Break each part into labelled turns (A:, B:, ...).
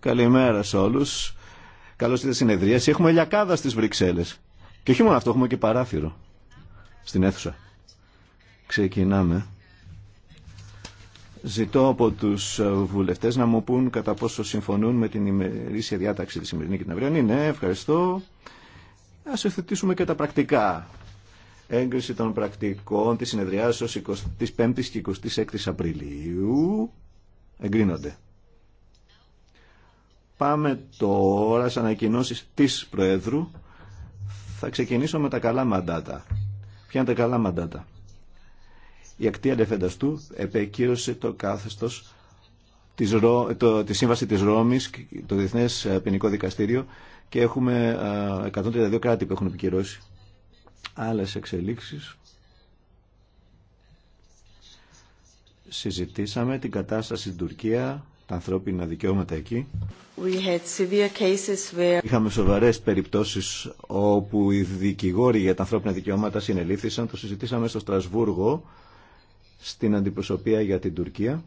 A: Καλημέρα σε όλους. Καλώς ήρθατε συνεδρία. Έχουμε λιακάδα στις Βρυξέλλες. Και όχι μόνο αυτό, έχουμε και παράθυρο στην αίθουσα. Ξεκινάμε. Ζητώ από τους βουλευτές να μου πούν κατά πόσο συμφωνούν με την ημερήσια διάταξη της σημερινή και την αυριανή. Ναι, ευχαριστώ. Ας ευθετήσουμε και τα πρακτικά έγκριση των πρακτικών της συνεδριάσεως 25ης και 26ης Απριλίου εγκρίνονται. Πάμε τώρα στι ανακοινώσει της Προέδρου. Θα ξεκινήσω με τα καλά μαντάτα. Ποια είναι τα καλά μαντάτα. Η ακτή του επεκύρωσε το κάθεστος της, Ρο, το, τη σύμβαση της Ρώμης, το Διεθνές Ποινικό Δικαστήριο και έχουμε 132 κράτη που έχουν επικυρώσει άλλες εξελίξεις συζητήσαμε την κατάσταση στην Τουρκία, τα ανθρώπινα δικαιώματα εκεί.
B: We had cases where...
A: Είχαμε σοβαρές περιπτώσεις όπου οι δικηγόροι για τα ανθρώπινα δικαιώματα συνελήφθησαν. Το συζητήσαμε στο Στρασβούργο, στην αντιπροσωπεία για την Τουρκία,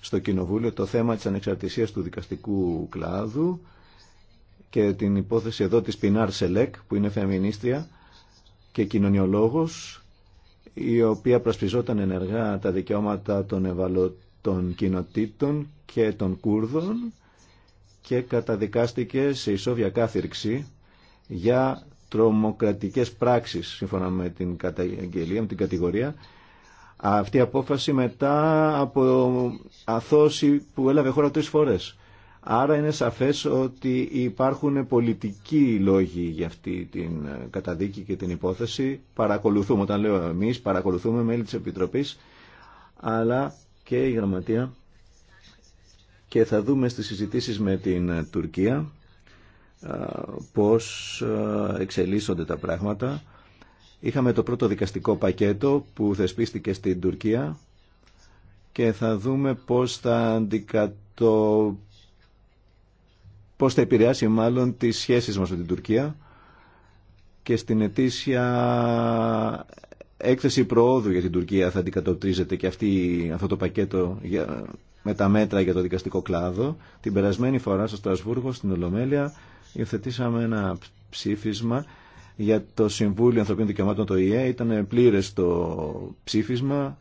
A: στο Κοινοβούλιο, το θέμα της ανεξαρτησίας του δικαστικού κλάδου και την υπόθεση εδώ της Πινάρ Σελέκ, που είναι φεμινίστρια, και κοινωνιολόγος η οποία προσπιζόταν ενεργά τα δικαιώματα των ευαλωτών κοινοτήτων και των Κούρδων και καταδικάστηκε σε ισόβια κάθυρξη για τρομοκρατικές πράξεις σύμφωνα με την καταγγελία, με την κατηγορία αυτή η απόφαση μετά από αθώση που έλαβε χώρα τρεις φορές Άρα είναι σαφές ότι υπάρχουν πολιτικοί λόγοι για αυτή την ε, καταδίκη και την υπόθεση. Παρακολουθούμε, όταν λέω εμείς, παρακολουθούμε μέλη της Επιτροπής, αλλά και η Γραμματεία. Και θα δούμε στις συζητήσεις με την ε, Τουρκία ε, πώς εξελίσσονται τα πράγματα. Είχαμε το πρώτο δικαστικό πακέτο που θεσπίστηκε στην Τουρκία και θα δούμε πώς θα πώς θα επηρεάσει μάλλον τις σχέσεις μας με την Τουρκία και στην ετήσια έκθεση προόδου για την Τουρκία θα αντικατοπτρίζεται και αυτή, αυτό το πακέτο για, με τα μέτρα για το δικαστικό κλάδο. Την περασμένη φορά στο Στρασβούργο, στην Ολομέλεια, υιοθετήσαμε ένα ψήφισμα για το Συμβούλιο Ανθρωπίνων Δικαιωμάτων, το ΙΕ. Ήταν πλήρε το ψήφισμα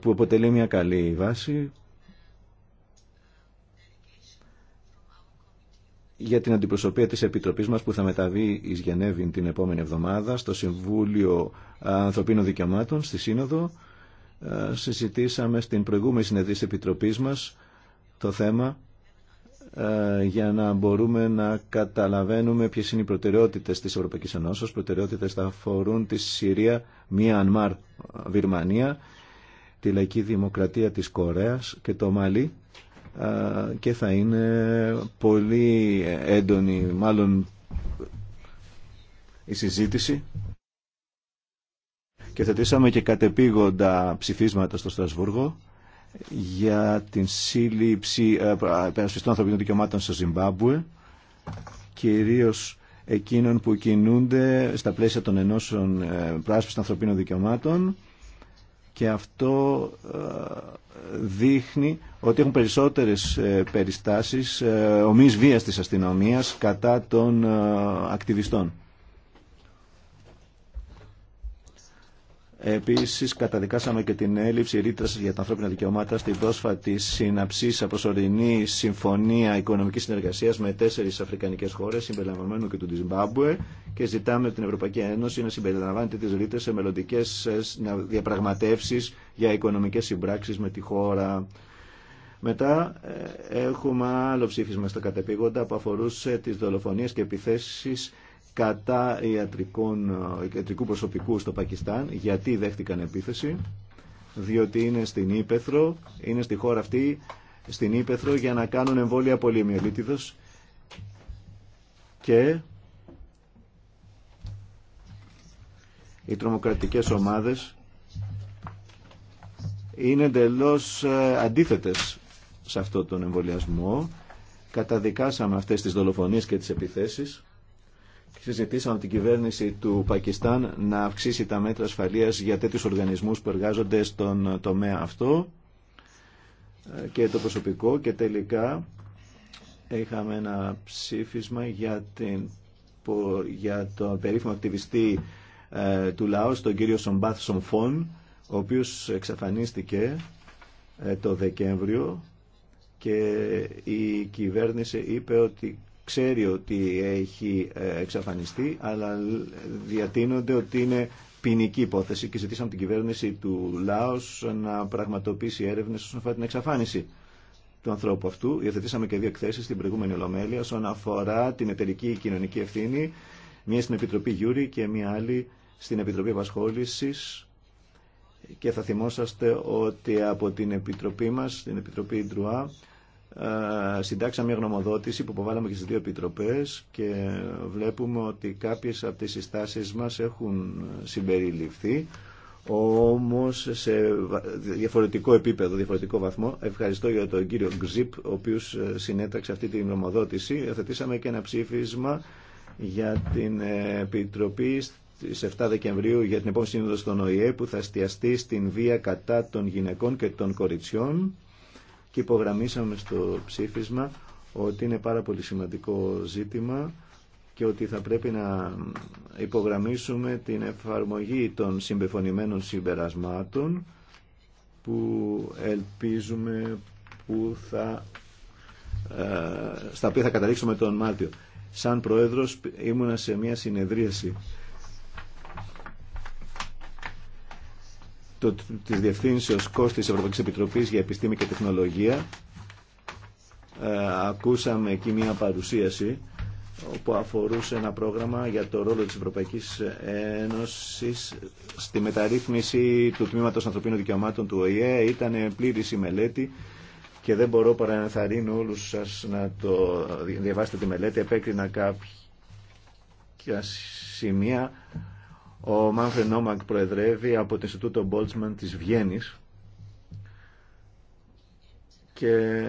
A: που αποτελεί μια καλή βάση για την αντιπροσωπεία της Επιτροπής μας που θα μεταβεί εις Γενέβη την επόμενη εβδομάδα στο Συμβούλιο Ανθρωπίνων Δικαιωμάτων στη Σύνοδο. Ε, συζητήσαμε στην προηγούμενη συνεδρία της Επιτροπής μας το θέμα ε, για να μπορούμε να καταλαβαίνουμε ποιες είναι οι προτεραιότητες της Ευρωπαϊκής Ενώσεως. Προτεραιότητες θα αφορούν τη Συρία, Μιανμάρ, Βιρμανία, τη Λαϊκή Δημοκρατία της Κορέας και το Μαλί και θα είναι πολύ έντονη μάλλον η συζήτηση και θετήσαμε και κατεπήγοντα ψηφίσματα στο Στρασβούργο για την σύλληψη επανασφιστών ανθρωπίνων δικαιωμάτων στο Ζιμπάμπουε κυρίως εκείνων που κινούνται στα πλαίσια των ενώσεων ε, πράσπιστων ανθρωπίνων δικαιωμάτων και αυτό ε, δείχνει ότι έχουν περισσότερες ε, περιστάσεις ε, ομοίης βίας της αστυνομίας κατά των ακτιβιστών. Επίση, καταδικάσαμε και την έλλειψη ρήτρα για τα ανθρώπινα δικαιώματα στην πρόσφατη συναψή προσωρινή συμφωνία οικονομική συνεργασία με τέσσερι αφρικανικέ χώρε, συμπεριλαμβανομένου και του Τζιμπάμπουε, και ζητάμε την Ευρωπαϊκή Ένωση να συμπεριλαμβάνεται τι ρήτρε σε μελλοντικέ διαπραγματεύσει για οικονομικέ συμπράξει με τη χώρα. Μετά ε, έχουμε άλλο ψήφισμα στα κατεπήγοντα που αφορούσε τις δολοφονίες και επιθέσεις κατά ιατρικών, ε, ιατρικού προσωπικού στο Πακιστάν. Γιατί δέχτηκαν επίθεση. Διότι είναι στην Ήπεθρο, είναι στη χώρα αυτή, στην Ήπεθρο για να κάνουν εμβόλια πολυμιολίτιδος και οι τρομοκρατικές ομάδες είναι εντελώ ε, αντίθετες σε αυτό τον εμβολιασμό. Καταδικάσαμε αυτές τις δολοφονίες και τις επιθέσεις συζητήσαμε την κυβέρνηση του Πακιστάν να αυξήσει τα μέτρα ασφαλείας για τέτοιους οργανισμούς που εργάζονται στον τομέα αυτό ε, και το προσωπικό και τελικά είχαμε ένα ψήφισμα για, την, για τον περίφημο ακτιβιστή ε, του λαού, τον κύριο Σομπάθ Σομφών, ο οποίος εξαφανίστηκε ε, το Δεκέμβριο και η κυβέρνηση είπε ότι ξέρει ότι έχει ε, εξαφανιστεί, αλλά διατείνονται ότι είναι ποινική υπόθεση και ζητήσαμε την κυβέρνηση του Λάος να πραγματοποιήσει έρευνε όσον αφορά την εξαφάνιση του ανθρώπου αυτού. Υιοθετήσαμε και δύο εκθέσει στην προηγούμενη Ολομέλεια όσον αφορά την εταιρική κοινωνική ευθύνη, μία στην Επιτροπή Γιούρη και μία άλλη στην Επιτροπή Απασχόληση. Και θα θυμόσαστε ότι από την Επιτροπή μα, την Επιτροπή Ιντρουά. Ε, συντάξαμε μια γνωμοδότηση που αποβάλαμε και στις δύο επιτροπές και βλέπουμε ότι κάποιες από τις συστάσεις μας έχουν συμπεριληφθεί όμως σε διαφορετικό επίπεδο, διαφορετικό βαθμό. Ευχαριστώ για τον κύριο Γκζιπ, ο οποίος ε, συνέταξε αυτή την γνωμοδότηση. Θετήσαμε και ένα ψήφισμα για την Επιτροπή στις 7 Δεκεμβρίου για την επόμενη σύνοδο στον ΟΗΕ που θα εστιαστεί στην βία κατά των γυναικών και των κοριτσιών και υπογραμμίσαμε στο ψήφισμα ότι είναι πάρα πολύ σημαντικό ζήτημα και ότι θα πρέπει να υπογραμμίσουμε την εφαρμογή των συμπεφωνημένων συμπερασμάτων που ελπίζουμε που θα, ε, στα οποία θα καταλήξουμε τον Μάρτιο. Σαν Πρόεδρος ήμουνα σε μια συνεδρίαση το, της Διευθύνσεως Κώστη Ευρωπαϊκής Επιτροπής για Επιστήμη και Τεχνολογία. Ε, ακούσαμε εκεί μια παρουσίαση που αφορούσε ένα πρόγραμμα για το ρόλο της Ευρωπαϊκής Ένωσης στη μεταρρύθμιση του Τμήματος Ανθρωπίνων Δικαιωμάτων του ΟΗΕ. Ήταν πλήρης η μελέτη και δεν μπορώ παρά να θαρρύνω όλους σας να το διαβάσετε τη μελέτη. Επέκρινα κάποια σημεία ο Μάνφρεν Νόμακ προεδρεύει από το Ινστιτούτο Μπόλτσμαν της Βιέννης και,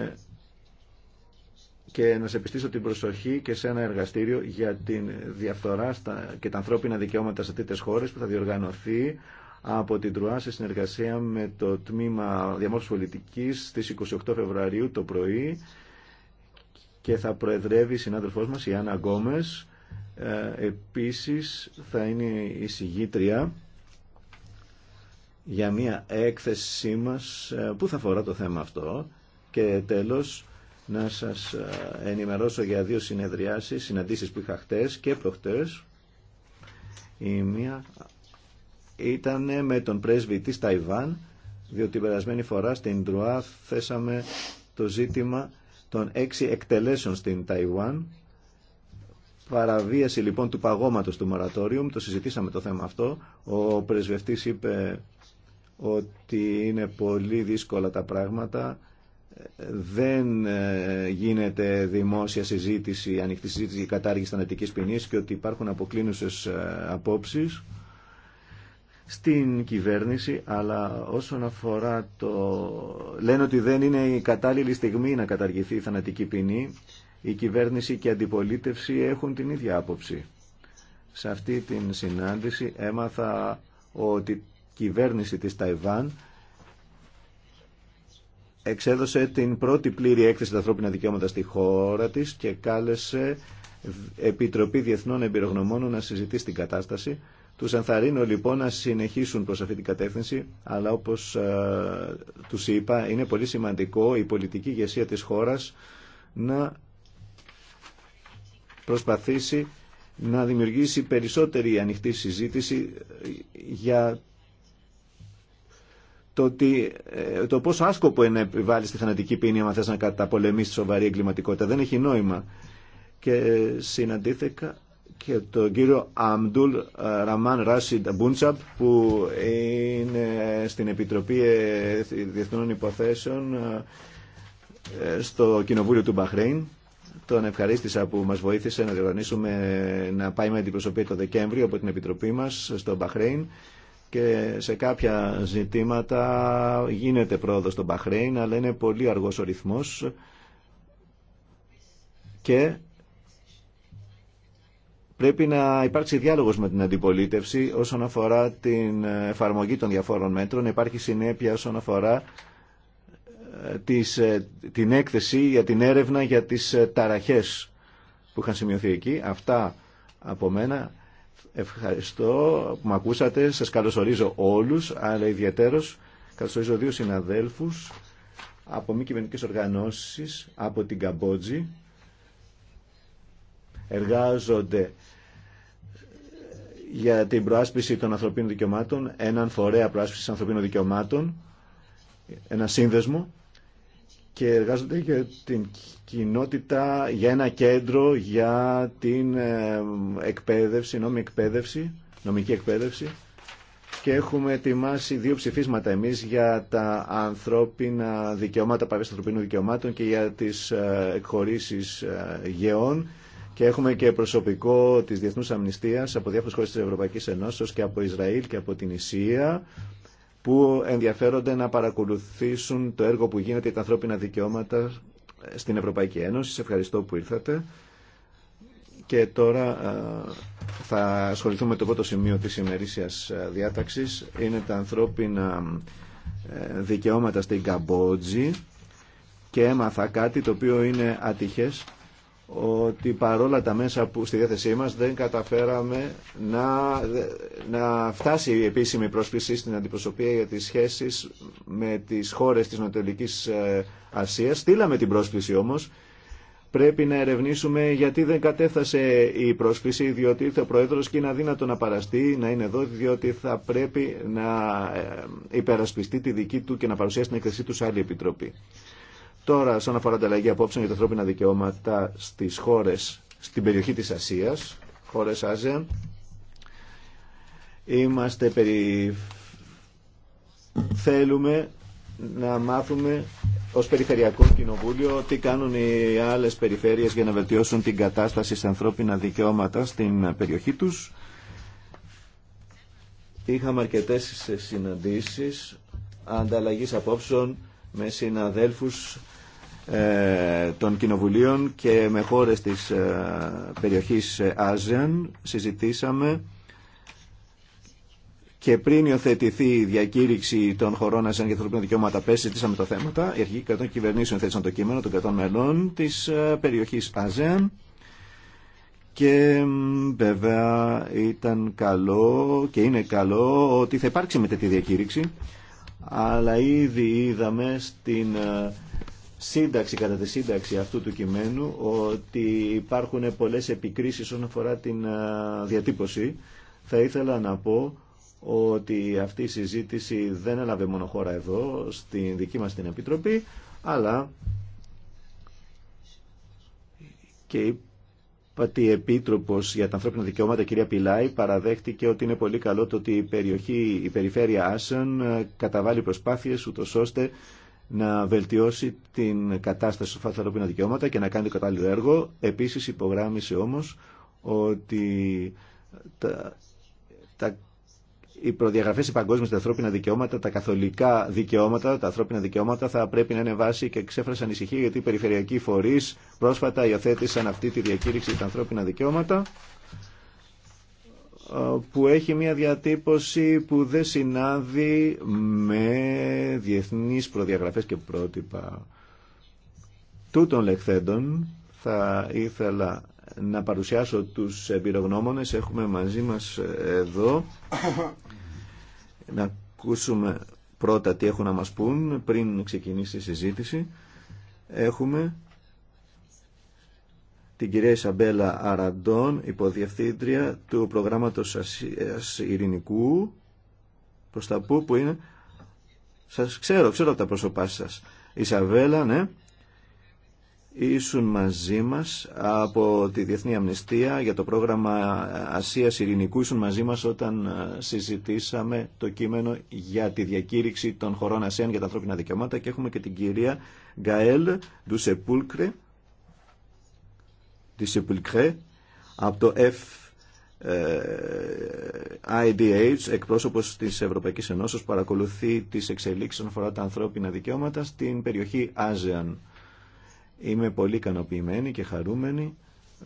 A: και να σε πιστήσω την προσοχή και σε ένα εργαστήριο για την διαφθορά στα, και τα ανθρώπινα δικαιώματα σε τέτοιες χώρες που θα διοργανωθεί από την Τρουά σε συνεργασία με το τμήμα διαμόρφωσης πολιτικής στις 28 Φεβρουαρίου το πρωί και θα προεδρεύει η συνάδελφός μας η Άννα Γκόμες ε, επίσης θα είναι η συγγήτρια για μια έκθεσή μας ε, που θα αφορά το θέμα αυτό και τέλος να σας ε, ενημερώσω για δύο συνεδριάσεις, συναντήσεις που είχα χτες και προχτές. Η μία ήταν με τον πρέσβη της Ταϊβάν, διότι την περασμένη φορά στην Τρουά θέσαμε το ζήτημα των έξι εκτελέσεων στην Ταϊβάν Παραβίαση λοιπόν του παγώματος του μορατόριου, το συζητήσαμε το θέμα αυτό. Ο πρεσβευτής είπε ότι είναι πολύ δύσκολα τα πράγματα. Δεν ε, γίνεται δημόσια συζήτηση, ανοιχτή συζήτηση για κατάργηση θανατικής ποινή και ότι υπάρχουν αποκλίνουσες ε, απόψεις στην κυβέρνηση, αλλά όσον αφορά το... Λένε ότι δεν είναι η κατάλληλη στιγμή να καταργηθεί η θανατική ποινή η κυβέρνηση και η αντιπολίτευση έχουν την ίδια άποψη. Σε αυτή την συνάντηση έμαθα ότι η κυβέρνηση της Ταϊβάν εξέδωσε την πρώτη πλήρη έκθεση τα ανθρώπινα δικαιώματα στη χώρα της και κάλεσε Επιτροπή Διεθνών Εμπειρογνωμών να συζητήσει την κατάσταση. Τους ενθαρρύνω λοιπόν να συνεχίσουν προς αυτή την κατεύθυνση, αλλά όπως ε, τους είπα είναι πολύ σημαντικό η πολιτική ηγεσία της χώρας να προσπαθήσει να δημιουργήσει περισσότερη ανοιχτή συζήτηση ε, για το, ότι, ε, το πόσο άσκοπο είναι να επιβάλλει τη θανατική ποινή αν θες να καταπολεμήσει τη σοβαρή εγκληματικότητα. Δεν έχει νόημα. Και συναντήθηκα και τον κύριο Αμντούλ ε, Ραμάν Ράσιντ Μπούντσαπ που είναι στην Επιτροπή Διεθνών Υποθέσεων στο Κοινοβούλιο του Μπαχρέιν τον ευχαρίστησα που μας βοήθησε να διοργανίσουμε να πάει με προσωπία το Δεκέμβριο από την Επιτροπή μας στο Μπαχρέιν και σε κάποια ζητήματα γίνεται πρόοδο στο Μπαχρέιν αλλά είναι πολύ αργός ο ρυθμός και πρέπει να υπάρξει διάλογος με την αντιπολίτευση όσον αφορά την εφαρμογή των διαφόρων μέτρων, υπάρχει συνέπεια όσον αφορά της, ε, την έκθεση για την έρευνα για τις ε, ταραχές που είχαν σημειωθεί εκεί. Αυτά από μένα. Ευχαριστώ που με ακούσατε. Σας καλωσορίζω όλους, αλλά ιδιαίτερος καλωσορίζω δύο συναδέλφους από μη κυβερνικές οργανώσεις από την Καμπότζη. Εργάζονται για την προάσπιση των ανθρωπίνων δικαιωμάτων, έναν φορέα προάσπισης ανθρωπίνων δικαιωμάτων, ένα σύνδεσμο και εργάζονται για την κοινότητα, για ένα κέντρο, για την ε, εκπαίδευση, νόμιμη εκπαίδευση, νομική εκπαίδευση και έχουμε ετοιμάσει δύο ψηφίσματα εμείς για τα ανθρώπινα δικαιώματα, παρέστα ανθρωπίνων δικαιωμάτων και για τις ε, εκχωρήσεις ε, γεών και έχουμε και προσωπικό της Διεθνούς Αμνηστίας από διάφορες χώρες της Ευρωπαϊκής Ενώσεως και από Ισραήλ και από την Ισία που ενδιαφέρονται να παρακολουθήσουν το έργο που γίνεται για τα ανθρώπινα δικαιώματα στην Ευρωπαϊκή Ένωση. Σε ευχαριστώ που ήρθατε. Και τώρα θα ασχοληθούμε με το πρώτο σημείο της ημερήσιας διάταξης. Είναι τα ανθρώπινα δικαιώματα στην Καμπότζη και έμαθα κάτι το οποίο είναι ατυχές ότι παρόλα τα μέσα που στη διάθεσή μας δεν καταφέραμε να, να φτάσει η επίσημη πρόσκληση στην αντιπροσωπεία για τις σχέσεις με τις χώρες της Νοτελικής ε, Ασίας. Στείλαμε την πρόσκληση όμως. Πρέπει να ερευνήσουμε γιατί δεν κατέφθασε η πρόσκληση, διότι ήρθε ο Πρόεδρος και είναι αδύνατο να παραστεί, να είναι εδώ, διότι θα πρέπει να ε, υπερασπιστεί τη δική του και να παρουσιάσει την εκθεσή του σε άλλη επιτροπή. Τώρα, σαν αφορά τα αλλαγή απόψεων για τα ανθρώπινα δικαιώματα στις χώρες, στην περιοχή της Ασίας, χώρες Άζια, είμαστε περι... θέλουμε να μάθουμε ως Περιφερειακό Κοινοβούλιο τι κάνουν οι άλλες περιφέρειες για να βελτιώσουν την κατάσταση στα ανθρώπινα δικαιώματα στην περιοχή τους. Είχαμε αρκετές συναντήσεις ανταλλαγής απόψεων με συναδέλφους ε, των κοινοβουλίων και με χώρες της ε, περιοχής Άζεαν συζητήσαμε και πριν υιοθετηθεί η διακήρυξη των χωρών Αζέαν για τα ανθρωπίνα δικαιώματα, πέρσι συζητήσαμε τα θέματα. Οι αρχικοί κρατών κυβερνήσεων θέτησαν το κείμενο των κρατών μελών τη ε, περιοχής ΑΖΕΑΝ. Και βέβαια ήταν καλό και είναι καλό ότι θα υπάρξει με τη διακήρυξη. Αλλά ήδη είδαμε στην σύνταξη, κατά τη σύνταξη αυτού του κειμένου ότι υπάρχουν πολλές επικρίσεις όσον αφορά την διατύπωση. Θα ήθελα να πω ότι αυτή η συζήτηση δεν έλαβε μόνο χώρα εδώ, στην δική μας την Επιτροπή, αλλά και η Πατή Επίτροπος για τα ανθρώπινα δικαιώματα, κυρία Πιλάη, παραδέχτηκε ότι είναι πολύ καλό το ότι η περιοχή, η περιφέρεια Άσεν ε, καταβάλει προσπάθειες ούτως ώστε να βελτιώσει την κατάσταση στα ανθρώπινα δικαιώματα και να κάνει το κατάλληλο έργο. Επίσης υπογράμμισε όμως ότι τα, τα, οι προδιαγραφές οι παγκόσμιες τα ανθρώπινα δικαιώματα, τα καθολικά δικαιώματα, τα ανθρώπινα δικαιώματα θα πρέπει να είναι βάση και ξέφρασε ανησυχία γιατί οι περιφερειακοί φορείς πρόσφατα υιοθέτησαν αυτή τη διακήρυξη τα ανθρώπινα δικαιώματα ε, που έχει μια διατύπωση που δεν συνάδει με διεθνείς προδιαγραφές και πρότυπα τούτων λεχθέντων θα ήθελα να παρουσιάσω τους εμπειρογνώμονες έχουμε μαζί μας εδώ να ακούσουμε πρώτα τι έχουν να μας πούν πριν ξεκινήσει η συζήτηση έχουμε την κυρία Ισαμπέλα Αραντών, υποδιευθύντρια του προγράμματος Ασίας Ειρηνικού, προς τα που που είναι, σας ξέρω, ξέρω από τα πρόσωπά σας. Ισαβέλα, ναι, ήσουν μαζί μας από τη Διεθνή Αμνηστία για το πρόγραμμα Ασίας Ειρηνικού, ήσουν μαζί μας όταν ε, συζητήσαμε το κείμενο για τη διακήρυξη των χωρών Ασίαν για τα ανθρώπινα δικαιώματα και έχουμε και την κυρία Γκαέλ Ντουσεπούλκρε, της Σεπιλκρέ από το FIDH, ε, εκπρόσωπος της Ευρωπαϊκής Ενώσεως, παρακολουθεί τις εξελίξεις όσον αφορά τα ανθρώπινα δικαιώματα στην περιοχή Άζεαν. Είμαι πολύ ικανοποιημένη και χαρούμενη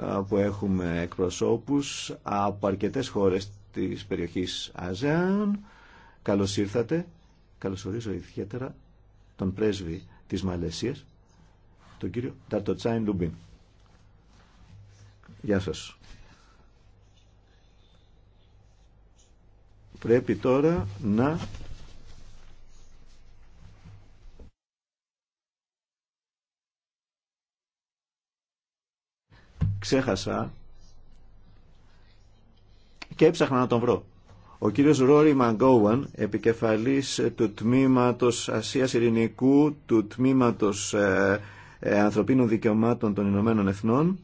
A: ε, που έχουμε εκπροσώπους από αρκετές χώρες της περιοχής Άζεαν. Καλώς ήρθατε. Καλωσορίζω ιδιαίτερα τον πρέσβη της Μαλαισίας, τον κύριο Ταρτοτσάιν Λουμπίν. Γεια σας. Πρέπει τώρα να ξέχασα και έψαχνα να τον βρω. Ο κύριος Ρόρι Μαγκόουαν, επικεφαλής του τμήματος Ασίας Ειρηνικού, του τμήματος ε, ε Ανθρωπίνων Δικαιωμάτων των Ηνωμένων Εθνών,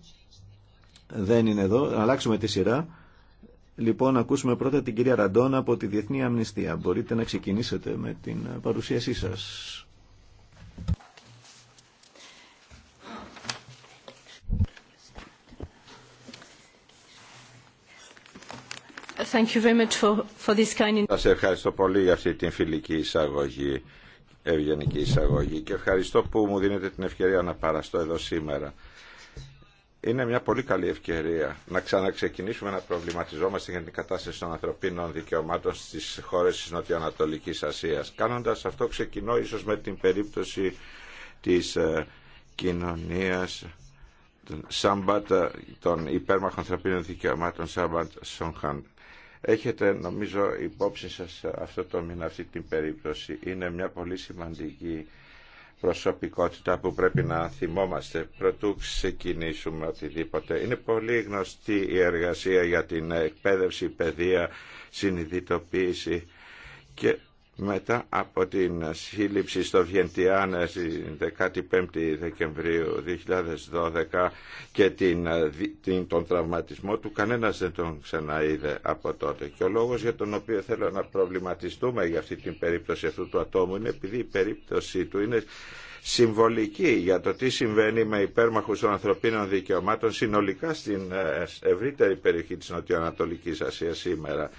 A: δεν είναι εδώ. αλλάξουμε τη σειρά. Λοιπόν, ακούσουμε πρώτα την κυρία Ραντόνα από τη Διεθνή Αμνηστία. Μπορείτε να ξεκινήσετε με την παρουσίασή σας.
B: Thank
C: ευχαριστώ πολύ για αυτή την φιλική εισαγωγή, ευγενική εισαγωγή και ευχαριστώ που μου δίνετε την ευκαιρία να παραστώ εδώ σήμερα είναι μια πολύ καλή ευκαιρία να ξαναξεκινήσουμε να προβληματιζόμαστε για την κατάσταση των ανθρωπίνων δικαιωμάτων στις χώρες της Νοτιοανατολικής Ασίας. Κάνοντας αυτό ξεκινώ ίσως με την περίπτωση της ε, κοινωνίας των, Σάμπατ, ε, των υπέρμαχων ανθρωπίνων δικαιωμάτων Σάμπατ Σονχάν. Έχετε νομίζω υπόψη σας αυτό το μήνα αυτή την περίπτωση. Είναι μια πολύ σημαντική προσωπικότητα που πρέπει να θυμόμαστε πρωτού ξεκινήσουμε οτιδήποτε. Είναι πολύ γνωστή η εργασία για την εκπαίδευση, παιδεία, συνειδητοποίηση και μετά από την σύλληψη στο Βιεντιάνε την 15η Δεκεμβρίου 2012 και την, τον τραυματισμό του κανένας δεν τον ξαναείδε από τότε και ο λόγος για τον οποίο θέλω να προβληματιστούμε για αυτή την περίπτωση αυτού του ατόμου είναι επειδή η περίπτωσή του είναι συμβολική για το τι συμβαίνει με υπέρμαχους των ανθρωπίνων δικαιωμάτων συνολικά στην ε, ευρύτερη περιοχή της Νοτιοανατολικής Ασίας σήμερα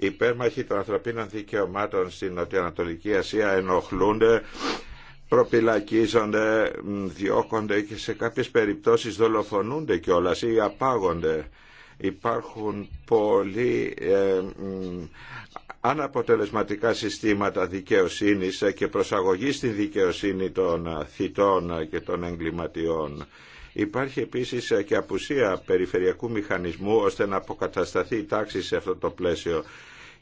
C: υπέρμαχοι των ανθρωπίνων δικαιωμάτων στην Νοτιοανατολική Ασία ενοχλούνται προπυλακίζονται, διώκονται και σε κάποιες περιπτώσεις δολοφονούνται κιόλα ή απάγονται. Υπάρχουν πολλοί ε, αναποτελεσματικά συστήματα δικαιοσύνης και προσαγωγή στην δικαιοσύνη των θητών και των εγκληματιών. Υπάρχει επίσης και απουσία περιφερειακού μηχανισμού ώστε να αποκατασταθεί η τάξη σε αυτό το πλαίσιο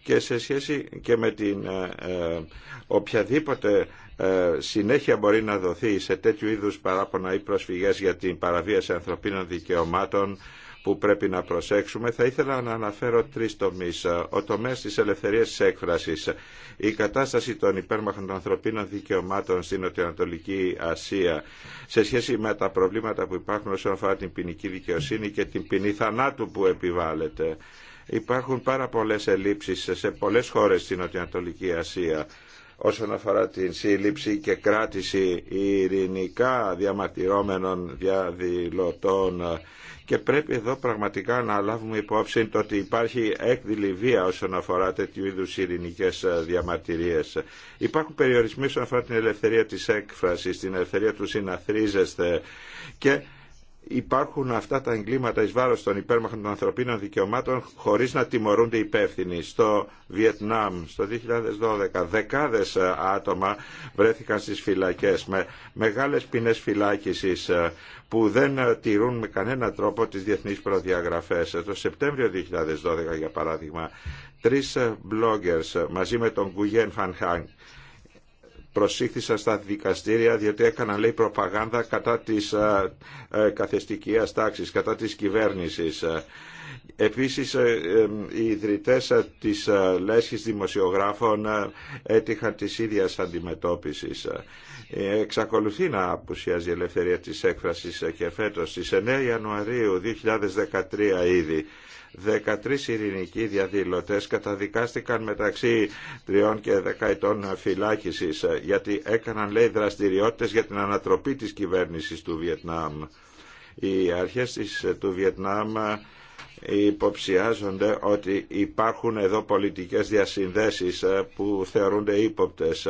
C: και σε σχέση και με την ε, ε, οποιαδήποτε ε, συνέχεια μπορεί να δοθεί σε τέτοιου είδους παράπονα ή προσφυγές για την παραβίαση ανθρωπίνων δικαιωμάτων που πρέπει να προσέξουμε, θα ήθελα να αναφέρω τρεις τομείς. Ο τομέας της ελευθερίας της έκφρασης, η κατάσταση των υπέρμαχων των ανθρωπίνων δικαιωμάτων στην Νοτιοανατολική Ασία, σε σχέση με τα προβλήματα που υπάρχουν όσον αφορά την ποινική δικαιοσύνη και την ποινή θανάτου που επιβάλλεται. Υπάρχουν πάρα πολλές ελλείψεις σε πολλές χώρες στην Νοτιοανατολική Ασία όσον αφορά την σύλληψη και κράτηση ειρηνικά διαμαρτυρώμενων διαδηλωτών και πρέπει εδώ πραγματικά να λάβουμε υπόψη το ότι υπάρχει έκδηλη βία όσον αφορά τέτοιου είδους ειρηνικέ διαμαρτυρίες. Υπάρχουν περιορισμοί όσον αφορά την ελευθερία της έκφρασης, την ελευθερία του συναθρίζεσθε και υπάρχουν αυτά τα εγκλήματα εις βάρος των υπέρμαχων των ανθρωπίνων δικαιωμάτων χωρίς να τιμωρούνται υπεύθυνοι. Στο Βιετνάμ, στο 2012, δεκάδες άτομα βρέθηκαν στις φυλακές με μεγάλες ποινές φυλάκισης ε, που δεν ε, τηρούν με κανένα τρόπο τις διεθνείς προδιαγραφές. Ε, το Σεπτέμβριο 2012, για παράδειγμα, τρεις bloggers μαζί με τον Γκουγέν Φανχάν προσήχθησα στα δικαστήρια διότι έκαναν λέει προπαγάνδα κατά της ε, ε, καθεστικίας τάξης, κατά της κυβέρνησης. Επίσης ε, οι ιδρυτές της λέσχης δημοσιογράφων έτυχαν της ίδιας αντιμετώπισης. Εξακολουθεί να απουσιάζει η ελευθερία της έκφρασης και φέτος στις 9 Ιανουαρίου 2013 ήδη 13 ειρηνικοί διαδηλωτές καταδικάστηκαν μεταξύ τριών και 10 ετών φυλάκισης γιατί έκαναν λέει δραστηριότητες για την ανατροπή της κυβέρνησης του Βιετνάμ. Οι αρχές της, του Βιετνάμ υποψιάζονται ότι υπάρχουν εδώ πολιτικές διασυνδέσεις που θεωρούνται ύποπτες.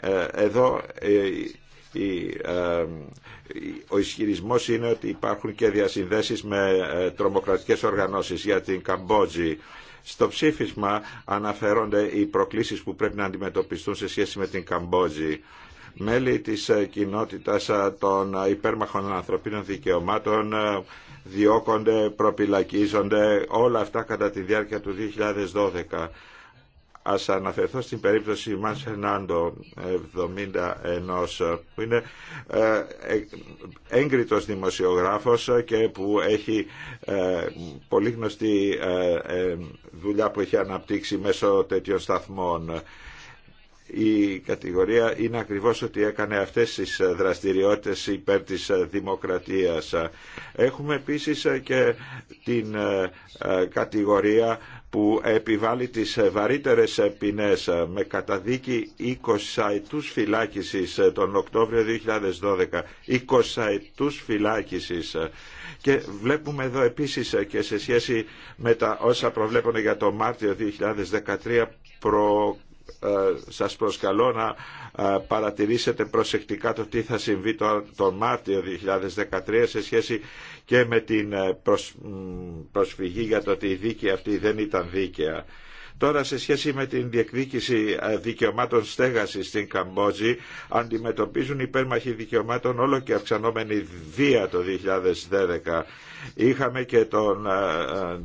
C: Ε, εδώ ε, ο ισχυρισμός είναι ότι υπάρχουν και διασυνδέσεις με ε, τρομοκρατικές οργανώσεις για την Καμπότζη. Στο ψήφισμα αναφέρονται οι προκλήσεις που πρέπει να αντιμετωπιστούν σε σχέση με την Καμπότζη. Μέλη της ε, κοινότητας ε, των υπέρμαχων ανθρωπίνων δικαιωμάτων διώκονται, προπυλακίζονται, όλα αυτά κατά τη διάρκεια του 2012. Ας αναφερθώ στην περίπτωση Μαν 70 71 που είναι ε, ε, έγκριτος δημοσιογράφος και που έχει ε, πολύ γνωστή δουλειά που έχει αναπτύξει μέσω τέτοιων σταθμών η κατηγορία είναι ακριβώς ότι έκανε αυτές τις δραστηριότητες υπέρ της δημοκρατίας. Έχουμε επίσης και την κατηγορία που επιβάλλει τις βαρύτερες ποινές με καταδίκη 20 ετούς φυλάκισης τον Οκτώβριο 2012. 20 ετούς φυλάκισης. Και βλέπουμε εδώ επίσης και σε σχέση με τα όσα προβλέπονται για το Μάρτιο 2013 προ ε, σας προσκαλώ να ε, παρατηρήσετε προσεκτικά το τι θα συμβεί τον Μάρτιο 2013 σε σχέση και με την ε, προσφυγή για το ότι η δίκη αυτή δεν ήταν δίκαια. Τώρα σε σχέση με την διεκδίκηση δικαιωμάτων στέγασης στην Καμπότζη αντιμετωπίζουν υπέρμαχοι δικαιωμάτων όλο και αυξανόμενη βία το 2011. Είχαμε και τον, ε, ε,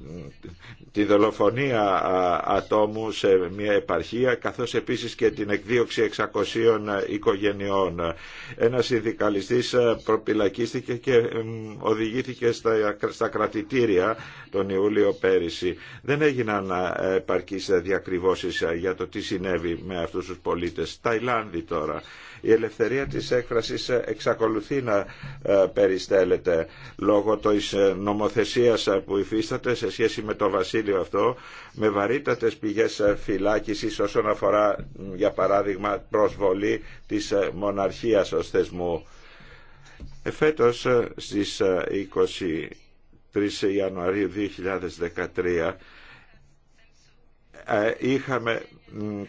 C: τη δολοφονία ε, ατόμου σε μια επαρχία, καθώς επίσης και την εκδίωξη 600 οικογενειών. Ένας συνδικαλιστής προπυλακίστηκε και οδηγήθηκε στα, στα κρατητήρια τον Ιούλιο πέρυσι. Δεν έγιναν επαρκείς διακριβώσεις για το τι συνέβη με αυτούς τους πολίτες. Ταϊλάνδη τώρα. Η ελευθερία της έκφρασης εξακολουθεί να ε, περιστέλλεται λόγω της ε, νομοθεσίας ε, που υφίσταται σε σχέση με το βασίλειο αυτό με βαρύτατες πηγές φυλάκισης όσον αφορά για παράδειγμα προσβολή της μοναρχίας ως θεσμού. Εφέτος στις 23 Ιανουαρίου 2013 είχαμε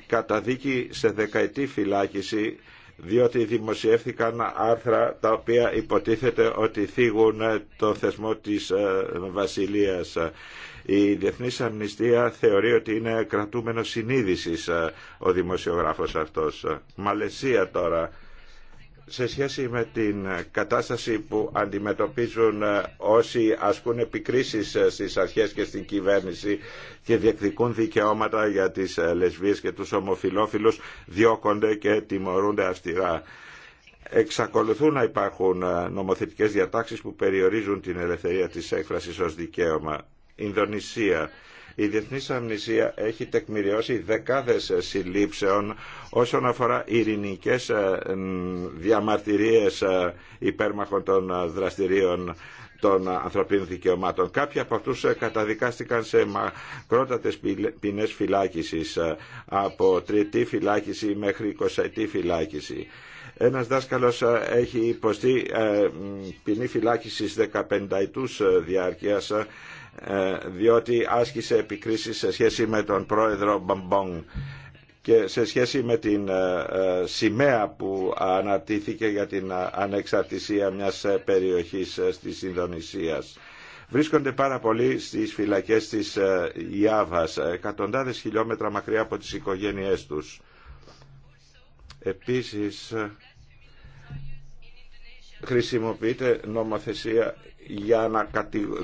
C: καταδίκη σε δεκαετή φυλάκιση διότι δημοσιεύθηκαν άρθρα τα οποία υποτίθεται ότι θίγουν το θεσμό της ε, Βασιλείας. Η Διεθνής Αμνηστία θεωρεί ότι είναι κρατούμενο συνείδησης ε, ο δημοσιογράφος αυτός. Μαλαισία τώρα σε σχέση με την κατάσταση που αντιμετωπίζουν ε, όσοι ασκούν επικρίσεις ε, στις αρχές και στην κυβέρνηση και διεκδικούν δικαιώματα για τις ε, λεσβίες και τους ομοφιλόφιλους διώκονται και τιμωρούνται αυστηρά. Εξακολουθούν να υπάρχουν νομοθετικές διατάξεις που περιορίζουν την ελευθερία της έκφρασης ως δικαίωμα. Ινδονησία. Η Διεθνή Αμνησία έχει τεκμηριώσει δεκάδε συλλήψεων όσον αφορά ειρηνικέ ε, διαμαρτυρίες ε, υπέρμαχων των ε, δραστηρίων των ανθρωπίνων δικαιωμάτων. Κάποιοι από αυτούς καταδικάστηκαν σε μακρότατες ποινές φυλάκισης, από τριετή φυλάκιση μέχρι εικοσαετή φυλάκιση. Ένας δάσκαλος έχει υποστεί ποινή φυλάκισης 15 ετούς διάρκειας ε, διότι άσκησε επικρίσεις σε σχέση με τον πρόεδρο Μπαμπόγκ και σε σχέση με την ε, ε, σημαία που ανατήθηκε για την ανεξαρτησία μιας περιοχής της Ινδονησίας. Βρίσκονται πάρα πολύ στις φυλακές της Ιάβας, εκατοντάδες χιλιόμετρα μακριά από τις οικογένειές τους. Επίσης, χρησιμοποιείται νομοθεσία για να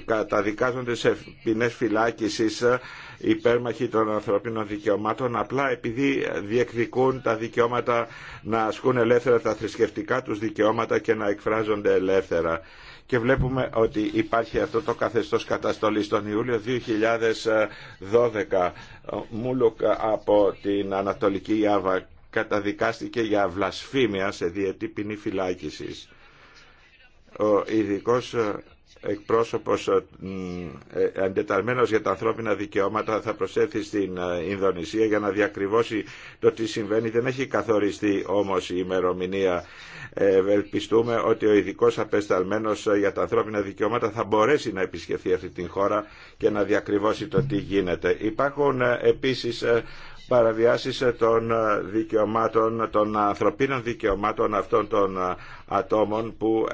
C: καταδικάζονται σε ποινέ φυλάκιση ε, υπέρμαχοι των ανθρωπίνων δικαιωμάτων απλά επειδή διεκδικούν τα δικαιώματα να ασκούν ελεύθερα τα θρησκευτικά τους δικαιώματα και να εκφράζονται ελεύθερα. Και βλέπουμε ότι υπάρχει αυτό το καθεστώς καταστολής. Τον Ιούλιο 2012 Μούλουκ από την Ανατολική Ιάβα καταδικάστηκε για βλασφήμια σε διετή ποινή φυλάκησης ο ειδικό ε, εκπρόσωπος ε, ε, αντεταλμένο για τα ανθρώπινα δικαιώματα θα προσέλθει στην Ινδονησία για να διακριβώσει το τι συμβαίνει. Δεν έχει καθοριστεί όμως η ημερομηνία. Ευελπιστούμε ότι ο ειδικό απεσταλμένος για τα ανθρώπινα δικαιώματα θα μπορέσει να επισκεφθεί αυτή την χώρα και να διακριβώσει το τι γίνεται. Υπάρχουν επίσης παραβιάσεις ε, των ε, δικαιωμάτων, των ανθρωπίνων δικαιωμάτων αυτών των ε, ατόμων που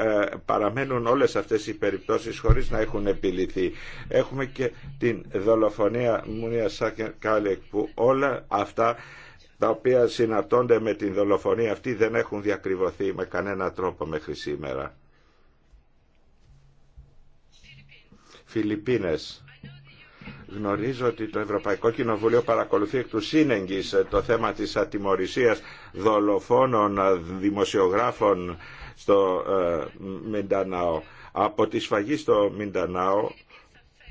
C: παραμένουν όλες αυτές οι περιπτώσεις χωρίς να έχουν επιληθεί. Έχουμε και την δολοφονία Μουνία Σάκερ Κάλεκ που όλα αυτά τα οποία συναρτώνται με την δολοφονία αυτή δεν έχουν διακριβωθεί με κανένα τρόπο μέχρι σήμερα. Φιλιππίνες. Γνωρίζω ότι το Ευρωπαϊκό Κοινοβούλιο παρακολουθεί εκ του σύνεγγυς ε, το θέμα της ατιμορρησίας δολοφόνων ε, δημοσιογράφων στο ε, Μιντανάο. Από τη σφαγή στο Μιντανάο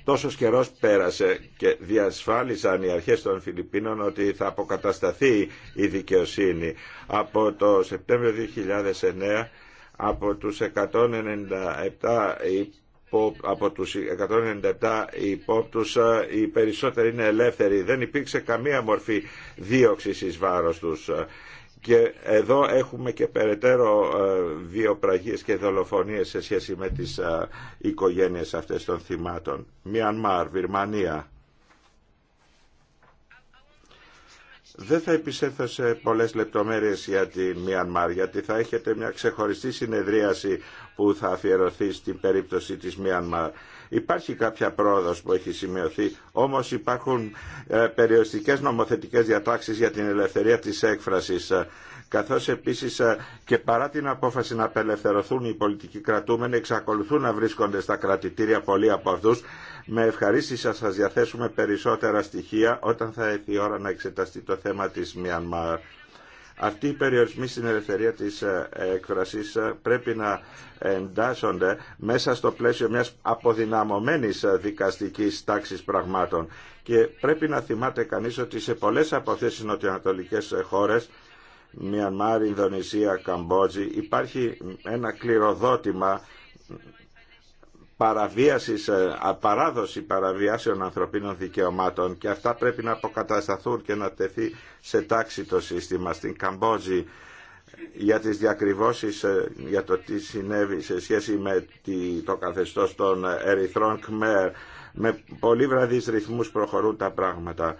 C: τόσο καιρό πέρασε και διασφάλισαν οι αρχές των Φιλιππίνων ότι θα αποκατασταθεί η δικαιοσύνη. Από το Σεπτέμβριο 2009 από τους 197 από, από τους 197 υπόπτους ε, οι περισσότεροι είναι ελεύθεροι. Δεν υπήρξε καμία μορφή δίωξης εις βάρος τους. Και εδώ έχουμε και περαιτέρω ε, βιοπραγίες και δολοφονίες σε σχέση με τις ε, οικογένειες αυτές των θυμάτων. Μιανμάρ, Βιρμανία Δεν θα επισέλθω σε πολλές λεπτομέρειες για τη Μιανμάρ, γιατί θα έχετε μια ξεχωριστή συνεδρίαση που θα αφιερωθεί στην περίπτωση της Μιανμάρ. Υπάρχει κάποια πρόοδος που έχει σημειωθεί, όμως υπάρχουν ε, περιοριστικές νομοθετικές διατάξεις για την ελευθερία της έκφρασης, ε, καθώς επίσης ε, και παρά την απόφαση να απελευθερωθούν οι πολιτικοί κρατούμενοι, εξακολουθούν να βρίσκονται στα κρατητήρια πολλοί από αυτούς με ευχαρίστηση θα σας διαθέσουμε περισσότερα στοιχεία όταν θα έρθει η ώρα να εξεταστεί το θέμα της Μιανμάρ. Αυτοί οι περιορισμοί στην ελευθερία της εκφρασής ε, πρέπει να εντάσσονται μέσα στο πλαίσιο μιας αποδυναμωμένης ε, δικαστικής τάξης πραγμάτων. Και πρέπει να θυμάται κανείς ότι σε πολλές από αυτές τις νοτιοανατολικές χώρες Μιανμάρ, Ινδονησία, Καμπότζη υπάρχει ένα κληροδότημα παραβίασης, ε, παράδοση παραβιάσεων ανθρωπίνων δικαιωμάτων και αυτά πρέπει να αποκατασταθούν και να τεθεί σε τάξη το σύστημα στην Καμπόζη για τις διακριβώσεις ε, για το τι συνέβη σε σχέση με το καθεστώς των Ερυθρών Κμέρ με πολύ βραδείς ρυθμούς προχωρούν τα πράγματα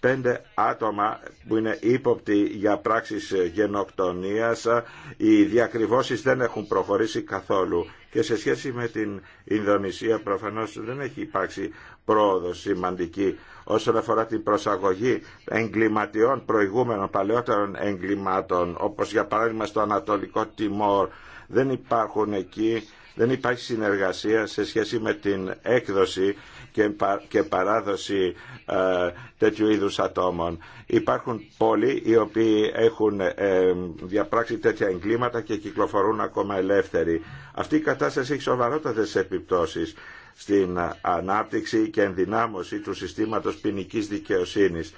C: πέντε άτομα που είναι ύποπτοι για πράξεις γενοκτονίας ε, οι διακριβώσεις δεν έχουν προχωρήσει καθόλου και σε σχέση με την Ινδονησία προφανώς δεν έχει υπάρξει πρόοδος σημαντική όσον αφορά την προσαγωγή εγκληματιών προηγούμενων παλαιότερων εγκλημάτων όπως για παράδειγμα στο Ανατολικό Τιμόρ δεν υπάρχουν εκεί δεν υπάρχει συνεργασία σε σχέση με την έκδοση και παράδοση ε, τέτοιου είδους ατόμων. Υπάρχουν πολλοί οι οποίοι έχουν ε, διαπράξει τέτοια εγκλήματα και κυκλοφορούν ακόμα ελεύθεροι. Αυτή η κατάσταση έχει σοβαρότατες επιπτώσεις στην ανάπτυξη και ενδυνάμωση του συστήματος ποινική δικαιοσύνης.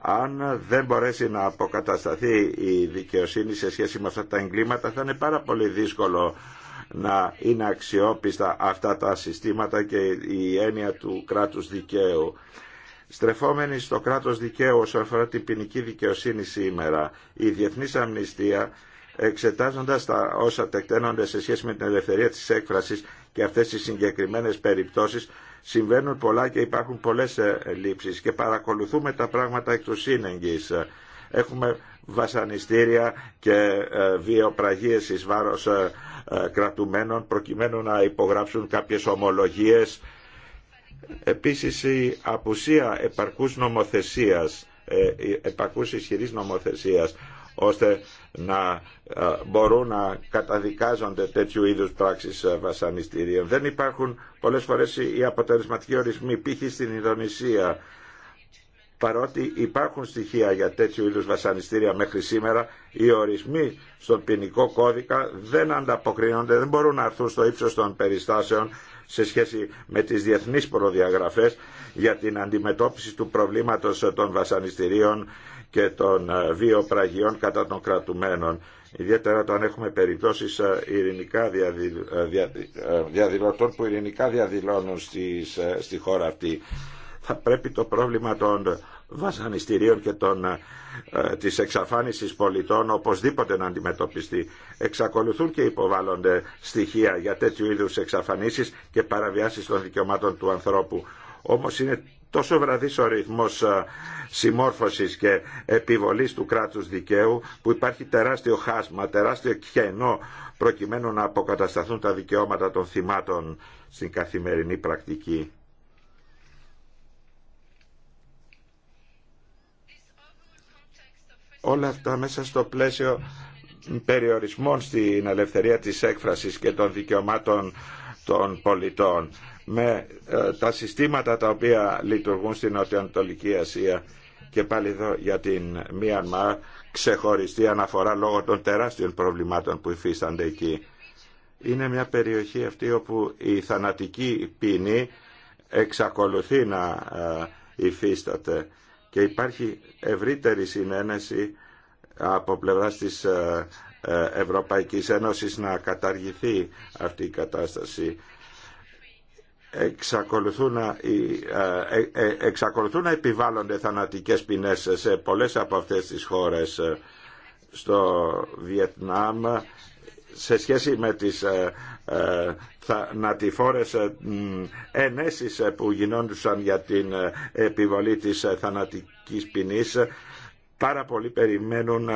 C: Αν δεν μπορέσει να αποκατασταθεί η δικαιοσύνη σε σχέση με αυτά τα εγκλήματα θα είναι πάρα πολύ δύσκολο να είναι αξιόπιστα αυτά τα συστήματα και η έννοια του κράτους δικαίου. Στρεφόμενοι στο κράτος δικαίου όσον αφορά την ποινική δικαιοσύνη σήμερα, η Διεθνής Αμνηστία εξετάζοντας τα όσα τεκταίνονται σε σχέση με την ελευθερία της έκφρασης και αυτές τις συγκεκριμένες περιπτώσεις συμβαίνουν πολλά και υπάρχουν πολλές ε, λήψεις και παρακολουθούμε τα πράγματα εκ του Έχουμε βασανιστήρια και ε, βιοπραγίες εις βάρος ε, κρατουμένων προκειμένου να υπογράψουν κάποιες ομολογίες. Επίσης η απουσία επαρκούς νομοθεσίας, επαρκούς ισχυρής νομοθεσίας ώστε να ε, μπορούν να καταδικάζονται τέτοιου είδους πράξεις ε, βασανιστήριων. Δεν υπάρχουν πολλές φορές οι αποτελεσματικοί ορισμοί, π.χ. στην Ινδονησία, παρότι υπάρχουν στοιχεία για τέτοιου είδους βασανιστήρια μέχρι σήμερα, οι ορισμοί στον ποινικό κώδικα δεν ανταποκρίνονται, δεν μπορούν να έρθουν στο ύψος των περιστάσεων σε σχέση με τις διεθνείς προδιαγραφές για την αντιμετώπιση του προβλήματος των βασανιστήριων και των ε, βιοπραγιών κατά των κρατουμένων. Ιδιαίτερα όταν έχουμε περιπτώσεις ε, ειρηνικά ε, διαδηλωτών που ειρηνικά διαδηλώνουν στη χώρα αυτή. Θα πρέπει το πρόβλημα των βασανιστήριων και των, ε, της εξαφάνισης πολιτών οπωσδήποτε να αντιμετωπιστεί. Εξακολουθούν και υποβάλλονται στοιχεία για τέτοιου είδους εξαφανίσεις και παραβιάσεις των δικαιωμάτων του ανθρώπου. Όμως είναι τόσο βραδύς ο ρυθμός ε, συμμόρφωσης και επιβολής του κράτους δικαίου που υπάρχει τεράστιο χάσμα, τεράστιο κενό προκειμένου να αποκατασταθούν τα δικαιώματα των θυμάτων στην καθημερινή πρακτική. όλα αυτά μέσα στο πλαίσιο περιορισμών στην ελευθερία της έκφρασης και των δικαιωμάτων των πολιτών με ε, τα συστήματα τα οποία λειτουργούν στην Νοτιοανατολική Ασία και πάλι εδώ για την Μίανμα ξεχωριστή αναφορά λόγω των τεράστιων προβλημάτων που υφίστανται εκεί. Είναι μια περιοχή αυτή όπου η θανατική ποινή εξακολουθεί να ε, υφίσταται και υπάρχει ευρύτερη συνένεση από πλευράς της ε, ε, Ευρωπαϊκής Ένωσης να καταργηθεί αυτή η κατάσταση. Εξακολουθούν να, ε, εξακολουθούν να επιβάλλονται θανατικές ποινές σε πολλές από αυτές τις χώρες στο Βιετνάμ σε σχέση με τις ε, θανατηφόρες ενέσεις ε, που γινόντουσαν για την ε, επιβολή της θανατικής ποινής πάρα πολλοί περιμένουν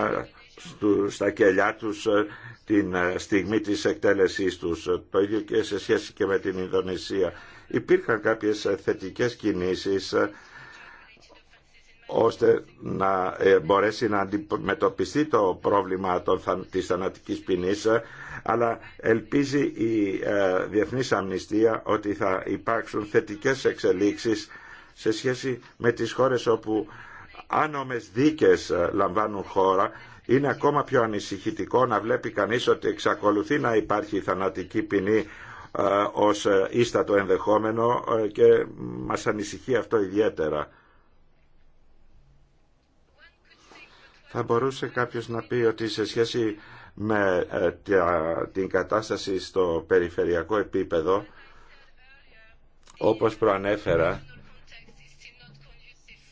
C: στα κελιά τους την στιγμή της εκτέλεσής τους. Το ίδιο και σε σχέση και με την Ινδονησία. Υπήρχαν κάποιες θετικές κινήσεις ώστε να μπορέσει να αντιμετωπιστεί το πρόβλημα των, της θανατικής ποινής αλλά ελπίζει η ε, Διεθνής Αμνηστία ότι θα υπάρξουν θετικές εξελίξεις σε σχέση με τις χώρες όπου άνομες δίκες ε, λαμβάνουν χώρα είναι ακόμα πιο ανησυχητικό να βλέπει κανείς ότι εξακολουθεί να υπάρχει θανατική ποινή ε, ως ίστατο ενδεχόμενο και μας ανησυχεί αυτό ιδιαίτερα. Θα μπορούσε κάποιος να πει ότι σε σχέση με ε, την κατάσταση στο περιφερειακό επίπεδο όπως προανέφερα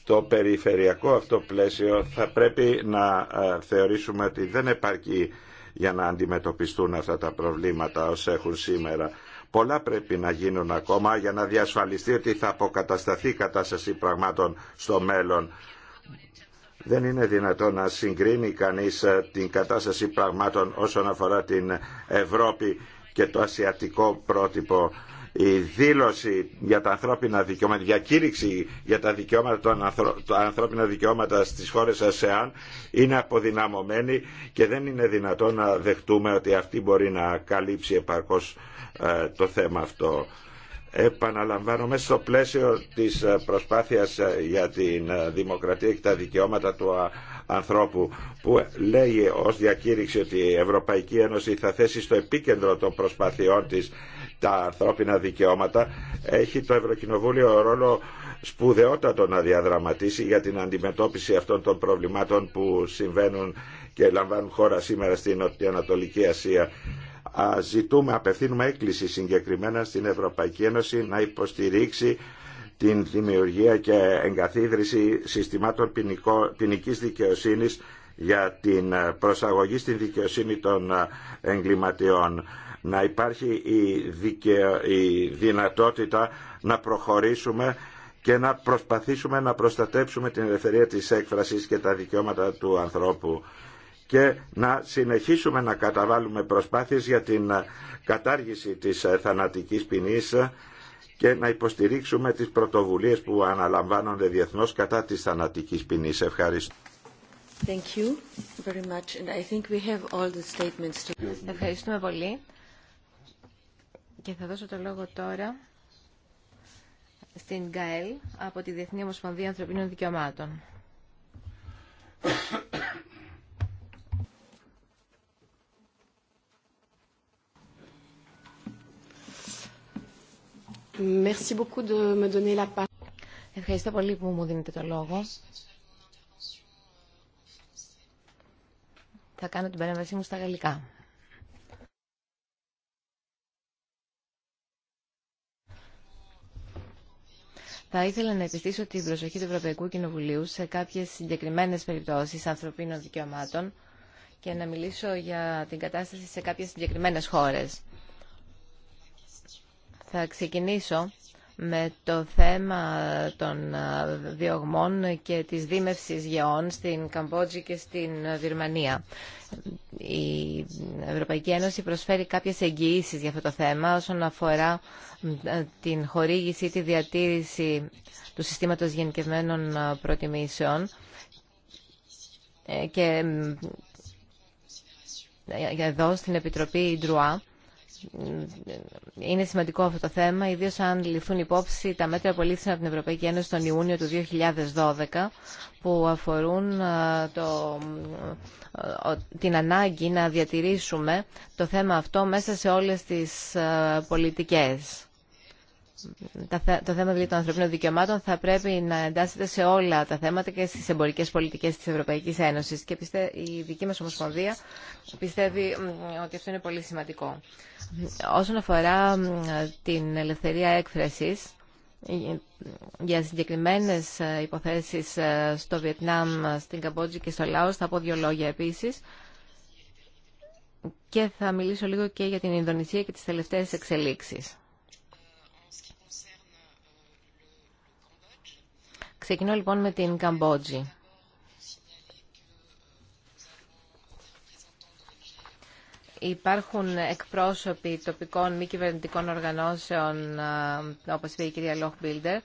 C: το περιφερειακό αυτό πλαίσιο θα πρέπει να ε, θεωρήσουμε ότι δεν επαρκεί για να αντιμετωπιστούν αυτά τα προβλήματα όσα έχουν σήμερα. Πολλά πρέπει να γίνουν ακόμα για να διασφαλιστεί ότι θα αποκατασταθεί η κατάσταση πραγμάτων στο μέλλον δεν είναι δυνατόν να συγκρίνει κανείς ε, την κατάσταση πραγμάτων όσον αφορά την Ευρώπη και το ασιατικό πρότυπο. Η δήλωση για τα ανθρώπινα δικαιώματα, η διακήρυξη για τα, δικαιώματα, τα ανθρώπινα δικαιώματα στις χώρες ΑΣΕΑΝ είναι αποδυναμωμένη και δεν είναι δυνατόν να δεχτούμε ότι αυτή μπορεί να καλύψει επαρκώς ε, το θέμα αυτό επαναλαμβάνομαι στο πλαίσιο της ε, προσπάθειας ε, για την ε, δημοκρατία και τα δικαιώματα του ανθρώπου που λέει ως διακήρυξη ότι η Ευρωπαϊκή Ένωση θα θέσει στο επίκεντρο των προσπαθειών της τα ανθρώπινα δικαιώματα έχει το Ευρωκοινοβούλιο ρόλο σπουδαιότατο να διαδραματίσει για την αντιμετώπιση αυτών των προβλημάτων που συμβαίνουν και λαμβάνουν χώρα σήμερα στην ανατολική Ασία ζητούμε, απευθύνουμε έκκληση συγκεκριμένα στην Ευρωπαϊκή Ένωση να υποστηρίξει την δημιουργία και εγκαθίδρυση συστημάτων ποινική δικαιοσύνης για την προσαγωγή στην δικαιοσύνη των εγκληματιών. Να υπάρχει η, η δυνατότητα να προχωρήσουμε και να προσπαθήσουμε να προστατέψουμε την ελευθερία της έκφρασης και τα δικαιώματα του ανθρώπου και να συνεχίσουμε να καταβάλουμε προσπάθειες για την κατάργηση της θανατικής ποινής και να υποστηρίξουμε τις πρωτοβουλίες που αναλαμβάνονται διεθνώς κατά της θανατικής ποινής. Ευχαριστώ. Thank you
B: Ευχαριστούμε πολύ. Και θα δώσω το λόγο τώρα στην Γκαέλ από τη Διεθνή Ομοσπονδία Ανθρωπίνων Δικαιωμάτων. Ευχαριστώ πολύ που μου δίνετε το λόγο. Θα κάνω την παρέμβασή μου στα γαλλικά. Θα ήθελα να επιστήσω την προσοχή του Ευρωπαϊκού Κοινοβουλίου σε κάποιες συγκεκριμένες περιπτώσεις ανθρωπίνων δικαιωμάτων και να μιλήσω για την κατάσταση σε κάποιες συγκεκριμένες χώρες. Θα ξεκινήσω με το θέμα των διωγμών και της δίμευσης γεών στην Καμπότζη και στην Βυρμανία. Η Ευρωπαϊκή Ένωση προσφέρει κάποιες εγγυήσεις για αυτό το θέμα όσον αφορά την χορήγηση ή τη διατήρηση του συστήματος γενικευμένων προτιμήσεων ε, και ε, εδώ στην Επιτροπή Ιντρουά είναι σημαντικό αυτό το θέμα, ιδίω αν ληφθούν υπόψη τα μέτρα που λήφθησαν από την Ευρωπαϊκή Ένωση τον Ιούνιο του 2012, που αφορούν το, την ανάγκη να διατηρήσουμε το θέμα αυτό μέσα σε όλες τις πολιτικές το θέμα δηλαδή των ανθρωπίνων δικαιωμάτων θα πρέπει να εντάσσεται σε όλα τα θέματα και στις εμπορικές πολιτικές της Ευρωπαϊκής Ένωσης. Και η δική μας Ομοσπονδία πιστεύει ότι αυτό είναι πολύ σημαντικό. Όσον αφορά την ελευθερία έκφρασης, ε, για συγκεκριμένες ε, υποθέσεις ε, στο Βιετνάμ, στην Καμπότζη και στο Λάος, θα πω δύο λόγια επίσης. Και θα μιλήσω λίγο και για την Ινδονησία και τις τελευταίες εξελίξεις. Ξεκινώ λοιπόν με την Καμπότζη. Υπάρχουν εκπρόσωποι τοπικών μη κυβερνητικών οργανώσεων, όπως είπε η κυρία Λόχμπιλντερ.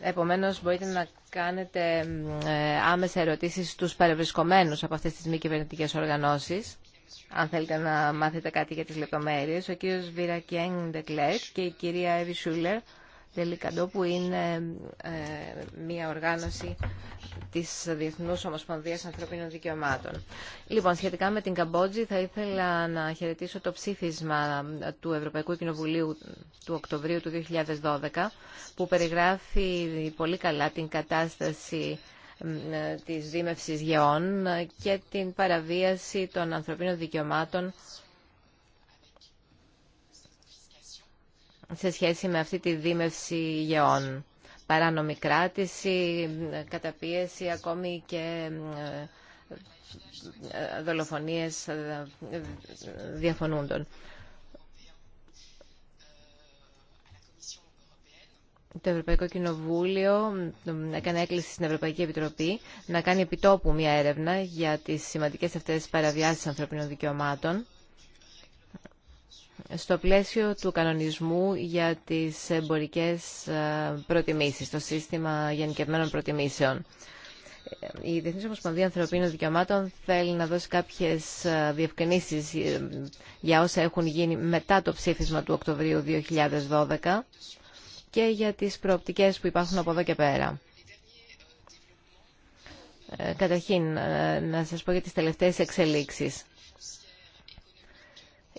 B: Επομένως, μπορείτε να κάνετε ε, άμεσα ερωτήσεις στους παρευρισκομένους από αυτές τις μη κυβερνητικές οργανώσεις, αν θέλετε να μάθετε κάτι για τις λεπτομέρειες. Ο κύριος Βίρα Ντεκλέκ και η κυρία Εύη Σούλερ Τελικαντό που είναι ε, μια οργάνωση της Διεθνούς Ομοσπονδίας Ανθρωπίνων Δικαιωμάτων. Λοιπόν, σχετικά με την Καμπότζη θα ήθελα να χαιρετήσω το ψήφισμα του Ευρωπαϊκού Κοινοβουλίου του Οκτωβρίου του 2012 που περιγράφει πολύ καλά την κατάσταση ε, της δίμευσης γεών και την παραβίαση των ανθρωπίνων δικαιωμάτων σε σχέση με αυτή τη δίμευση γεών. Παράνομη κράτηση, καταπίεση, ακόμη και ε, δολοφονίες ε, διαφωνούντων. Το Ευρωπαϊκό Κοινοβούλιο έκανε έκκληση στην Ευρωπαϊκή Επιτροπή να κάνει επιτόπου μια έρευνα για τις σημαντικές αυτές παραβιάσεις ανθρωπίνων δικαιωμάτων στο πλαίσιο του κανονισμού για τις εμπορικές ε, προτιμήσεις, το σύστημα γενικευμένων προτιμήσεων. Η Διεθνή Ομοσπονδία Ανθρωπίνων Δικαιωμάτων θέλει να δώσει κάποιες ε, διευκρινήσει ε, για όσα έχουν γίνει μετά το ψήφισμα του Οκτωβρίου 2012 και για τις προοπτικές που υπάρχουν από εδώ και πέρα. Καταρχήν, να σα πω για τι τελευταίε εξελίξει.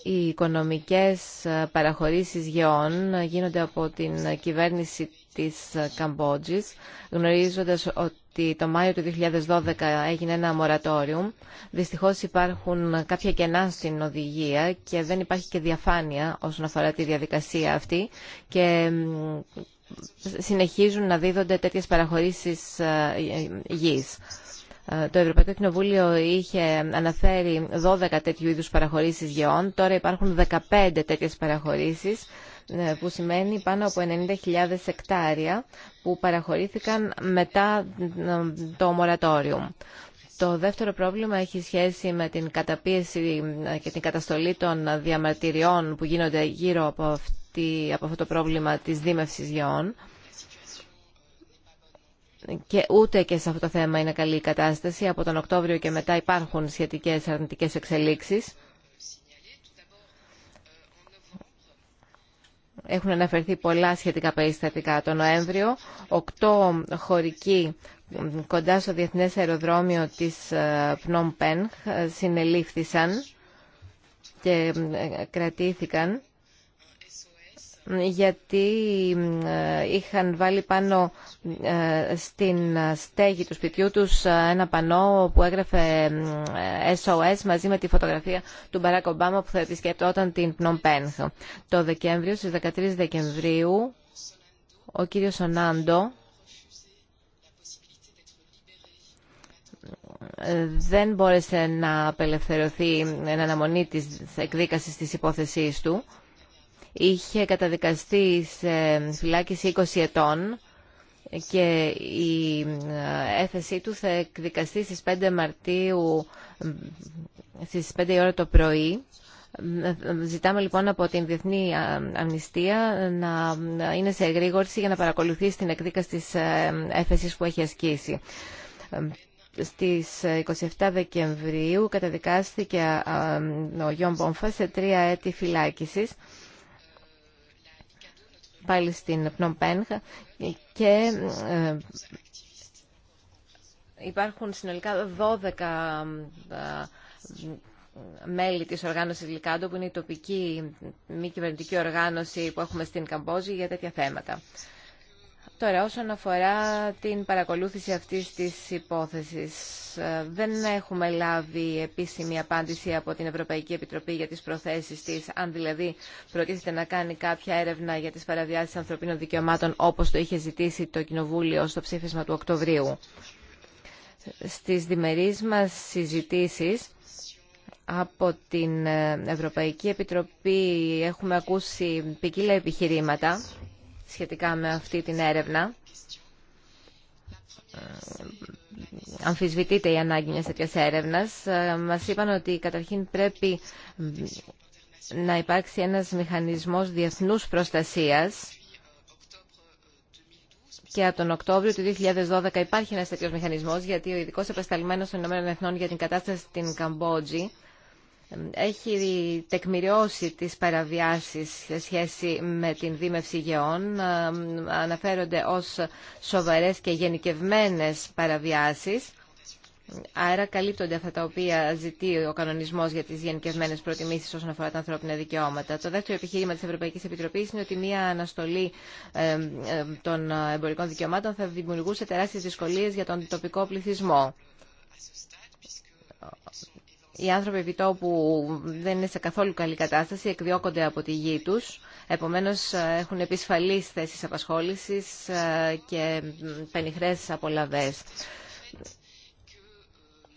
B: Οι οικονομικές ε, παραχωρήσεις γεών γίνονται από την κυβέρνηση της Καμπότζης, γνωρίζοντας ότι το Μάιο του 2012 έγινε ένα μορατόριο. Δυστυχώς υπάρχουν κάποια κενά στην οδηγία και δεν υπάρχει και διαφάνεια όσον αφορά τη διαδικασία αυτή και συνεχίζουν να δίδονται τέτοιες παραχωρήσεις ε, γης. Ε, το Ευρωπαϊκό Κοινοβούλιο είχε αναφέρει 12 τέτοιου είδους παραχωρήσεις γεών. Τώρα υπάρχουν 15 τέτοιες παραχωρήσεις ε, που σημαίνει πάνω από 90.000 εκτάρια που παραχωρήθηκαν μετά ε, το μορατόριο. Το δεύτερο πρόβλημα έχει σχέση με την καταπίεση και την καταστολή των διαμαρτυριών που γίνονται γύρω από, από αυτό το πρόβλημα της δίμευσης γεών και ούτε και σε αυτό το θέμα είναι καλή η κατάσταση. Από τον Οκτώβριο και μετά υπάρχουν σχετικές αρνητικές εξελίξεις. Έχουν αναφερθεί πολλά σχετικά περιστατικά το Νοέμβριο. Οκτώ χωρικοί κοντά στο Διεθνές Αεροδρόμιο της Πνόμπενχ συνελήφθησαν και ε, κρατήθηκαν γιατί ε, είχαν βάλει πάνω ε, στην στέγη του σπιτιού τους ε, ένα πανό που έγραφε SOS μαζί με τη φωτογραφία του Μπαράκ Ομπάμα που θα επισκεπτόταν την Πνομπένχ. Το Δεκέμβριο, στις 13 Δεκεμβρίου, ο κύριος Σονάντο δεν μπόρεσε να απελευθερωθεί εν αναμονή της εκδίκασης της υπόθεσής του είχε καταδικαστεί σε φυλάκιση 20 ετών και η ε, έθεσή του θα εκδικαστεί στις 5 Μαρτίου στις 5 η ώρα το πρωί. Ζητάμε λοιπόν από την Διεθνή ε, Αμνηστία να είναι σε εγρήγορση για να παρακολουθεί την εκδίκαση της ε, έφεσης που έχει ασκήσει. Στις 27 Δεκεμβρίου καταδικάστηκε ο Γιον Μπόμφα σε τρία έτη φυλάκισης πάλι στην Πνομπένχα και ε, υπάρχουν συνολικά 12 ε, μέλη της οργάνωσης Λικάντο που είναι η τοπική μη κυβερνητική οργάνωση που έχουμε στην Καμπόζη για τέτοια θέματα. Τώρα, όσον αφορά την παρακολούθηση αυτής της υπόθεσης, ε, δεν έχουμε λάβει επίσημη απάντηση από την Ευρωπαϊκή Επιτροπή για τις προθέσεις της, αν δηλαδή προτίθεται να κάνει κάποια έρευνα για τις παραβιάσεις ανθρωπίνων δικαιωμάτων, όπως το είχε ζητήσει το Κοινοβούλιο στο ψήφισμα του Οκτωβρίου. Στις διμερείς μας συζητήσεις, από την ε, Ευρωπαϊκή Επιτροπή έχουμε ακούσει ποικίλα επιχειρήματα σχετικά με αυτή την έρευνα. Αμφισβητείται η ανάγκη μιας τέτοιας έρευνας. Μας είπαν ότι καταρχήν πρέπει να υπάρξει ένας μηχανισμός διεθνούς προστασίας και από τον Οκτώβριο του 2012 υπάρχει ένας τέτοιος μηχανισμός γιατί ο ειδικό επεσταλμένος των Εθνών για την κατάσταση στην Καμπότζη έχει τεκμηριώσει τις παραβιάσεις σε σχέση με την δίμευση γεών. Αναφέρονται ως σοβαρές και γενικευμένες παραβιάσεις. Άρα καλύπτονται αυτά τα οποία ζητεί ο κανονισμό για τι γενικευμένε προτιμήσει όσον αφορά τα ανθρώπινα δικαιώματα. Το δεύτερο επιχείρημα τη Ευρωπαϊκή Επιτροπή είναι ότι μια αναστολή των εμπορικών δικαιωμάτων θα δημιουργούσε τεράστιε δυσκολίε για τον τοπικό πληθυσμό. Οι άνθρωποι επιτόπου δεν είναι σε καθόλου καλή κατάσταση, εκδιώκονται από τη γη τους, επομένως ε, έχουν επισφαλείς θέσεις απασχόλησης ε, και πενιχρέ απολαβές.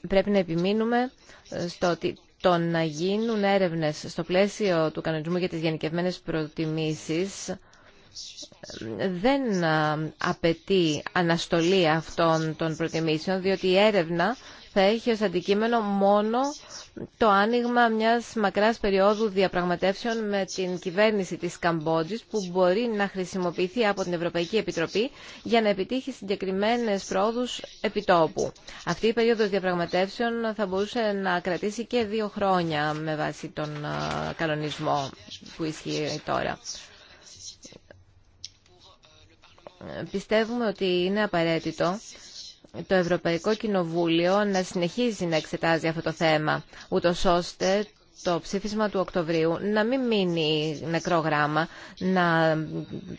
B: Πρέπει να επιμείνουμε ε, στο ότι το να γίνουν έρευνες στο πλαίσιο του κανονισμού για τις γενικευμένες προτιμήσεις δεν απαιτεί αναστολή αυτών των προτιμήσεων, διότι η έρευνα θα έχει ως αντικείμενο μόνο το άνοιγμα μιας μακράς περίοδου διαπραγματεύσεων με την κυβέρνηση της Καμπότζης που μπορεί να χρησιμοποιηθεί από την Ευρωπαϊκή Επιτροπή για να επιτύχει συγκεκριμένες πρόοδους επιτόπου. Αυτή η περίοδος διαπραγματεύσεων θα μπορούσε να κρατήσει και δύο χρόνια με βάση τον κανονισμό που ισχύει τώρα. Πιστεύουμε ότι είναι απαραίτητο το Ευρωπαϊκό Κοινοβούλιο να συνεχίζει να εξετάζει αυτό το θέμα, ούτω ώστε το ψήφισμα του Οκτωβρίου να μην μείνει νεκρό γράμμα, να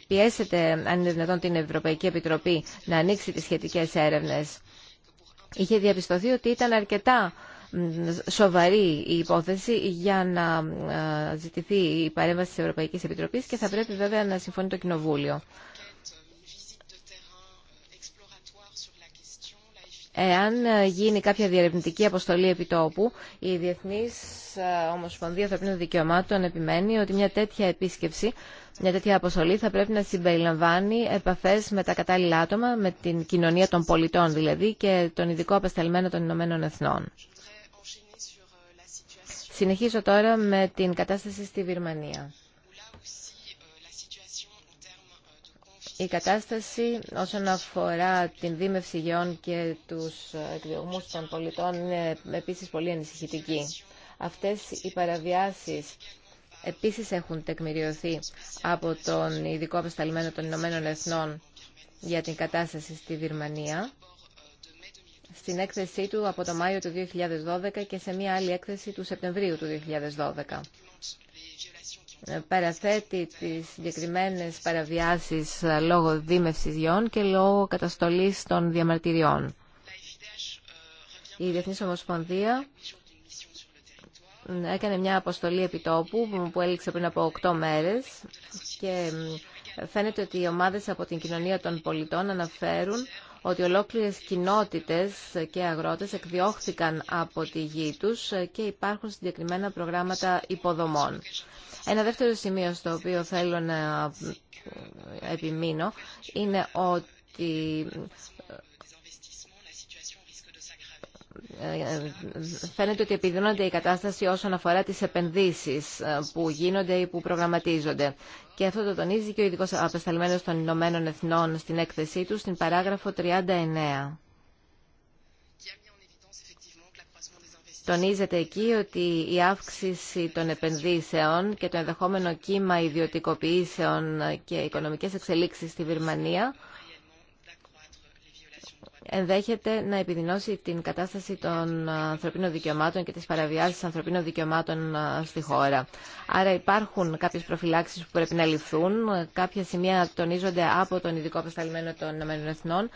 B: πιέσετε, αν είναι δυνατόν, την Ευρωπαϊκή Επιτροπή να ανοίξει τις σχετικές έρευνες. Είχε διαπιστωθεί ότι ήταν αρκετά σοβαρή η υπόθεση για να ε, ζητηθεί η παρέμβαση της Ευρωπαϊκής Επιτροπής και θα πρέπει βέβαια να συμφωνεί το Κοινοβούλιο. Εάν ε, γίνει κάποια διερευνητική αποστολή επιτόπου, η Διεθνής ε, Ομοσπονδία Ανθρωπίνων Δικαιωμάτων επιμένει ότι μια τέτοια επίσκεψη, μια τέτοια αποστολή θα πρέπει να συμπεριλαμβάνει επαφές με τα κατάλληλα άτομα, με την κοινωνία των πολιτών δηλαδή και τον ειδικό απεσταλμένο των Ηνωμένων Εθνών. Συνεχίζω τώρα με την κατάσταση στη Βυρμανία. Η κατάσταση όσον αφορά την δίμευση γεών και τους εκδιωγμούς των πολιτών είναι επίσης πολύ ανησυχητική. Αυτές οι παραβιάσεις επίσης έχουν τεκμηριωθεί από τον ειδικό απεσταλμένο των Ηνωμένων Εθνών για την κατάσταση στη Βυρμανία στην έκθεσή του από το Μάιο του 2012 και σε μία άλλη έκθεση του Σεπτεμβρίου του 2012. Ε, παραθέτει τις συγκεκριμένε παραβιάσεις ε, λόγω δίμευσης γιών και λόγω καταστολής των διαμαρτυριών. Η Διεθνής Ομοσπονδία ε, έκανε μια αποστολή επιτόπου που έληξε πριν από οκτώ μέρες και φαίνεται ότι οι ομάδες από την κοινωνία των πολιτών αναφέρουν ότι ολόκληρες κοινότητες και αγρότες εκδιώχθηκαν από τη γη τους και υπάρχουν συγκεκριμένα προγράμματα υποδομών. Ένα δεύτερο σημείο στο οποίο θέλω να επιμείνω είναι ότι ε, φαίνεται ότι επιδεινώνεται η κατάσταση όσον αφορά τις επενδύσεις ε, που γίνονται ή που προγραμματίζονται. Και αυτό το τονίζει και ο ειδικό απεσταλμένος των Ηνωμένων Εθνών στην έκθεσή του στην παράγραφο 39. Τονίζεται εκεί ότι η αύξηση των επενδύσεων και το ενδεχόμενο κύμα ιδιωτικοποιήσεων και οικονομικές εξελίξεις στη Βυρμανία ενδέχεται να επιδεινώσει την κατάσταση των ανθρωπίνων δικαιωμάτων και τις παραβιάσεις ανθρωπίνων δικαιωμάτων ε, στη χώρα. Άρα υπάρχουν κάποιες προφυλάξεις που πρέπει να ληφθούν, κάποια σημεία τονίζονται από τον ειδικό απεσταλμένο των ΗΕ.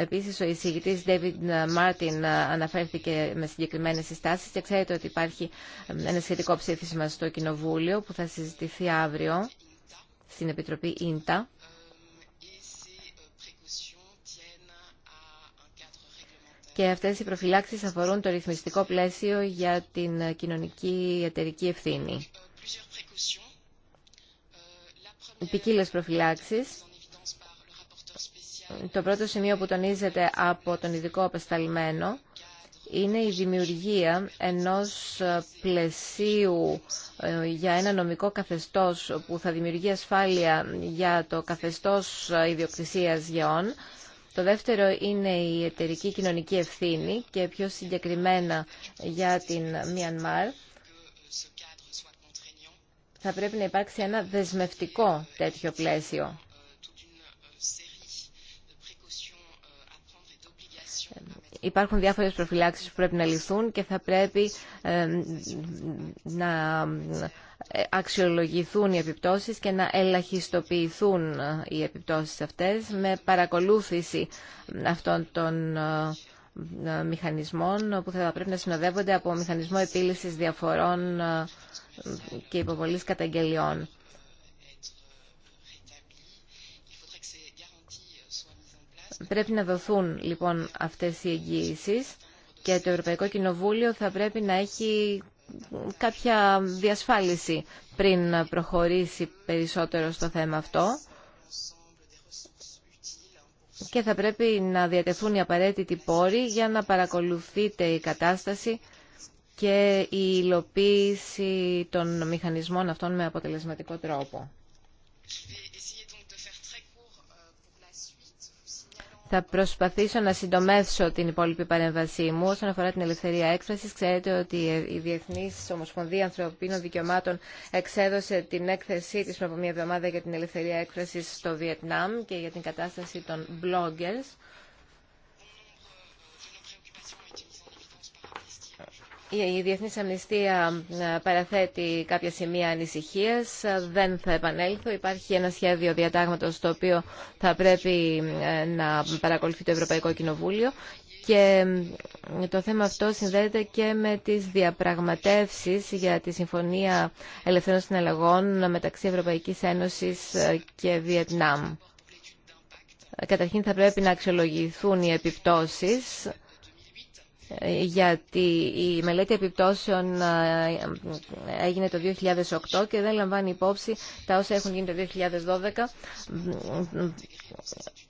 B: Επίσης, ο εισηγητής David Martin αναφέρθηκε με συγκεκριμένες συστάσεις και ξέρετε ότι υπάρχει ε, ένα σχετικό ψήφισμα στο Κοινοβούλιο που θα συζητηθεί αύριο στην Επιτροπή Ίντα. και αυτές οι προφυλάξεις αφορούν το ρυθμιστικό πλαίσιο για την κοινωνική εταιρική ευθύνη. Ποικίλες προφυλάξεις. Το πρώτο σημείο που τονίζεται από τον ειδικό απεσταλμένο είναι η δημιουργία ενός πλαισίου ε, για ένα νομικό καθεστώς που θα δημιουργεί ασφάλεια για το καθεστώς ε, ιδιοκτησίας γεών το δεύτερο είναι η εταιρική κοινωνική ευθύνη και πιο συγκεκριμένα για την Μιανμάρ. Θα πρέπει να υπάρξει ένα δεσμευτικό τέτοιο πλαίσιο. υπάρχουν διάφορες προφυλάξεις που πρέπει να λυθούν και θα πρέπει να ε, αξιολογηθούν οι επιπτώσεις και να ελαχιστοποιηθούν ε, οι επιπτώσεις αυτές με παρακολούθηση αυτών των ε, μηχανισμών που θα πρέπει να συνοδεύονται από μηχανισμό επίλυσης διαφορών και υποβολής καταγγελιών. Πρέπει να δοθούν λοιπόν αυτές οι εγγύησει και το Ευρωπαϊκό Κοινοβούλιο θα πρέπει να έχει κάποια διασφάλιση πριν προχωρήσει περισσότερο στο θέμα αυτό και θα πρέπει να διατεθούν οι απαραίτητοι πόροι για να παρακολουθείτε η κατάσταση και η υλοποίηση των μηχανισμών αυτών με αποτελεσματικό τρόπο. Θα προσπαθήσω να συντομεύσω την υπόλοιπη παρέμβασή μου. Όσον αφορά την ελευθερία έκφραση, ξέρετε ότι η Διεθνή Ομοσπονδία Ανθρωπίνων Δικαιωμάτων εξέδωσε την έκθεσή τη πριν από μια εβδομάδα για την ελευθερία έκφραση στο Βιετνάμ και για την κατάσταση των bloggers. Η Διεθνής Αμνηστία ε, παραθέτει κάποια σημεία ανησυχίας. Δεν θα επανέλθω. Υπάρχει ένα σχέδιο διατάγματος το οποίο θα πρέπει ε, να παρακολουθεί το Ευρωπαϊκό Κοινοβούλιο και ε, το θέμα αυτό συνδέεται και με τις διαπραγματεύσεις για τη Συμφωνία Ελευθερών Συναλλαγών μεταξύ Ευρωπαϊκής Ένωσης και Βιετνάμ. Καταρχήν θα πρέπει να αξιολογηθούν οι επιπτώσεις γιατί η μελέτη επιπτώσεων ε, έγινε το 2008 και δεν λαμβάνει υπόψη τα όσα έχουν γίνει το 2012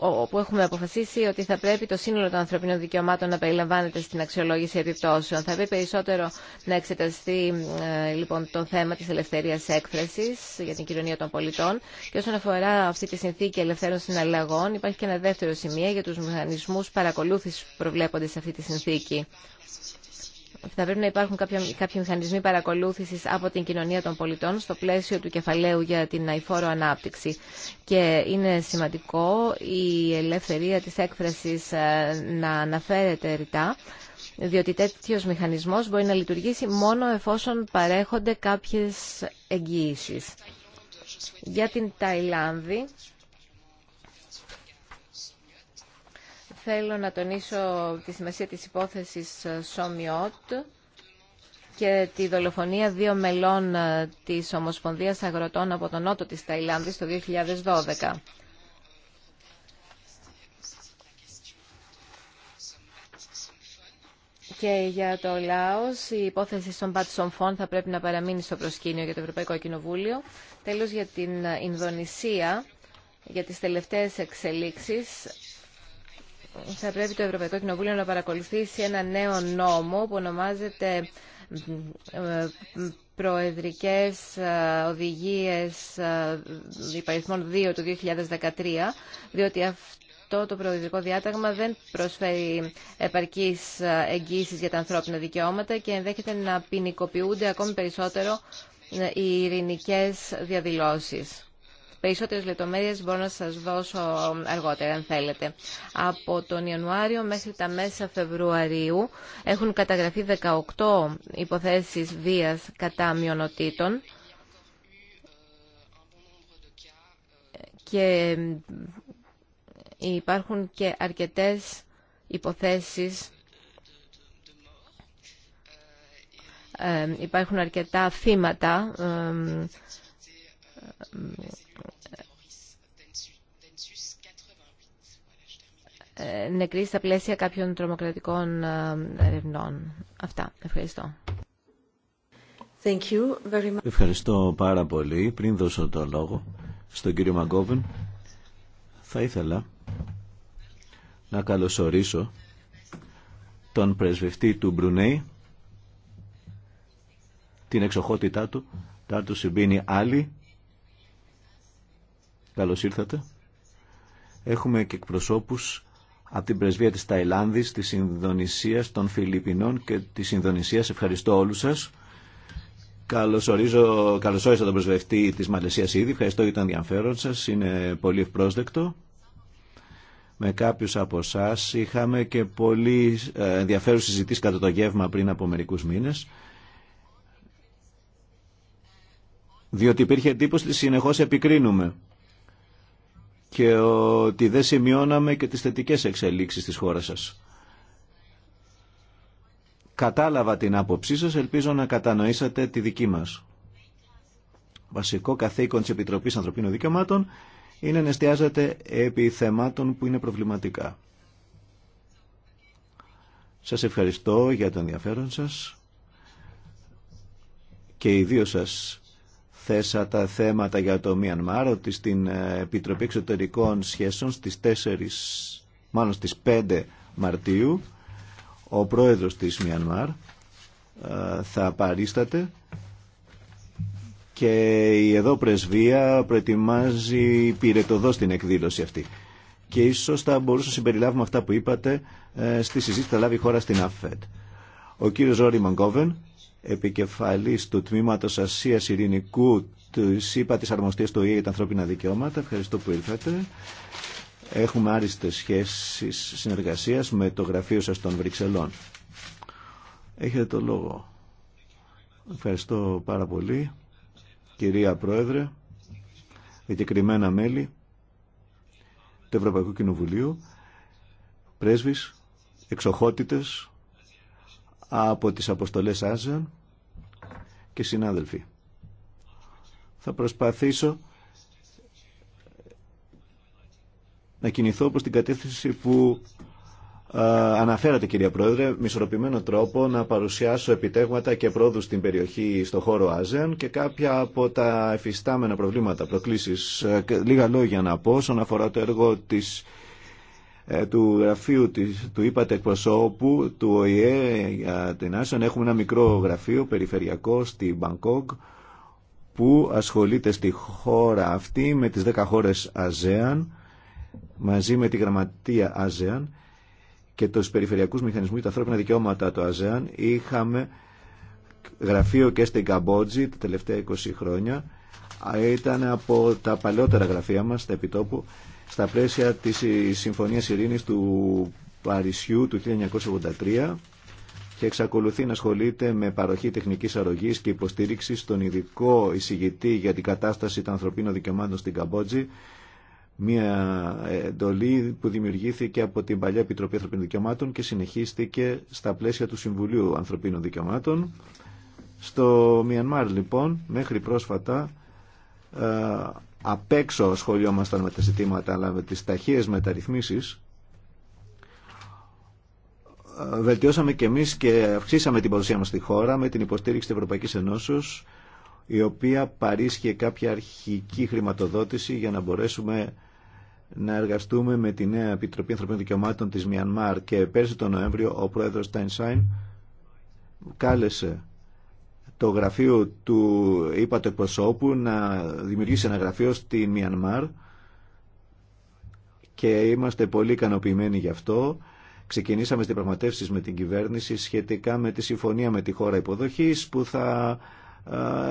B: όπου έχουμε αποφασίσει ότι θα πρέπει το σύνολο των ανθρωπίνων δικαιωμάτων να περιλαμβάνεται στην αξιολόγηση επιπτώσεων. Θα πρέπει περισσότερο να εξεταστεί ε, λοιπόν το θέμα της ελευθερίας έκφρασης για την κοινωνία των πολιτών και όσον αφορά αυτή τη συνθήκη ελευθέρων συναλλαγών υπάρχει και ένα δεύτερο σημείο για τους μηχανισμούς παρακολούθησης που προβλέπονται σε αυτή τη συνθήκη θα πρέπει να υπάρχουν κάποιοι μηχανισμοί παρακολούθησης από την κοινωνία των πολιτών στο πλαίσιο του κεφαλαίου για την αηφόρο ανάπτυξη. Και είναι σημαντικό η ελευθερία της έκφρασης ε, να αναφέρεται ρητά, διότι τέτοιο μηχανισμός μπορεί να λειτουργήσει μόνο εφόσον παρέχονται κάποιες εγγύησεις. Για την Ταϊλάνδη, Θέλω να τονίσω τη σημασία της υπόθεσης ε, Σομιότ και τη δολοφονία δύο μελών ε, της Ομοσπονδίας Αγροτών από τον Νότο της Ταϊλάνδης το 2012. Και για το ΛΑΟΣ η υπόθεση των σομφών θα πρέπει να παραμείνει στο προσκήνιο για το Ευρωπαϊκό Κοινοβούλιο. Τέλος για την ε, Ινδονησία, για τις τελευταίες εξελίξεις θα πρέπει το Ευρωπαϊκό Κοινοβούλιο να παρακολουθήσει ένα νέο νόμο που ονομάζεται ε, προεδρικές ε, οδηγίες ε, υπαριθμών 2 του 2013, διότι αυτό το προεδρικό διάταγμα δεν προσφέρει επαρκείς εγγύσεις για τα ανθρώπινα δικαιώματα και ενδέχεται να ποινικοποιούνται ακόμη περισσότερο οι ειρηνικές διαδηλώσεις. Περισσότερε λεπτομέρειε μπορώ να σα δώσω αργότερα, αν θέλετε. Από τον Ιανουάριο μέχρι τα μέσα Φεβρουαρίου έχουν καταγραφεί 18 υποθέσεις βία κατά μειονοτήτων και υπάρχουν και αρκετές υποθέσεις ε, υπάρχουν αρκετά θύματα ε, ε, νεκροί στα πλαίσια κάποιων τρομοκρατικών ε, ερευνών. Αυτά. Ευχαριστώ.
A: Ευχαριστώ πάρα πολύ. Πριν δώσω το λόγο στον κύριο Μαγκόβεν, θα ήθελα να καλωσορίσω τον πρεσβευτή του Μπρουνέη, την εξοχότητά του, του συμπίνει Άλλη, Καλώς ήρθατε. Έχουμε και εκπροσώπους από την πρεσβεία της Ταϊλάνδης, της Ινδονησίας, των Φιλιππινών και της Ινδονησίας. Ευχαριστώ όλους σας. Καλωσορίζω, όρισα τον πρεσβευτή της Μαλαισίας ήδη. Ευχαριστώ για το ενδιαφέρον σας. Είναι πολύ ευπρόσδεκτο. Με κάποιους από εσά είχαμε και πολύ ε, ενδιαφέρον συζητήσει κατά το γεύμα πριν από μερικούς μήνες. Διότι υπήρχε εντύπωση ότι συνεχώς επικρίνουμε και ότι δεν σημειώναμε και τις θετικές εξελίξεις της χώρας σας. Κατάλαβα την άποψή σας, ελπίζω να κατανοήσατε τη δική μας. Βασικό καθήκον της Επιτροπής Ανθρωπίνων Δικαιωμάτων είναι να εστιάζεται επί θεμάτων που είναι προβληματικά. Σας ευχαριστώ για το ενδιαφέρον σας και οι δύο σας θέσα τα θέματα για το Μιανμάρ ότι στην ε, Επιτροπή Εξωτερικών Σχέσεων στις 4, μάλλον στις 5 Μαρτίου ο πρόεδρος της Μιανμάρ ε, θα παρίσταται και η εδώ πρεσβεία προετοιμάζει πυρετοδό στην εκδήλωση αυτή. Και ίσως θα μπορούσε να συμπεριλάβουμε αυτά που είπατε ε, στη συζήτηση που θα λάβει η χώρα στην ΑΦΕΤ. Ο κύριος Ζόρι Μαγκόβεν επικεφαλής του τμήματος Ασίας Ειρηνικού του ΣΥΠΑ της Αρμοστίας του για τα ανθρώπινα δικαιώματα. Ευχαριστώ που ήρθατε. Έχουμε άριστες σχέσεις συνεργασίας με το γραφείο σας των Βρυξελών. Έχετε το λόγο. Ευχαριστώ πάρα πολύ. Κυρία Πρόεδρε, διακεκριμένα μέλη του Ευρωπαϊκού Κοινοβουλίου, πρέσβεις, εξοχότητες, από τις αποστολές Άζεων και συνάδελφοι. Θα προσπαθήσω να κινηθώ προς την κατεύθυνση που αναφέρατε κυρία Πρόεδρε, με ισορροπημένο τρόπο να παρουσιάσω επιτέγματα και πρόοδου στην περιοχή, στο χώρο ΑΖΕΝ και κάποια από τα εφιστάμενα προβλήματα, προκλήσεις. Ε, λίγα λόγια να πω όσον αφορά το έργο της ε, του γραφείου του είπατε εκπροσώπου του ΟΗΕ για την Άσον έχουμε ένα μικρό γραφείο περιφερειακό στη Μπανκόγκ που ασχολείται στη χώρα αυτή με τις 10 χώρες ΑΖΕΑΝ μαζί με τη γραμματεία ΑΖΕΑΝ και τους περιφερειακούς μηχανισμούς και τα ανθρώπινα δικαιώματα του ΑΖΕΑΝ είχαμε γραφείο και στην Καμπότζη τα τελευταία 20 χρόνια ήταν από τα παλαιότερα γραφεία μας, στα επιτόπου στα πλαίσια της Συμφωνίας Ειρήνης του Παρισιού του 1983 και εξακολουθεί να ασχολείται με παροχή τεχνικής αρρωγής και υποστήριξη στον ειδικό εισηγητή για την κατάσταση των ανθρωπίνων δικαιωμάτων στην Καμπότζη, μια εντολή που δημιουργήθηκε από την παλιά Επιτροπή Ανθρωπίνων Δικαιωμάτων και συνεχίστηκε στα πλαίσια του Συμβουλίου Ανθρωπίνων Δικαιωμάτων. Στο Μιανμάρ λοιπόν μέχρι πρόσφατα ε, απ' έξω ασχολιόμασταν με τα ζητήματα αλλά με τις ταχείες μεταρρυθμίσεις ε, βελτιώσαμε και εμείς και αυξήσαμε την παρουσία μας στη χώρα με την υποστήριξη της Ευρωπαϊκής Ενώσεως η οποία παρίσχε κάποια αρχική χρηματοδότηση για να μπορέσουμε να εργαστούμε με τη νέα Επιτροπή Ανθρωπίνων Δικαιωμάτων της Μιανμάρ και πέρσι τον Νοέμβριο ο πρόεδρος Σάιν κάλεσε το γραφείο του είπα το εκπροσώπου να δημιουργήσει ένα γραφείο στη Μιανμάρ και είμαστε πολύ ικανοποιημένοι γι' αυτό. Ξεκινήσαμε στις πραγματεύσεις με την κυβέρνηση σχετικά με τη συμφωνία με τη χώρα υποδοχής που θα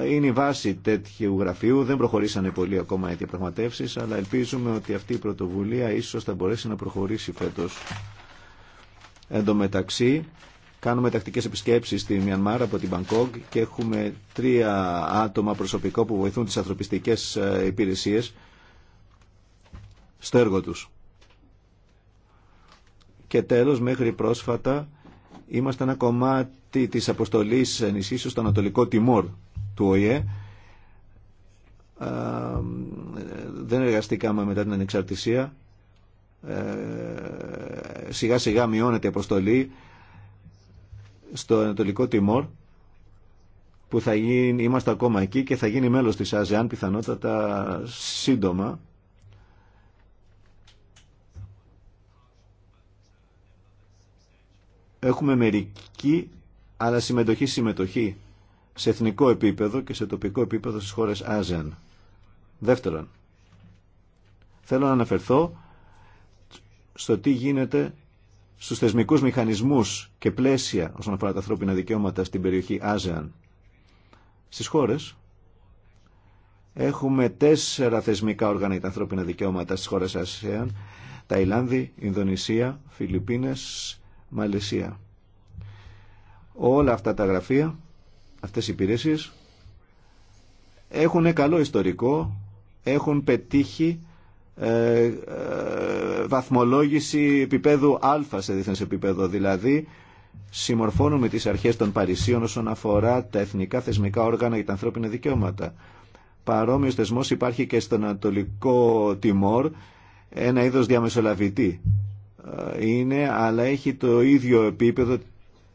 A: είναι η βάση τέτοιου γραφείου. Δεν προχωρήσανε πολύ ακόμα οι διαπραγματεύσει, αλλά ελπίζουμε ότι αυτή η πρωτοβουλία ίσως θα μπορέσει να προχωρήσει φέτος Εν τω μεταξύ, Κάνουμε τακτικές επισκέψεις στη Μιανμάρ από την Μπαγκόγκ και έχουμε τρία άτομα προσωπικό που βοηθούν τις ανθρωπιστικέ ε, υπηρεσίε στο έργο του. Και τέλος, μέχρι πρόσφατα, είμαστε ένα κομμάτι της αποστολή ενισχύσεως στο Ανατολικό Τιμόρ του ΟΗΕ. Ε, δεν εργαστήκαμε μετά την ανεξαρτησία. Ε, σιγά-σιγά μειώνεται η αποστολή στο Ανατολικό Τιμόρ που θα γίνει, είμαστε ακόμα εκεί και θα γίνει μέλος της ΑΖΕΑΝ πιθανότατα σύντομα. Έχουμε μερική αλλά συμμετοχή συμμετοχή σε εθνικό επίπεδο και σε τοπικό επίπεδο στις χώρες ΑΖΕΑΝ. Δεύτερον, θέλω να αναφερθώ στο τι γίνεται στους θεσμικούς μηχανισμούς και πλαίσια όσον αφορά τα ανθρώπινα δικαιώματα στην περιοχή Άζεαν. Στις χώρες έχουμε τέσσερα θεσμικά όργανα για τα ανθρώπινα δικαιώματα στις χώρες Άζεαν, Ταϊλάνδη, Ινδονησία, Φιλιππίνες, Μαλαισία. Όλα αυτά τα γραφεία, αυτές οι υπηρεσίες, έχουν καλό ιστορικό, έχουν πετύχει ε, ε, βαθμολόγηση επίπεδου α σε διεθνές επίπεδο. Δηλαδή, συμμορφώνουμε τις αρχές των Παρισίων όσον αφορά τα εθνικά θεσμικά όργανα για τα ανθρώπινα δικαιώματα. Παρόμοιος θεσμός υπάρχει και στον Ανατολικό Τιμόρ, ένα είδος διαμεσολαβητή ε, είναι, αλλά έχει το ίδιο επίπεδο,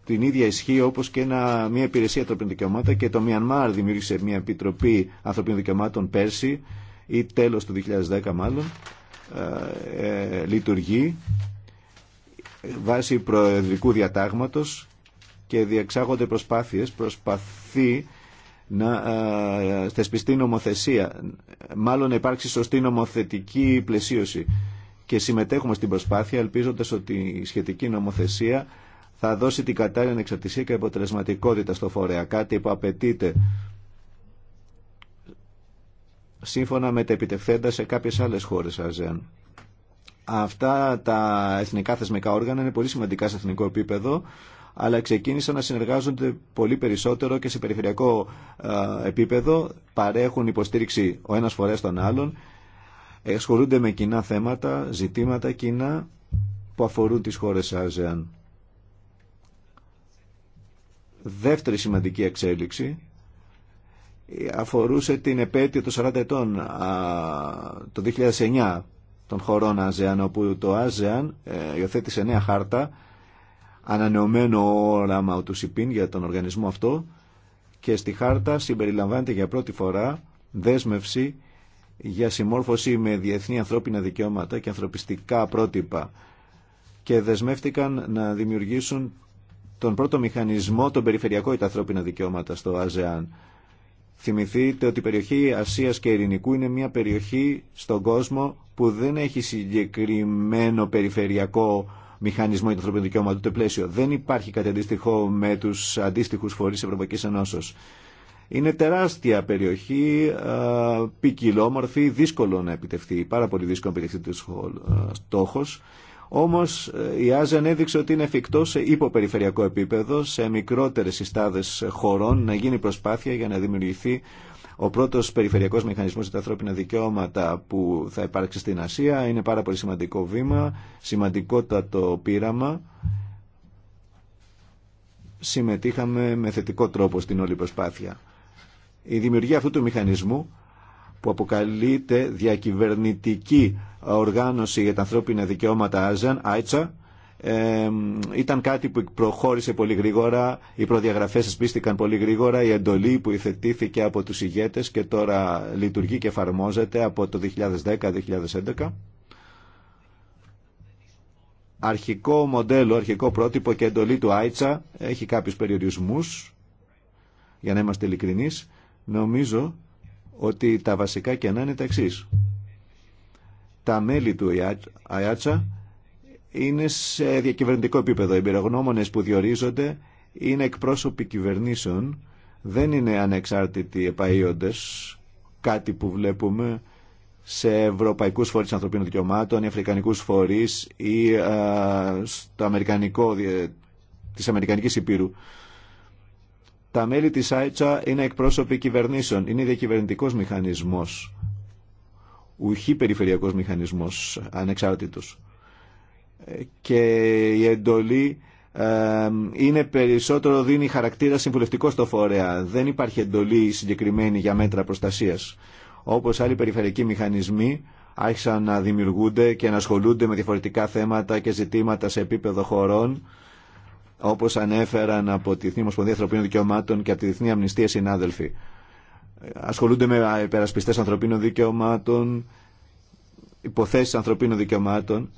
A: την ίδια ισχύ όπως και μια υπηρεσία ανθρωπίνων δικαιωμάτων και το Μιανμάρ δημιούργησε μια επιτροπή ανθρωπίνων δικαιωμάτων πέρσι ή τέλος του 2010 μάλλον ε, ε, λειτουργεί βάσει προεδρικού διατάγματος και διεξάγονται προσπάθειες, προσπαθεί να ε, θεσπιστεί νομοθεσία, μάλλον να υπάρξει σωστή νομοθετική πλαισίωση και συμμετέχουμε στην προσπάθεια ελπίζοντας ότι η σχετική νομοθεσία θα δώσει την κατάλληλη ανεξαρτησία και αποτελεσματικότητα στο φορέα, κάτι που απαιτείται σύμφωνα με τα επιτευθέντα σε κάποιες άλλες χώρες ΑΖΕΑΝ. Αυτά τα εθνικά θεσμικά όργανα είναι πολύ σημαντικά σε εθνικό επίπεδο, αλλά ξεκίνησαν να συνεργάζονται πολύ περισσότερο και σε περιφερειακό επίπεδο, παρέχουν υποστήριξη ο ένας φορέας τον άλλον, ασχολούνται με κοινά θέματα, ζητήματα κοινά που αφορούν τις χώρες ΑΖΕΑΝ. Δεύτερη σημαντική εξέλιξη αφορούσε την επέτειο των 40 ετών το 2009 των χωρών ΑΖΕΑΝ όπου το ΑΖΕΑΝ ε, υιοθέτησε νέα χάρτα ανανεωμένο όραμα του ΣΥΠΗΝ για τον οργανισμό αυτό και στη χάρτα συμπεριλαμβάνεται για πρώτη φορά δέσμευση για συμμόρφωση με διεθνή ανθρώπινα δικαιώματα και ανθρωπιστικά πρότυπα και δεσμεύτηκαν να δημιουργήσουν τον πρώτο μηχανισμό, τον περιφερειακό για τα ανθρώπινα δικαιώματα στο ΑΖΕΑΝ. Θυμηθείτε ότι η περιοχή Ασίας και Ειρηνικού είναι μια περιοχή στον κόσμο που δεν έχει συγκεκριμένο περιφερειακό μηχανισμό για το ανθρωπίνο δικαίωμα, πλαίσιο. Δεν υπάρχει κάτι αντίστοιχο με τους αντίστοιχους φορείς Ευρωπαϊκή Ενώσεω. Είναι τεράστια περιοχή, ποικιλόμορφη, δύσκολο να επιτευχθεί, πάρα πολύ δύσκολο να επιτευχθεί το στόχος. Όμως ε, η Άζεν έδειξε ότι είναι εφικτό σε υποπεριφερειακό επίπεδο, σε μικρότερες συστάδες χωρών, να γίνει προσπάθεια για να δημιουργηθεί ο πρώτο περιφερειακό μηχανισμό για τα ανθρώπινα δικαιώματα που θα υπάρξει στην Ασία είναι πάρα πολύ σημαντικό βήμα, σημαντικότατο πείραμα. Συμμετείχαμε με θετικό τρόπο στην όλη προσπάθεια. Η δημιουργία αυτού του μηχανισμού που αποκαλείται διακυβερνητική οργάνωση για τα ανθρώπινα δικαιώματα ΑΖΑΝ, ΆΙΤΣΑ, ήταν κάτι που προχώρησε πολύ γρήγορα, οι προδιαγραφές εσπίστηκαν πολύ γρήγορα, η εντολή που υθετήθηκε από τους ηγέτες και τώρα λειτουργεί και εφαρμόζεται από το 2010-2011. Αρχικό μοντέλο, αρχικό πρότυπο και εντολή του ΆΙΤΣΑ έχει κάποιους περιορισμούς, για να είμαστε ειλικρινείς. Νομίζω ότι τα βασικά κενά είναι τα εξή. Τα μέλη του ΑΙΑΤΣΑ είναι σε διακυβερνητικό επίπεδο. Οι εμπειρογνώμονε που διορίζονται είναι εκπρόσωποι κυβερνήσεων, δεν είναι ανεξάρτητοι επαείοντε, κάτι που βλέπουμε σε ευρωπαϊκού φορεί ανθρωπίνων δικαιωμάτων, οι αφρικανικού φορεί ή α, ε, στο αμερικανικό, ε, της Αμερικανικής Υπήρου. Τα μέλη της ΑΕΤΣΑ είναι εκπρόσωποι κυβερνήσεων. Είναι διακυβερνητικό μηχανισμός. Ουχή περιφερειακός μηχανισμός, ανεξάρτητος. Και η εντολή είναι περισσότερο δίνει χαρακτήρα συμβουλευτικό στο φορέα. Δεν υπάρχει εντολή συγκεκριμένη για μέτρα προστασίας. Όπως άλλοι περιφερειακοί μηχανισμοί άρχισαν να δημιουργούνται και να ασχολούνται με διαφορετικά θέματα και ζητήματα σε επίπεδο χωρών όπως ανέφεραν από τη Διεθνή Ομοσπονδία Ανθρωπίνων Δικαιωμάτων και από τη Διεθνή Αμνηστία συνάδελφοι. Ασχολούνται με υπερασπιστέ ανθρωπίνων δικαιωμάτων, υποθέσεις ανθρωπίνων δικαιωμάτων,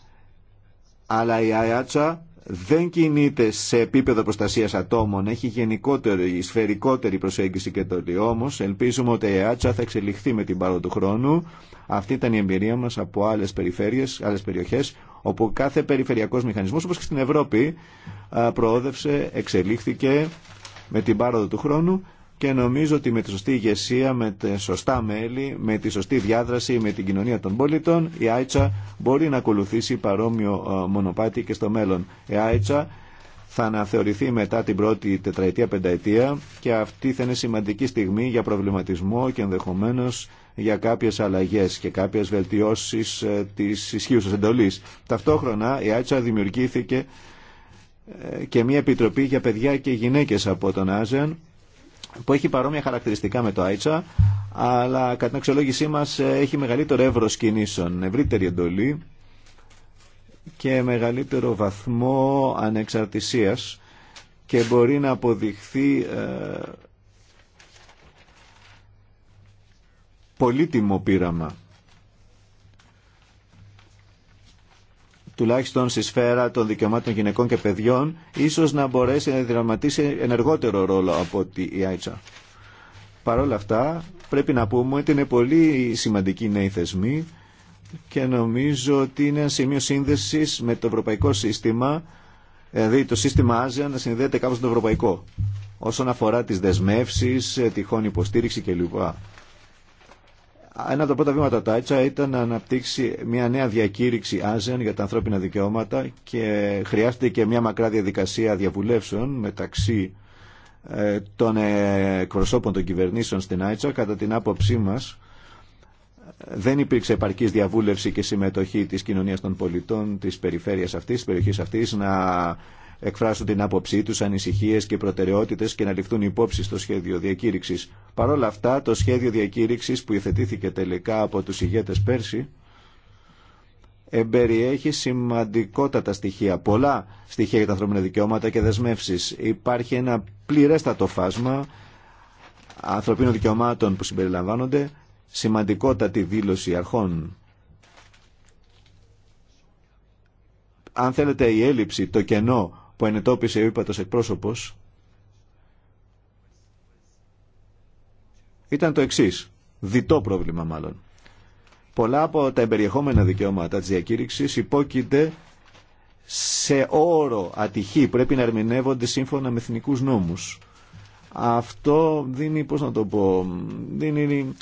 A: αλλά η ΑΕΑΤΣΑ δεν κινείται σε επίπεδο προστασίας ατόμων, έχει γενικότερη, σφαιρικότερη προσέγγιση και το όμω, ελπίζουμε ότι η ΑΕΑΤΣΑ θα εξελιχθεί με την πάροδο του χρόνου. Αυτή ήταν η εμπειρία μα από άλλε όπου κάθε περιφερειακός μηχανισμός, όπως και στην Ευρώπη, προόδευσε, εξελίχθηκε με την πάροδο του χρόνου και νομίζω ότι με τη σωστή ηγεσία, με τα σωστά μέλη, με τη σωστή διάδραση, με την κοινωνία των πολιτών, η ΆΙΤΣΑ μπορεί να ακολουθήσει παρόμοιο μονοπάτι και στο μέλλον. Η ΆΙΤΣΑ θα αναθεωρηθεί μετά την πρώτη τετραετία-πενταετία και αυτή θα είναι σημαντική στιγμή για προβληματισμό και ενδεχομένως για κάποιες αλλαγές και κάποιες βελτιώσεις ε, της ισχύουσας εντολής. Ταυτόχρονα η Άτσα δημιουργήθηκε ε, και μια επιτροπή για παιδιά και γυναίκες από τον Άζεν που έχει παρόμοια χαρακτηριστικά με το Άιτσα, αλλά κατά την αξιολόγησή μας ε, έχει μεγαλύτερο εύρος κινήσεων, ευρύτερη εντολή και μεγαλύτερο βαθμό ανεξαρτησίας και μπορεί να αποδειχθεί πολύτιμο πείραμα. τουλάχιστον στη σφαίρα των δικαιωμάτων γυναικών και παιδιών, ίσως να μπορέσει να δραματίσει ενεργότερο ρόλο από ότι η Άιτσα. Παρ' όλα αυτά, πρέπει να πούμε ότι είναι πολύ σημαντικοί νέοι θεσμοί και νομίζω ότι είναι ένα σημείο σύνδεσης με το ευρωπαϊκό σύστημα, δηλαδή το σύστημα Άζια να συνδέεται κάπως με το ευρωπαϊκό, όσον αφορά τις δεσμεύσεις, ε, τυχόν υποστήριξη κλπ. Ένα από τα πρώτα βήματα του ΆΙΤΣΑ ήταν να αναπτύξει μια νέα διακήρυξη ΑΖΕΝ για τα ανθρώπινα δικαιώματα και χρειάστηκε και μια μακρά διαδικασία διαβουλεύσεων μεταξύ ε, των ε, εκπροσώπων των κυβερνήσεων στην ΆΙΤΣΑ. Κατά την άποψή μας δεν υπήρξε επαρκή διαβούλευση και συμμετοχή τη κοινωνία των πολιτών τη περιφέρεια αυτή, τη περιοχή αυτή, να εκφράσουν την άποψή τους, ανησυχίες και προτεραιότητες και να ληφθούν υπόψη στο σχέδιο διακήρυξη. Παρ' όλα αυτά, το σχέδιο διακήρυξη που υθετήθηκε τελικά από τους ηγέτε πέρσι, εμπεριέχει σημαντικότατα στοιχεία, πολλά στοιχεία για τα ανθρώπινα δικαιώματα και δεσμεύσει. Υπάρχει ένα πληρέστατο φάσμα ανθρωπίνων δικαιωμάτων που συμπεριλαμβάνονται, σημαντικότατη δήλωση αρχών. Αν θέλετε η έλλειψη, το κενό που ενετόπισε ο ύπατος εκπρόσωπος ήταν το εξής, διτό πρόβλημα μάλλον. Πολλά από τα εμπεριεχόμενα δικαιώματα της διακήρυξης υπόκειται σε όρο ατυχή, πρέπει να ερμηνεύονται σύμφωνα με εθνικούς νόμους. Αυτό δίνει, πώς να το πω, δίνει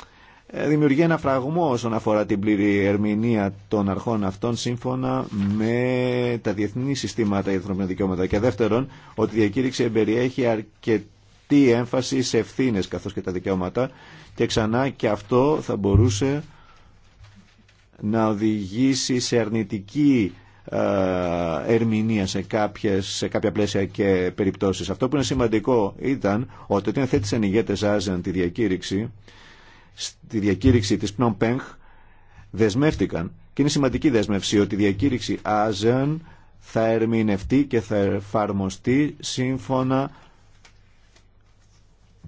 A: ε, δημιουργεί ένα φραγμό όσον αφορά την πλήρη ερμηνεία των αρχών αυτών σύμφωνα με τα διεθνή συστήματα για τα δικαιώματα. Και δεύτερον, ότι η διακήρυξη εμπεριέχει αρκετή έμφαση σε ευθύνε καθώ και τα δικαιώματα. Και ξανά και αυτό θα μπορούσε να οδηγήσει σε αρνητική ε, ερμηνεία σε, κάποιες, σε κάποια πλαίσια και περιπτώσεις. Αυτό που είναι σημαντικό ήταν ότι όταν θέτησαν ηγέτες Άζεν τη διακήρυξη στη διακήρυξη της ΠΝΟΜΠΕΝΧ δεσμεύτηκαν και είναι σημαντική δέσμευση ότι η διακήρυξη ΑΖΕΝ θα ερμηνευτεί και θα εφαρμοστεί σύμφωνα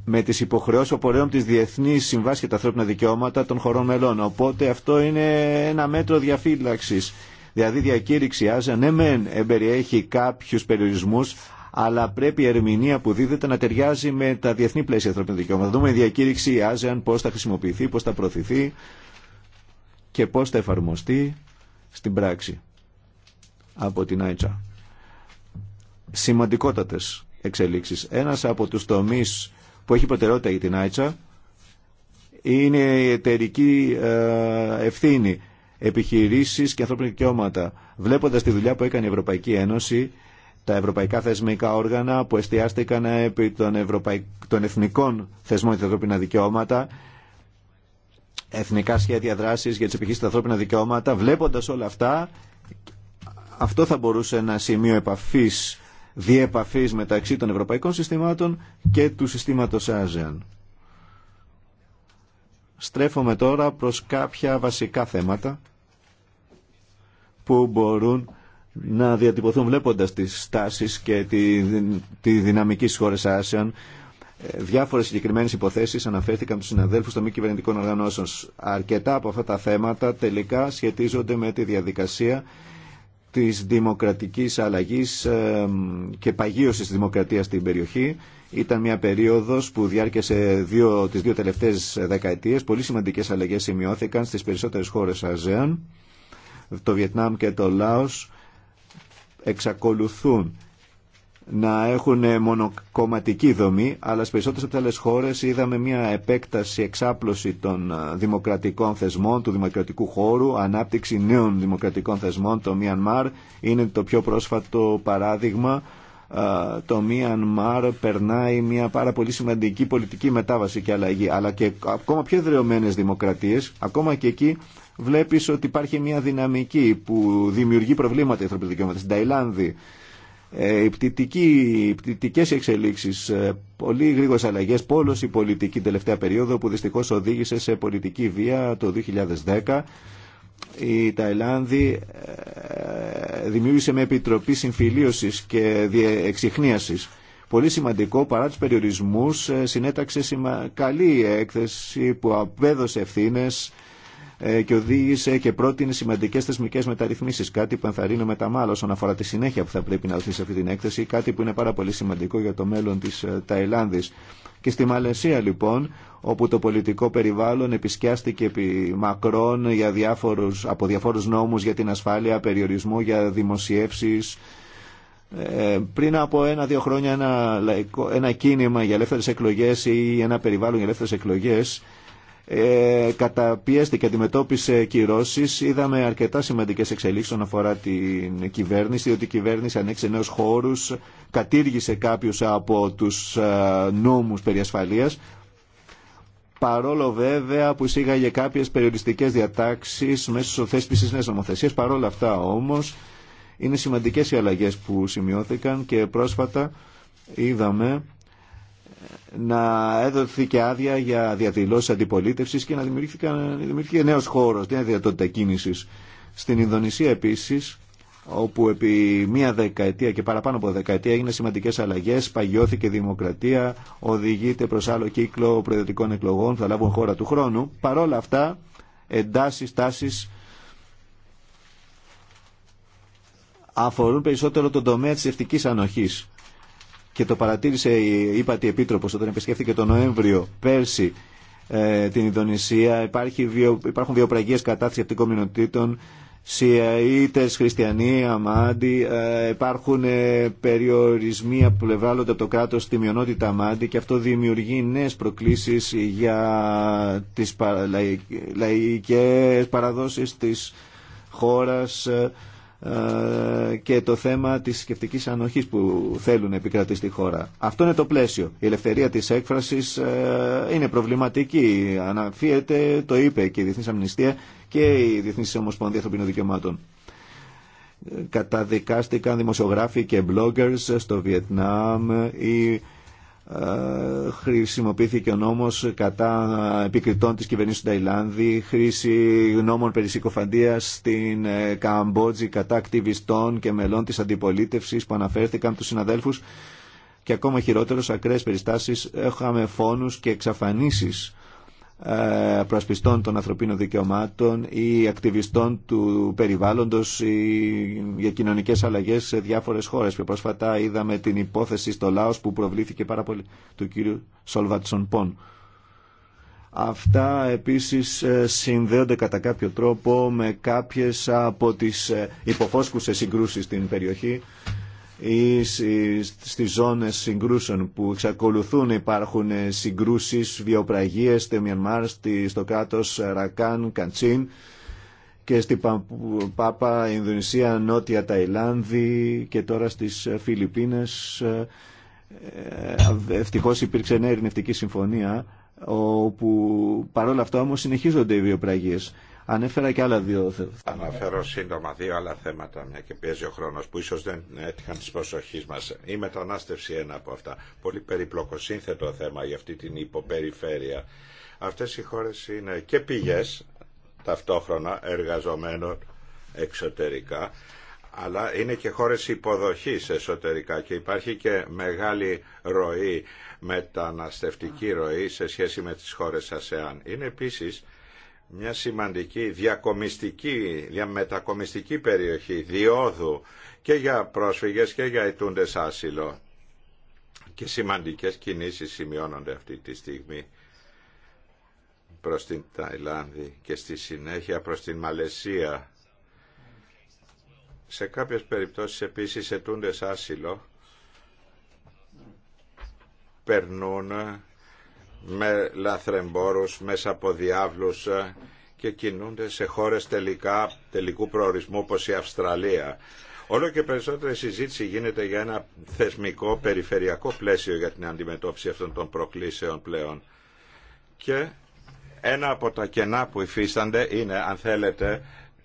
A: με τις υποχρεώσεις οπορέων της Διεθνής Συμβάσης και τα Ανθρώπινα Δικαιώματα των χωρών μελών. Οπότε αυτό είναι ένα μέτρο διαφύλαξης. Δηλαδή διακήρυξη ΑΖΕΝ, ναι μεν εμπεριέχει κάποιους περιορισμούς, αλλά πρέπει η ερμηνεία που δίδεται να ταιριάζει με τα διεθνή πλαίσια ανθρωπίνων δικαιωμάτων. Δούμε η διακήρυξη ASEAN πώ θα χρησιμοποιηθεί, πώ θα προωθηθεί και πώ θα εφαρμοστεί στην πράξη από την ΆΙΤΣΑ. Σημαντικότατες εξελίξεις. Ένας από τους τομείς που έχει προτεραιότητα για την ΆΙΤΣΑ είναι η εταιρική ε, ευθύνη επιχειρήσεις και ανθρώπινα δικαιώματα. Βλέποντας τη δουλειά που έκανε η Ευρωπαϊκή Ένωση τα ευρωπαϊκά θεσμικά όργανα που εστιάστηκαν επί των, ευρωπαϊκ... των εθνικών θεσμών για τα ανθρώπινα δικαιώματα, εθνικά σχέδια δράσης για τις επιχείρησεις τα ανθρώπινα δικαιώματα. Βλέποντας όλα αυτά, αυτό θα μπορούσε ένα σημείο επαφής, διεπαφής μεταξύ των ευρωπαϊκών συστημάτων και του συστήματος ASEAN. Στρέφομαι τώρα προς κάποια βασικά θέματα που μπορούν να διατυπωθούν βλέποντας τις στάσεις και τη, τη δυναμική στις χώρες Άσεων. Ε, διάφορες συγκεκριμένες υποθέσεις αναφέρθηκαν τους συναδέλφους των μη κυβερνητικών οργανώσεων. Αρκετά από αυτά τα θέματα τελικά σχετίζονται με τη διαδικασία της δημοκρατικής αλλαγής ε, και παγίωσης της δημοκρατίας στην περιοχή. Ήταν μια περίοδος που διάρκεσε δύο, τις δύο τελευταίες δεκαετίες. Πολύ σημαντικές αλλαγές σημειώθηκαν στις περισσότερες χώρες ΑΖΕΑΝ, το Βιετνάμ και το Λάος εξακολουθούν να έχουν μονοκομματική δομή, αλλά στις περισσότερες από τις άλλε χώρε είδαμε μια επέκταση, εξάπλωση των ε, δημοκρατικών θεσμών, του δημοκρατικού χώρου, ανάπτυξη νέων δημοκρατικών θεσμών. Το Μιανμάρ είναι το πιο πρόσφατο παράδειγμα. Ε, το Μιανμάρ περνάει μια πάρα πολύ σημαντική πολιτική μετάβαση και αλλαγή, αλλά και ακόμα πιο εδρεωμένε δημοκρατίες ακόμα και εκεί βλέπεις ότι υπάρχει μια δυναμική που δημιουργεί προβλήματα οι δικαιώματα. Στην Ταϊλάνδη, ε, οι πτυτικές εξελίξεις, ε, πολύ γρήγορες αλλαγές, πόλωση πολιτική τελευταία περίοδο που δυστυχώς οδήγησε σε πολιτική βία το 2010 η Ταϊλάνδη ε, δημιούργησε με επιτροπή συμφιλίωσης και εξυχνίασης. Πολύ σημαντικό, παρά τους περιορισμούς, συνέταξε καλή έκθεση που απέδωσε ευθύνες ε, και οδήγησε και πρότεινε σημαντικέ θεσμικέ μεταρρυθμίσει. Κάτι που ενθαρρύνω μετά μάλλον όσον αφορά τη συνέχεια που θα πρέπει να δοθεί σε αυτή την έκθεση. Κάτι που είναι πάρα πολύ σημαντικό για το μέλλον τη ε, Ταϊλάνδη. Και στη Μαλαισία λοιπόν, όπου το πολιτικό περιβάλλον επισκιάστηκε επί μακρόν για διάφορους, από διαφόρους νόμους για την ασφάλεια, περιορισμό για δημοσιεύσεις. Ε, πριν από ένα-δύο χρόνια ένα, ένα κίνημα για ελεύθερες εκλογές ή ένα περιβάλλον για ελεύθερες εκλογές ε, καταπιέστηκε, αντιμετώπισε κυρώσει. Είδαμε αρκετά σημαντικέ εξελίξει όσον αφορά την κυβέρνηση, ότι η κυβέρνηση ανέξε νέου χώρου, κατήργησε κάποιου από του ε, νόμου περί ασφαλείας, Παρόλο βέβαια που εισήγαγε κάποιε περιοριστικέ διατάξει μέσω θέσπιση νέα νομοθεσία, παρόλα αυτά όμω είναι σημαντικέ οι αλλαγέ που σημειώθηκαν και πρόσφατα είδαμε να έδωθεί και άδεια για διαδηλώσει αντιπολίτευση και να δημιουργηθεί νέο χώρο, νέα δυνατότητα κίνηση. Στην Ινδονησία επίση, όπου επί μία δεκαετία και παραπάνω από δεκαετία έγιναν σημαντικές αλλαγέ, παγιώθηκε η δημοκρατία, οδηγείται προς άλλο κύκλο προεδρικών εκλογών θα λάβουν χώρα του χρόνου. Παρόλα αυτά, εντάσει, τάσει αφορούν περισσότερο τον τομέα τη ευτική ανοχή και το παρατήρησε η ΥΠΑΤΗ Επίτροπος όταν επισκέφθηκε τον Νοέμβριο πέρσι ε, την Ινδονησία. Υπάρχει βιο, υπάρχουν βιοπραγίες κατά θρησκευτικών μειονοτήτων, Σιαΐτες, Χριστιανοί, Αμάντι. Ε, υπάρχουν ε, περιορισμοί που πλευράλλονται από το κράτος στη μειονότητα Αμάντι και αυτό δημιουργεί νέες προκλήσεις για τις λαϊκές παραδόσεις της χώρας ε, και το θέμα της σκεπτικής ανοχής που θέλουν να επικρατεί στη χώρα. Αυτό είναι το πλαίσιο. Η ελευθερία της έκφρασης ε, είναι προβληματική. Αναφύεται, το είπε και η Διεθνής Αμνηστία και η Διεθνής Ομοσπονδία Ανθρωπίνων Δικαιωμάτων. Ε, καταδικάστηκαν δημοσιογράφοι και bloggers στο Βιετνάμ ή ε, χρησιμοποιήθηκε ο νόμος κατά επικριτών της κυβερνήσης του Ταϊλάνδη, χρήση νόμων περί συκοφαντίας στην ε, Καμπότζη κατά ακτιβιστών και μελών της αντιπολίτευσης που αναφέρθηκαν τους συναδέλφους και ακόμα χειρότερος ακραίες περιστάσεις έχαμε φόνους και εξαφανίσεις ε, προσπιστών των ανθρωπίνων δικαιωμάτων ή ακτιβιστών του περιβάλλοντος ή για κοινωνικές αλλαγές σε διάφορες χώρες. Πιο πρόσφατα είδαμε την υπόθεση στο Λάος που προβλήθηκε πάρα πολύ του κύριου Σολβατσον Πον. Αυτά επίσης ε, συνδέονται κατά κάποιο τρόπο με κάποιες από τις ε, υποφόσκουσες συγκρούσεις στην περιοχή ή στις ζώνες συγκρούσεων που εξακολουθούν υπάρχουν συγκρούσεις, βιοπραγίες στη Μιανμάρ, στο κράτος Ρακάν, Καντσίν και στην Πάπα Ινδονησία, Νότια Ταϊλάνδη και τώρα στις Φιλιππίνες ε, ε, ευτυχώς υπήρξε νέα ειρηνευτική συμφωνία όπου παρόλα αυτά όμως συνεχίζονται οι βιοπραγίες. Ανέφερα και άλλα δύο
C: θέματα. Αναφέρω σύντομα δύο άλλα θέματα, μια και πιέζει ο χρόνο, που ίσω δεν έτυχαν τη προσοχή μα. Η μετανάστευση ένα από αυτά. Πολύ περίπλοκο, σύνθετο θέμα για αυτή την υποπεριφέρεια. Αυτέ οι χώρε είναι και πηγέ ταυτόχρονα εργαζομένων εξωτερικά, αλλά είναι και χώρες υποδοχής εσωτερικά και υπάρχει και μεγάλη ροή, μεταναστευτική ροή σε σχέση με τις χώρες ΑΣΕΑΝ. Είναι επίσης μια σημαντική διακομιστική, διαμετακομιστική περιοχή διόδου και για πρόσφυγες και για ετούντες άσυλο. Και σημαντικές κινήσεις σημειώνονται αυτή τη στιγμή προς την Ταϊλάνδη και στη συνέχεια προς την Μαλαισία. Σε κάποιες περιπτώσεις επίσης ετούντες άσυλο περνούν με λαθρεμπόρους μέσα από διάβλους ε, και κινούνται σε χώρες τελικά, τελικού προορισμού όπως η Αυστραλία. Όλο και περισσότερη συζήτηση γίνεται για ένα θεσμικό περιφερειακό πλαίσιο για την αντιμετώπιση αυτών των προκλήσεων πλέον. Και ένα από τα κενά που υφίστανται είναι, αν θέλετε,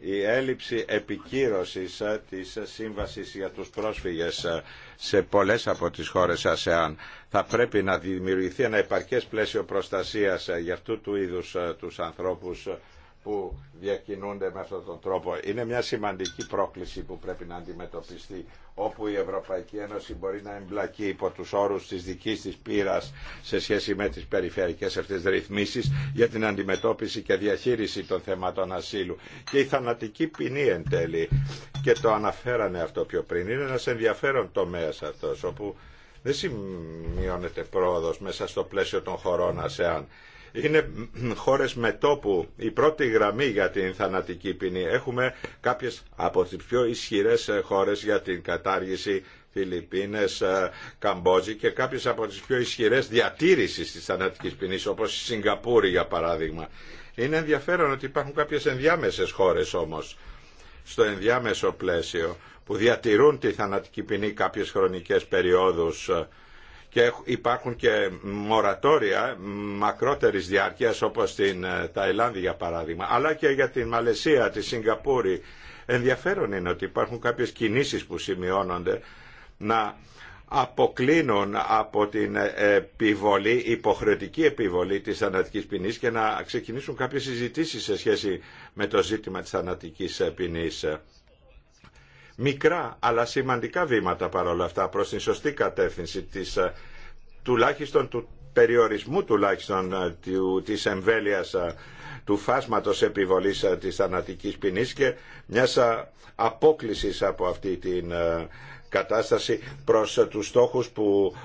C: η έλλειψη επικύρωσης ε, της σύμβασης για τους πρόσφυγες ε, σε πολλές από τις χώρες ΑΣΕΑΝ. Θα πρέπει να δημιουργηθεί ένα επαρκές πλαίσιο προστασίας ε, για αυτού του είδους τους ανθρώπους που διακινούνται με αυτόν τον τρόπο. Είναι μια σημαντική πρόκληση που πρέπει να αντιμετωπιστεί όπου η Ευρωπαϊκή Ένωση μπορεί να εμπλακεί υπό τους όρους της δικής της πείρας σε σχέση με τις περιφερειακές αυτές ρυθμίσεις για την αντιμετώπιση και διαχείριση των θεμάτων ασύλου. Και η θανατική ποινή εν τέλει, και το αναφέρανε αυτό πιο πριν, είναι ένας ενδιαφέρον τομέας αυτός, όπου δεν σημειώνεται πρόοδος μέσα στο πλαίσιο των χωρών ΑΣΕΑΝ είναι χώρες τόπου, η πρώτη γραμμή για την θανατική ποινή. Έχουμε κάποιες από τις πιο ισχυρές ε, χώρες για την κατάργηση Φιλιππίνες, ε, Καμπότζη και κάποιες από τις πιο ισχυρές διατήρησης της θανατικής ποινής όπως η Σιγκαπούρη για παράδειγμα. Είναι ενδιαφέρον ότι υπάρχουν κάποιες ενδιάμεσες χώρες όμως στο ενδιάμεσο πλαίσιο που διατηρούν τη θανατική ποινή κάποιες χρονικές περιόδους ε, και υπάρχουν και μορατόρια μακρότερης διάρκειας όπως στην ε, Ταϊλάνδη για παράδειγμα αλλά και για την Μαλαισία, τη Σιγκαπούρη ενδιαφέρον είναι ότι υπάρχουν κάποιες κινήσεις που σημειώνονται να αποκλίνουν από την ε, επιβολή, υποχρεωτική επιβολή της θανατικής ποινή και να ξεκινήσουν κάποιες συζητήσεις σε σχέση με το ζήτημα της θανατικής ποινή μικρά αλλά σημαντικά βήματα παρόλα αυτά προς την σωστή κατεύθυνση της, ε, τουλάχιστον του περιορισμού τουλάχιστον ε, της εμβέλειας ε, του φάσματος επιβολής της θανατικής ποινής και μιας απόκλησης από αυτή την κατάσταση προς τους στόχους που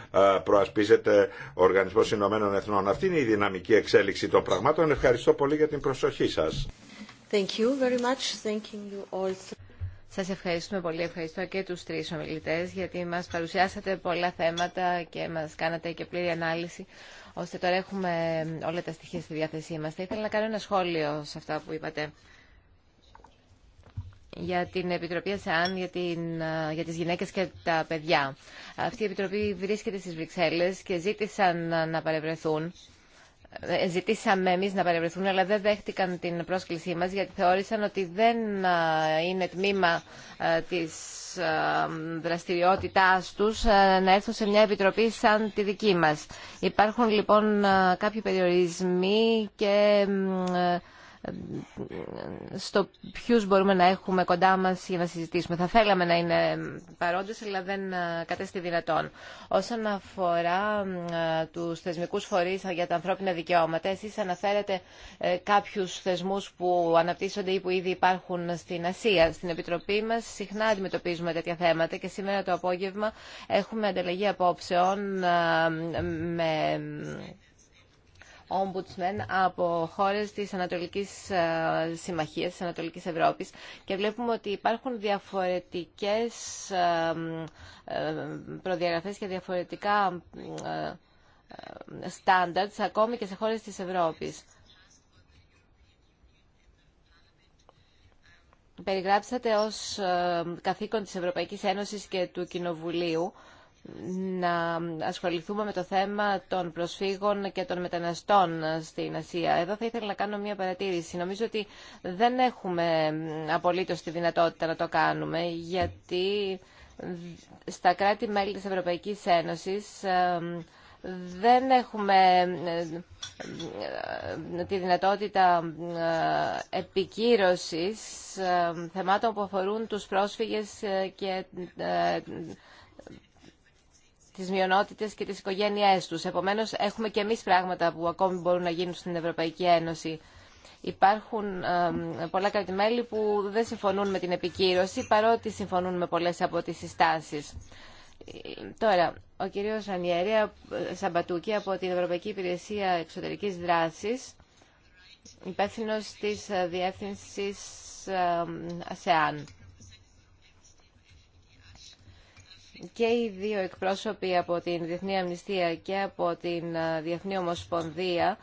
C: προασπίζεται ο Οργανισμός Ηνωμένων Εθνών. Αυτή είναι η δυναμική εξέλιξη των πραγμάτων. Ευχαριστώ πολύ για την προσοχή σας. Thank you very much.
B: you all. Σας ευχαριστούμε πολύ. Ευχαριστώ και τους τρεις ομιλητές γιατί μας παρουσιάσατε πολλά θέματα και μας κάνατε και πλήρη ανάλυση ώστε τώρα έχουμε όλα τα στοιχεία στη διάθεσή μας. Θα ήθελα να κάνω ένα σχόλιο σε αυτά που είπατε για την Επιτροπή ΑΣΕΑΝ για, την, για τις γυναίκες και τα παιδιά. Αυτή η Επιτροπή βρίσκεται στις Βρυξέλλες και ζήτησαν να παρευρεθούν ε, ζητήσαμε εμείς να παρευρεθούν, αλλά δεν δέχτηκαν την πρόσκλησή μας, γιατί θεώρησαν ότι δεν ε, είναι τμήμα ε, της δραστηριότητάς τους να έρθουν σε μια επιτροπή σαν τη δική μας. Υπάρχουν λοιπόν κάποιοι περιορισμοί και στο ποιους μπορούμε να έχουμε κοντά μας για να συζητήσουμε. Θα θέλαμε να είναι παρόντες, αλλά δεν ε, κατέστη δυνατόν. Όσον αφορά ε, τους θεσμικούς φορείς για τα ανθρώπινα δικαιώματα, εσείς αναφέρετε ε, κάποιους θεσμούς που αναπτύσσονται ή που ήδη υπάρχουν στην Ασία. Στην Επιτροπή μας συχνά αντιμετωπίζουμε τέτοια θέματα και σήμερα το απόγευμα έχουμε ανταλλαγή απόψεων με από χώρες της Ανατολικής ε, συμμαχία τη Ανατολικής Ευρώπης και βλέπουμε ότι υπάρχουν διαφορετικές ε, ε, προδιαγραφές και διαφορετικά standards ακόμη και σε χώρες της Ευρώπης. Περιγράψατε ως καθήκον της Ευρωπαϊκής Ένωσης και του Κοινοβουλίου να ασχοληθούμε με το θέμα των προσφύγων και των μεταναστών στην Ασία. Εδώ θα ήθελα να κάνω μια παρατήρηση. Νομίζω ότι δεν έχουμε απολύτως τη δυνατότητα να το κάνουμε, γιατί στα κράτη-μέλη της Ευρωπαϊκής Ένωσης ε, δεν έχουμε ε, τη δυνατότητα ε, επικύρωσης θεμάτων που αφορούν τους πρόσφυγες και τις μειονότητες και τις οικογένειές τους. Επομένως, έχουμε και εμείς πράγματα που ακόμη μπορούν να γίνουν στην Ευρωπαϊκή Ένωση. Υπάρχουν ε, πολλά κρατημέλη που δεν συμφωνούν με την επικύρωση, παρότι συμφωνούν με πολλές από τις συστάσεις. Τώρα, ο κύριος Ανιέρη Σαμπατούκη από την Ευρωπαϊκή Υπηρεσία Εξωτερικής Δράσης, υπεύθυνο της ε, Διεύθυνσης ΑΣΕΑΝ. και οι δύο εκπρόσωποι από την Διεθνή Αμνηστία και από την ε, Διεθνή Ομοσπονδία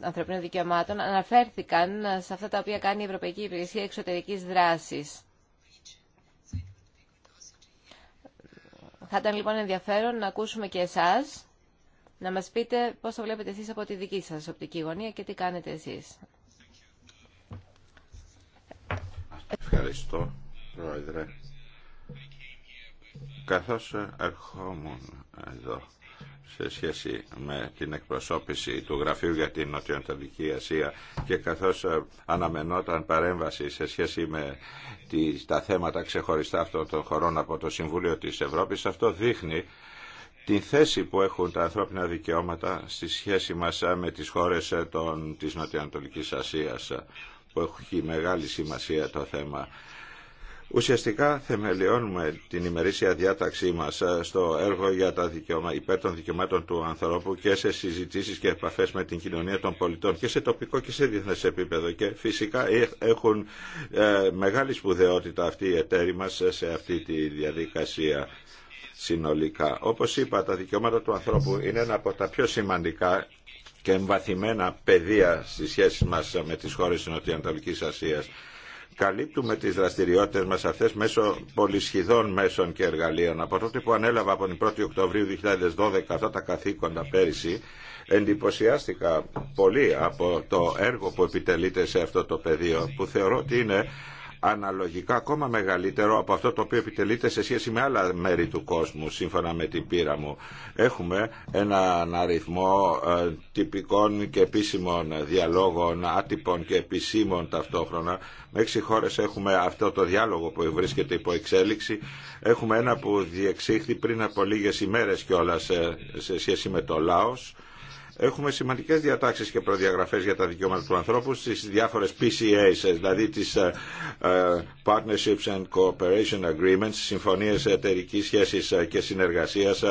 B: Ανθρωπίνων Δικαιωμάτων αναφέρθηκαν ε, σε αυτά τα οποία κάνει η Ευρωπαϊκή Υπηρεσία Εξωτερικής Δράσης. Θα ήταν λοιπόν ενδιαφέρον να ακούσουμε και εσάς, να μας πείτε πώς το βλέπετε εσείς από τη δική σας οπτική γωνία και τι κάνετε εσείς.
C: Ευχαριστώ, Πρόεδρε. Καθώς ερχόμουν εδώ σε σχέση με την εκπροσώπηση του Γραφείου για την Νοτιοανατολική Ασία και καθώς ε, αναμενόταν παρέμβαση σε σχέση με τα θέματα ξεχωριστά αυτών των χωρών από το Συμβούλιο της Ευρώπης, αυτό δείχνει την θέση που έχουν τα ανθρώπινα δικαιώματα στη σχέση μας ε, με τις χώρες ε, των, της Νοτιοανατολικής Ασίας που έχει μεγάλη σημασία το θέμα Ουσιαστικά θεμελιώνουμε την ημερήσια διάταξή μας ε, στο έργο για τα δικαιώματα υπέρ των δικαιωμάτων του ανθρώπου και σε συζητήσεις και επαφές με την κοινωνία των πολιτών και σε τοπικό και σε διεθνές επίπεδο και φυσικά ε, έχουν ε, μεγάλη σπουδαιότητα αυτοί οι εταίροι μας σε αυτή τη διαδικασία συνολικά. Όπως είπα, τα δικαιώματα του ανθρώπου είναι ένα από τα πιο σημαντικά και εμβαθυμένα πεδία στις σχέσεις μας με τις χώρες της Νοτιοανατολικής Ασίας καλύπτουμε τις δραστηριότητες μας αυτές μέσω πολυσχηδών μέσων και εργαλείων. Από τότε που ανέλαβα από την 1η Οκτωβρίου 2012 αυτά τα καθήκοντα πέρυσι, εντυπωσιάστηκα πολύ από το έργο που επιτελείται σε αυτό το πεδίο, που θεωρώ ότι είναι αναλογικά ακόμα μεγαλύτερο από αυτό το οποίο επιτελείται σε σχέση με άλλα μέρη του κόσμου σύμφωνα με την πείρα μου. Έχουμε έναν αριθμό ε, τυπικών και επίσημων διαλόγων, άτυπων και επισήμων ταυτόχρονα. Με έξι χώρες έχουμε αυτό το διάλογο που βρίσκεται υπό εξέλιξη. Έχουμε ένα που διεξήχθη πριν από λίγες ημέρες κιόλα ε, σε σχέση με το Λάος έχουμε σημαντικές διατάξεις και προδιαγραφές για τα δικαιώματα του ανθρώπου στις διάφορες PCAs, δηλαδή τις ε, ε, Partnerships and Cooperation Agreements, συμφωνίες εταιρικής σχέσης ε, και συνεργασίας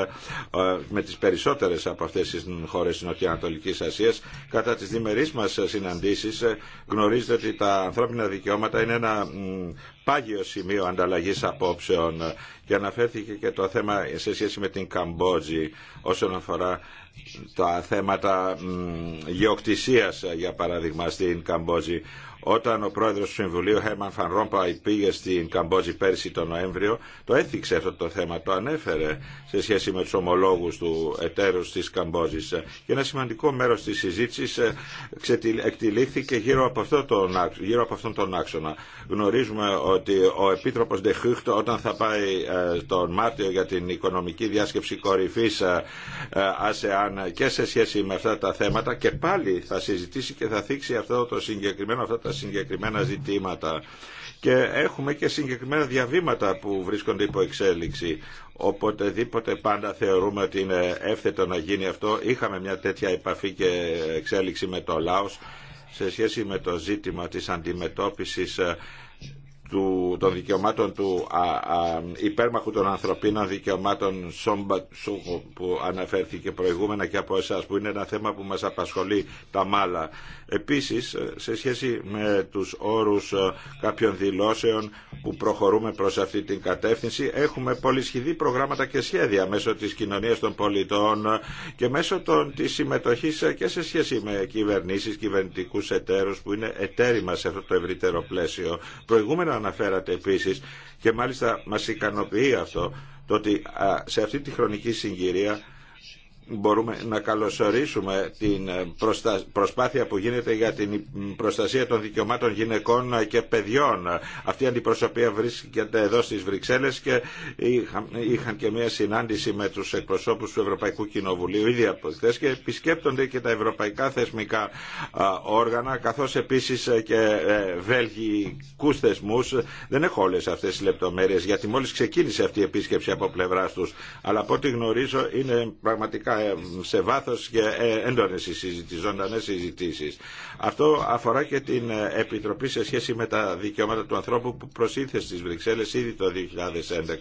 C: με τις περισσότερες από αυτές τι χώρε της Νοτιοανατολικής Ασίας. Κατά τις διμερείς μας συναντήσεις γνωρίζετε ότι τα ανθρώπινα δικαιώματα είναι ένα πάγιο σημείο ανταλλαγή απόψεων και αναφέρθηκε και το θέμα σε σχέση με την Καμπότζη όσον αφορά τα θέματα γεωκτησίας για παράδειγμα στην Καμπόζη όταν ο πρόεδρο του Συμβουλίου, Χέρμαν Φαν Ρόμπα, πήγε στην Καμπότζη πέρσι τον Νοέμβριο, το έθιξε αυτό το θέμα, το ανέφερε σε σχέση με του ομολόγου του εταίρου τη Καμπότζη. Και ένα σημαντικό μέρο τη συζήτηση ε, εκτελήθηκε γύρω από, γύρω από αυτόν τον άξονα. Γνωρίζουμε ότι ο Επίτροπο Ντεχούχτ, όταν θα πάει ε, τον Μάρτιο για την οικονομική διάσκεψη κορυφή ε, ΑΣΕΑΝ και σε σχέση με αυτά τα θέματα και πάλι θα συζητήσει και θα θίξει αυτό το συγκεκριμένο, αυτά τα τα συγκεκριμένα ζητήματα. Και έχουμε και συγκεκριμένα διαβήματα που βρίσκονται υπό εξέλιξη. Οποτεδήποτε πάντα θεωρούμε ότι είναι εύθετο να γίνει αυτό. Είχαμε μια τέτοια επαφή και εξέλιξη με το Λάος σε σχέση με το ζήτημα της αντιμετώπισης ε, του, των δικαιωμάτων του α, υπέρμαχου των ανθρωπίνων δικαιωμάτων σομπα, σου, που αναφέρθηκε προηγούμενα και από εσάς που είναι ένα θέμα που μας απασχολεί τα μάλα Επίσης, σε σχέση με τους όρους ε, κάποιων δηλώσεων που προχωρούμε προς αυτή την κατεύθυνση, έχουμε πολυσχηδή προγράμματα και σχέδια μέσω της κοινωνίας των πολιτών και μέσω των, της συμμετοχής και σε σχέση με κυβερνήσεις, κυβερνητικούς εταίρους που είναι εταίροι μας σε αυτό το ευρύτερο πλαίσιο. Προηγούμενα αναφέρατε επίσης και μάλιστα μας ικανοποιεί αυτό το ότι σε αυτή τη χρονική συγκυρία μπορούμε να καλωσορίσουμε την ε, προσπάθεια που γίνεται για την προστασία των δικαιωμάτων γυναικών και παιδιών. Αυτή η αντιπροσωπεία βρίσκεται εδώ στις Βρυξέλλες και είχαν και μια συνάντηση με τους εκπροσώπους του Ευρωπαϊκού Κοινοβουλίου ήδη από χθες και επισκέπτονται και τα ευρωπαϊκά θεσμικά όργανα καθώς επίσης και ε, βέλγικούς θεσμούς. Δεν έχω όλες αυτές τις λεπτομέρειες γιατί μόλις ξεκίνησε αυτή η επίσκεψη από πλευρά τους. Αλλά από ό,τι γνωρίζω είναι πραγματικά σε βάθος και ε, έντονες συζητήσεις, ζωντανές συζητήσεις. Αυτό αφορά και την ε, Επιτροπή σε σχέση με τα δικαιώματα του ανθρώπου που προσήλθε στις Βρυξέλλες ήδη το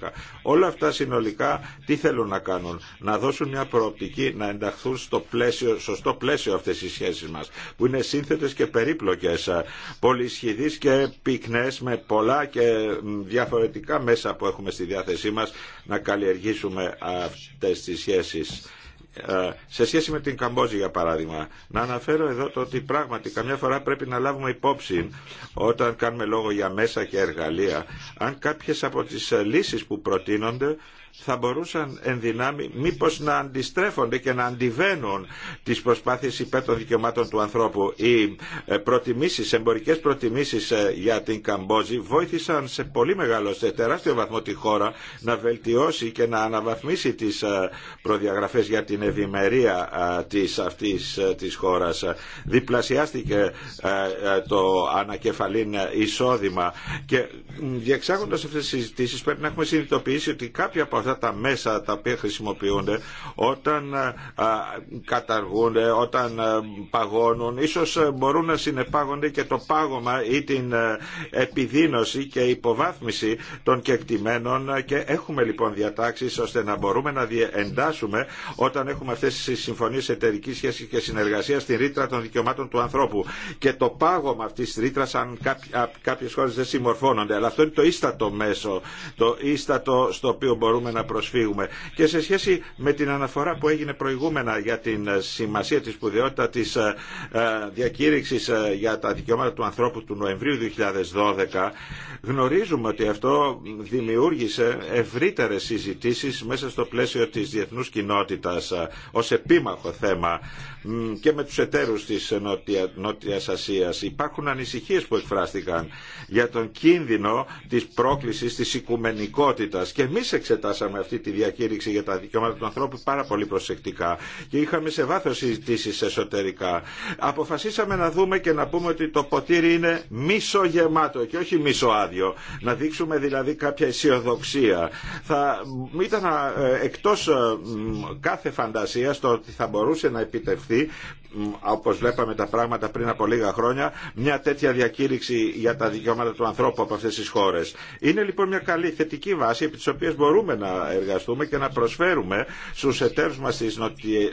C: 2011. Όλα αυτά συνολικά τι θέλουν να κάνουν. Να δώσουν μια προοπτική να ενταχθούν στο πλαίσιο, σωστό πλαίσιο αυτές οι σχέσεις μας που είναι σύνθετες και περίπλοκες, ε, πολυσχηδείς και πυκνές με πολλά και διαφορετικά μέσα που έχουμε στη διάθεσή μας να καλλιεργήσουμε αυτές τις σχέσεις. Ε, σε σχέση με την Καμπόζη για παράδειγμα, να αναφέρω εδώ το ότι πράγματι καμιά φορά πρέπει να λάβουμε υπόψη όταν κάνουμε λόγο για μέσα και εργαλεία, αν κάποιες από τις λύσεις που προτείνονται θα μπορούσαν εν δυνάμει μήπως να αντιστρέφονται και να αντιβαίνουν τις προσπάθειες υπέρ των δικαιωμάτων του ανθρώπου. Οι ε, προτιμήσεις, εμπορικές προτιμήσεις ε, για την Καμπόζη βοήθησαν σε πολύ μεγάλο, σε τεράστιο βαθμό τη χώρα να βελτιώσει και να αναβαθμίσει τις ε, προδιαγραφές για την ευημερία της αυτής της χώρας. Διπλασιάστηκε το ανακεφαλήν εισόδημα και διεξάγοντας αυτές τις συζητήσεις πρέπει να έχουμε συνειδητοποιήσει ότι κάποια από αυτά τα μέσα τα οποία χρησιμοποιούνται όταν καταργούνται, όταν παγώνουν, ίσως μπορούν να συνεπάγονται και το πάγωμα ή την επιδίνωση και υποβάθμιση των κεκτημένων και έχουμε λοιπόν διατάξεις ώστε να μπορούμε να εντάσσουμε όταν έχουμε αυτές τις συμφωνίες εταιρικής σχέσης και συνεργασίας στην ρήτρα των δικαιωμάτων του ανθρώπου και το πάγωμα αυτής της ρήτρας αν κάποιες χώρες δεν συμμορφώνονται αλλά αυτό είναι το ίστατο μέσο το ίστατο στο οποίο μπορούμε να προσφύγουμε. Και σε σχέση με την αναφορά που έγινε προηγούμενα για την ε, σημασία, τη σπουδαιότητα τη ε, ε, διακήρυξη για τα δικαιώματα του ανθρώπου του Νοεμβρίου 2012, γνωρίζουμε ότι αυτό δημιούργησε ευρύτερε συζητήσει μέσα στο πλαίσιο τη διεθνού κοινότητα ω επίμαχο θέμα και με του εταίρου τη Νότια Νότιας Ασίας. Υπάρχουν ανησυχίες που εκφράστηκαν για τον κίνδυνο της πρόκλησης της οικουμενικότητας και εμεί εξετάσαμε εξετάσαμε αυτή τη διακήρυξη για τα δικαιώματα του ανθρώπου πάρα πολύ προσεκτικά και είχαμε σε βάθο συζητήσει εσωτερικά. Αποφασίσαμε να δούμε και να πούμε ότι το ποτήρι είναι μισογεμάτο και όχι μισοάδιο. Να δείξουμε δηλαδή κάποια αισιοδοξία. Θα ήταν ε, εκτό ε, κάθε φαντασία το ότι θα μπορούσε να επιτευχθεί όπως βλέπαμε τα πράγματα πριν από λίγα χρόνια, μια τέτοια διακήρυξη για τα δικαιώματα του ανθρώπου από αυτές τις χώρες. Είναι λοιπόν μια καλή θετική βάση επί της οποίας μπορούμε να εργαστούμε και να προσφέρουμε στους εταίρους μας της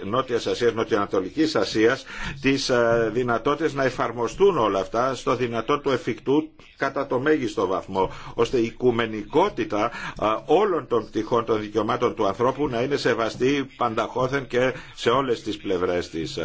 C: Νότιας Ασίας, Νοτιοανατολικής Ασίας τις ε, δυνατότητες να εφαρμοστούν όλα αυτά στο δυνατό του εφικτού κατά το μέγιστο βαθμό, ώστε η οικουμενικότητα όλων των πτυχών των δικαιωμάτων του ανθρώπου να είναι σεβαστή πανταχώθεν και σε όλες τις πλευρές της.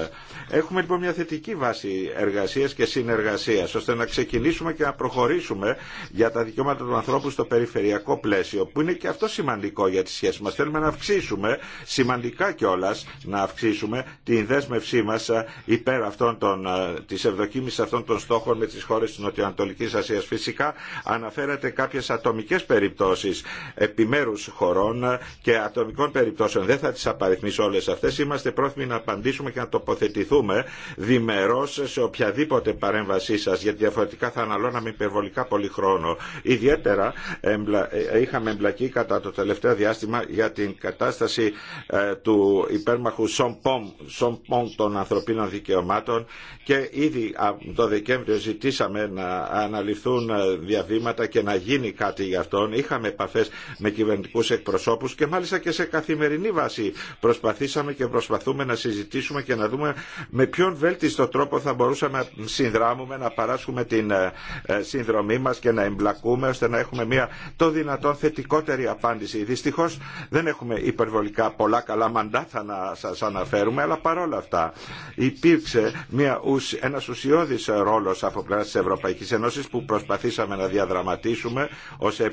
C: Έχουμε λοιπόν μια θετική βάση εργασίας και συνεργασίας, ώστε να ξεκινήσουμε και να προχωρήσουμε για τα δικαιώματα του ανθρώπου στο περιφερειακό πλαίσιο, που είναι και αυτό σημαντικό για τη σχέση μας. Θέλουμε να αυξήσουμε, σημαντικά κιόλα να αυξήσουμε την δέσμευσή μας υπέρ αυτών των, της ευδοκίμησης αυτών των στόχων με τις χώρες της Νοτιοανατολικής Ασίας Φυσικά αναφέρατε κάποιες ατομικές περιπτώσεις επιμέρους χωρών και ατομικών περιπτώσεων. Δεν θα τις απαριθμίσω όλες αυτές. Είμαστε πρόθυμοι να απαντήσουμε και να τοποθετηθούμε διμερώς σε οποιαδήποτε παρέμβασή σας γιατί διαφορετικά θα αναλώναμε υπερβολικά πολύ χρόνο. Ιδιαίτερα ε, ε, είχαμε εμπλακεί κατά το τελευταίο διάστημα για την κατάσταση ε, του υπέρμαχου Σομπόν των ανθρωπίνων δικαιωμάτων και ήδη το Δεκέμβριο ζητήσαμε να αναλυθούν δοθούν ε, διαβήματα και να γίνει κάτι γι' αυτόν. Είχαμε επαφές με κυβερνητικού εκπροσώπους και μάλιστα και σε καθημερινή βάση προσπαθήσαμε και προσπαθούμε να συζητήσουμε και να δούμε με ποιον βέλτιστο τρόπο θα μπορούσαμε να συνδράμουμε, να παράσχουμε την ε, ε, συνδρομή μας και να εμπλακούμε ώστε να έχουμε μια το δυνατόν θετικότερη απάντηση. Δυστυχώ. δεν έχουμε υπερβολικά πολλά καλά μαντάθα να σας αναφέρουμε, αλλά παρόλα αυτά υπήρξε μια, ένας ρόλο ρόλος από πλευρά της Ευρωπαϊκής Ένωσης που προσπαθήσαμε να διαδραματίσουμε ως ΕΕ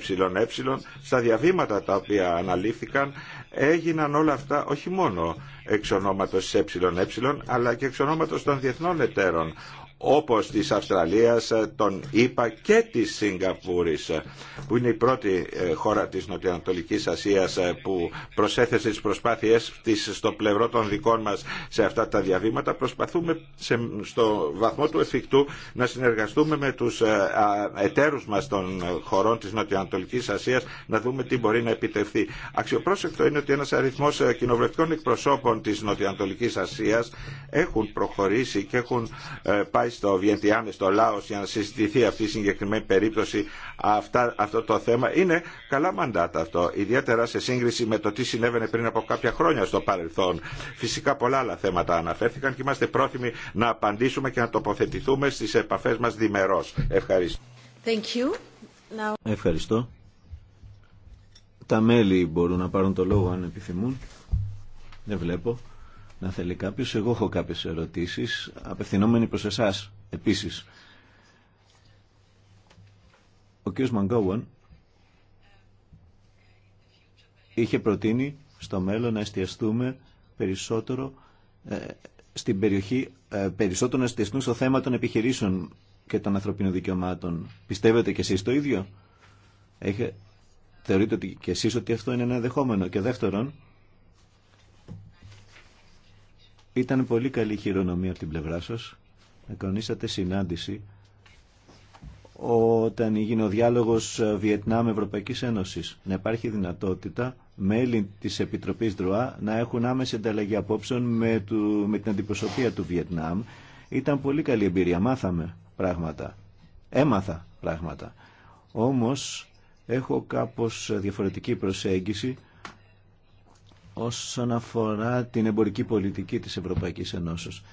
C: στα διαβήματα τα οποία αναλύθηκαν έγιναν όλα αυτά όχι μόνο εξ ονόματος Ε, ΕΕ αλλά και εξ ονόματος των διεθνών εταίρων όπως της Αυστραλίας, των ΙΠΑ και της Σιγκαπούρης που είναι η πρώτη ε, χώρα της Νοτιοανατολικής Ασίας ε, που προσέθεσε τις προσπάθειές της στο πλευρό των δικών μας σε αυτά τα διαβήματα. Προσπαθούμε στο βαθμό του εφικτού να συνεργαστούμε με τους ε, εταίρους μας των χωρών της Νοτιοανατολικής Ασίας να δούμε τι μπορεί να επιτευχθεί. Αξιοπρόσεκτο είναι ότι ένας αριθμός κοινοβουλευτικών εκπροσώπων της Νοτιοανατολικής Ασίας έχουν προχωρήσει και έχουν στο Βιεντιάνε, στο λαό για να συζητηθεί αυτή η συγκεκριμένη περίπτωση αυτά, αυτό το θέμα είναι καλά μαντάτα αυτό ιδιαίτερα σε σύγκριση με το τι συνέβαινε πριν από κάποια χρόνια στο παρελθόν φυσικά πολλά άλλα θέματα αναφέρθηκαν και είμαστε πρόθυμοι να απαντήσουμε και να τοποθετηθούμε στις επαφές μας διμερό. Ευχαριστώ Thank you.
A: Ευχαριστώ Τα μέλη μπορούν να πάρουν το λόγο αν επιθυμούν Δεν βλέπω να θέλει κάποιος. Εγώ έχω κάποιες ερωτήσεις, απευθυνόμενοι προς εσάς επίσης. Ο κ. Μαγκόουαν είχε προτείνει στο μέλλον να εστιαστούμε περισσότερο ε, στην περιοχή, ε, περισσότερο να εστιαστούμε στο θέμα των επιχειρήσεων και των ανθρωπίνων δικαιωμάτων. Πιστεύετε κι εσείς το ίδιο? Έχε, θεωρείτε ότι κι εσείς ότι αυτό είναι ένα δεχόμενο. Και δεύτερον, Ήταν πολύ καλή χειρονομία από την πλευρά σας. Εκονίσατε συνάντηση όταν έγινε ο διάλογος Βιετνάμ-Ευρωπαϊκής Ένωσης. Να υπάρχει δυνατότητα μέλη της Επιτροπής ΔΡΟΑ να έχουν άμεση ανταλλαγή απόψεων με, του, με την αντιπροσωπεία του Βιετνάμ. Ήταν πολύ καλή εμπειρία. Μάθαμε πράγματα. Έμαθα πράγματα. Όμως έχω κάπως διαφορετική προσέγγιση όσον αφορά την εμπορική πολιτική της Ευρωπαϊκής Ενώσεως.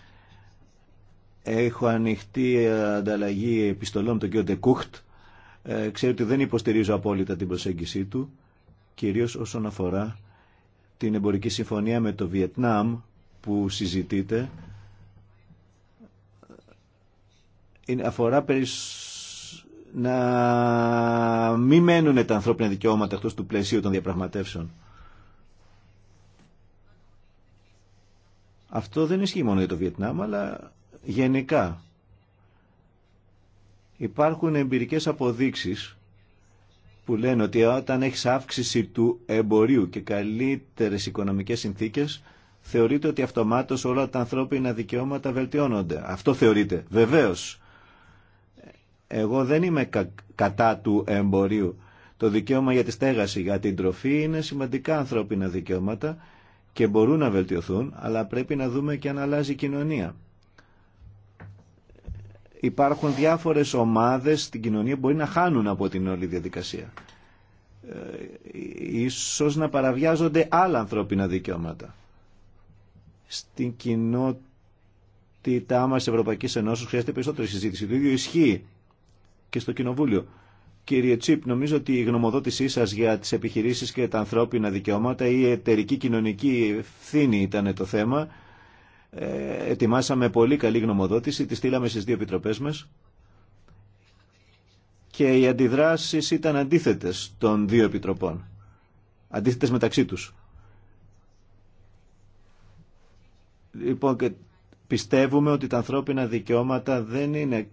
A: Έχω ανοιχτή ανταλλαγή επιστολών με τον κύριο Ντεκούχτ. Ε, ξέρω ότι δεν υποστηρίζω απόλυτα την προσέγγιση του, κυρίως όσον αφορά την εμπορική συμφωνία με το Βιετνάμ που συζητείται. Αφορά περισσότερο να μην μένουν τα ανθρώπινα δικαιώματα εκτός του πλαισίου των διαπραγματεύσεων. Αυτό δεν ισχύει μόνο για το Βιετνάμ, αλλά γενικά. Υπάρχουν εμπειρικές αποδείξεις που λένε ότι όταν έχει αύξηση του εμπορίου και καλύτερες οικονομικές συνθήκες, θεωρείται ότι αυτομάτως όλα τα ανθρώπινα δικαιώματα βελτιώνονται. Αυτό θεωρείται. Βεβαίως, εγώ δεν είμαι κατά του εμπορίου. Το δικαίωμα για τη στέγαση, για την τροφή είναι σημαντικά ανθρώπινα δικαιώματα και μπορούν να βελτιωθούν, αλλά πρέπει να δούμε και αν αλλάζει η κοινωνία. Υπάρχουν διάφορες ομάδες στην κοινωνία που μπορεί να χάνουν από την όλη διαδικασία. Ε, ίσως να παραβιάζονται άλλα ανθρώπινα δικαιώματα. Στην κοινότητά μας Ευρωπαϊκής Ενώσης χρειάζεται περισσότερη συζήτηση. Το ίδιο ισχύει και στο Κοινοβούλιο. Κύριε Τσίπ, νομίζω ότι η γνωμοδότησή σας για τις επιχειρήσεις και τα ανθρώπινα δικαιώματα ή η εταιρική κοινωνική ευθύνη ήταν το θέμα. Ε, ετοιμάσαμε πολύ καλή γνωμοδότηση, τη στείλαμε στις δύο επιτροπές μας και οι αντιδράσεις ήταν αντίθετες των δύο επιτροπών, αντίθετες μεταξύ τους. Λοιπόν, πιστεύουμε ότι τα ανθρώπινα δικαιώματα δεν είναι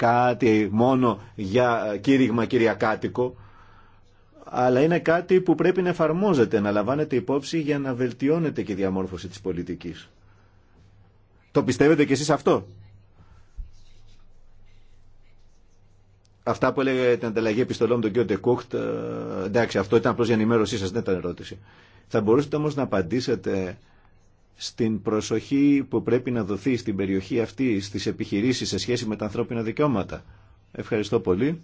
A: κάτι μόνο για κήρυγμα κυριακάτικο, αλλά είναι κάτι που πρέπει να εφαρμόζεται, να λαμβάνεται υπόψη για να βελτιώνεται και η διαμόρφωση της πολιτικής. Το πιστεύετε κι εσείς αυτό. Αυτά που έλεγε την ανταλλαγή επιστολών με τον κύριο Ντεκούχτ, ε, εντάξει, αυτό ήταν απλώ για ενημέρωσή σα, δεν ήταν ερώτηση. Θα μπορούσατε όμω να απαντήσετε στην προσοχή που πρέπει να δοθεί στην περιοχή αυτή, στις επιχειρήσεις σε σχέση με τα ανθρώπινα δικαιώματα. Ευχαριστώ πολύ.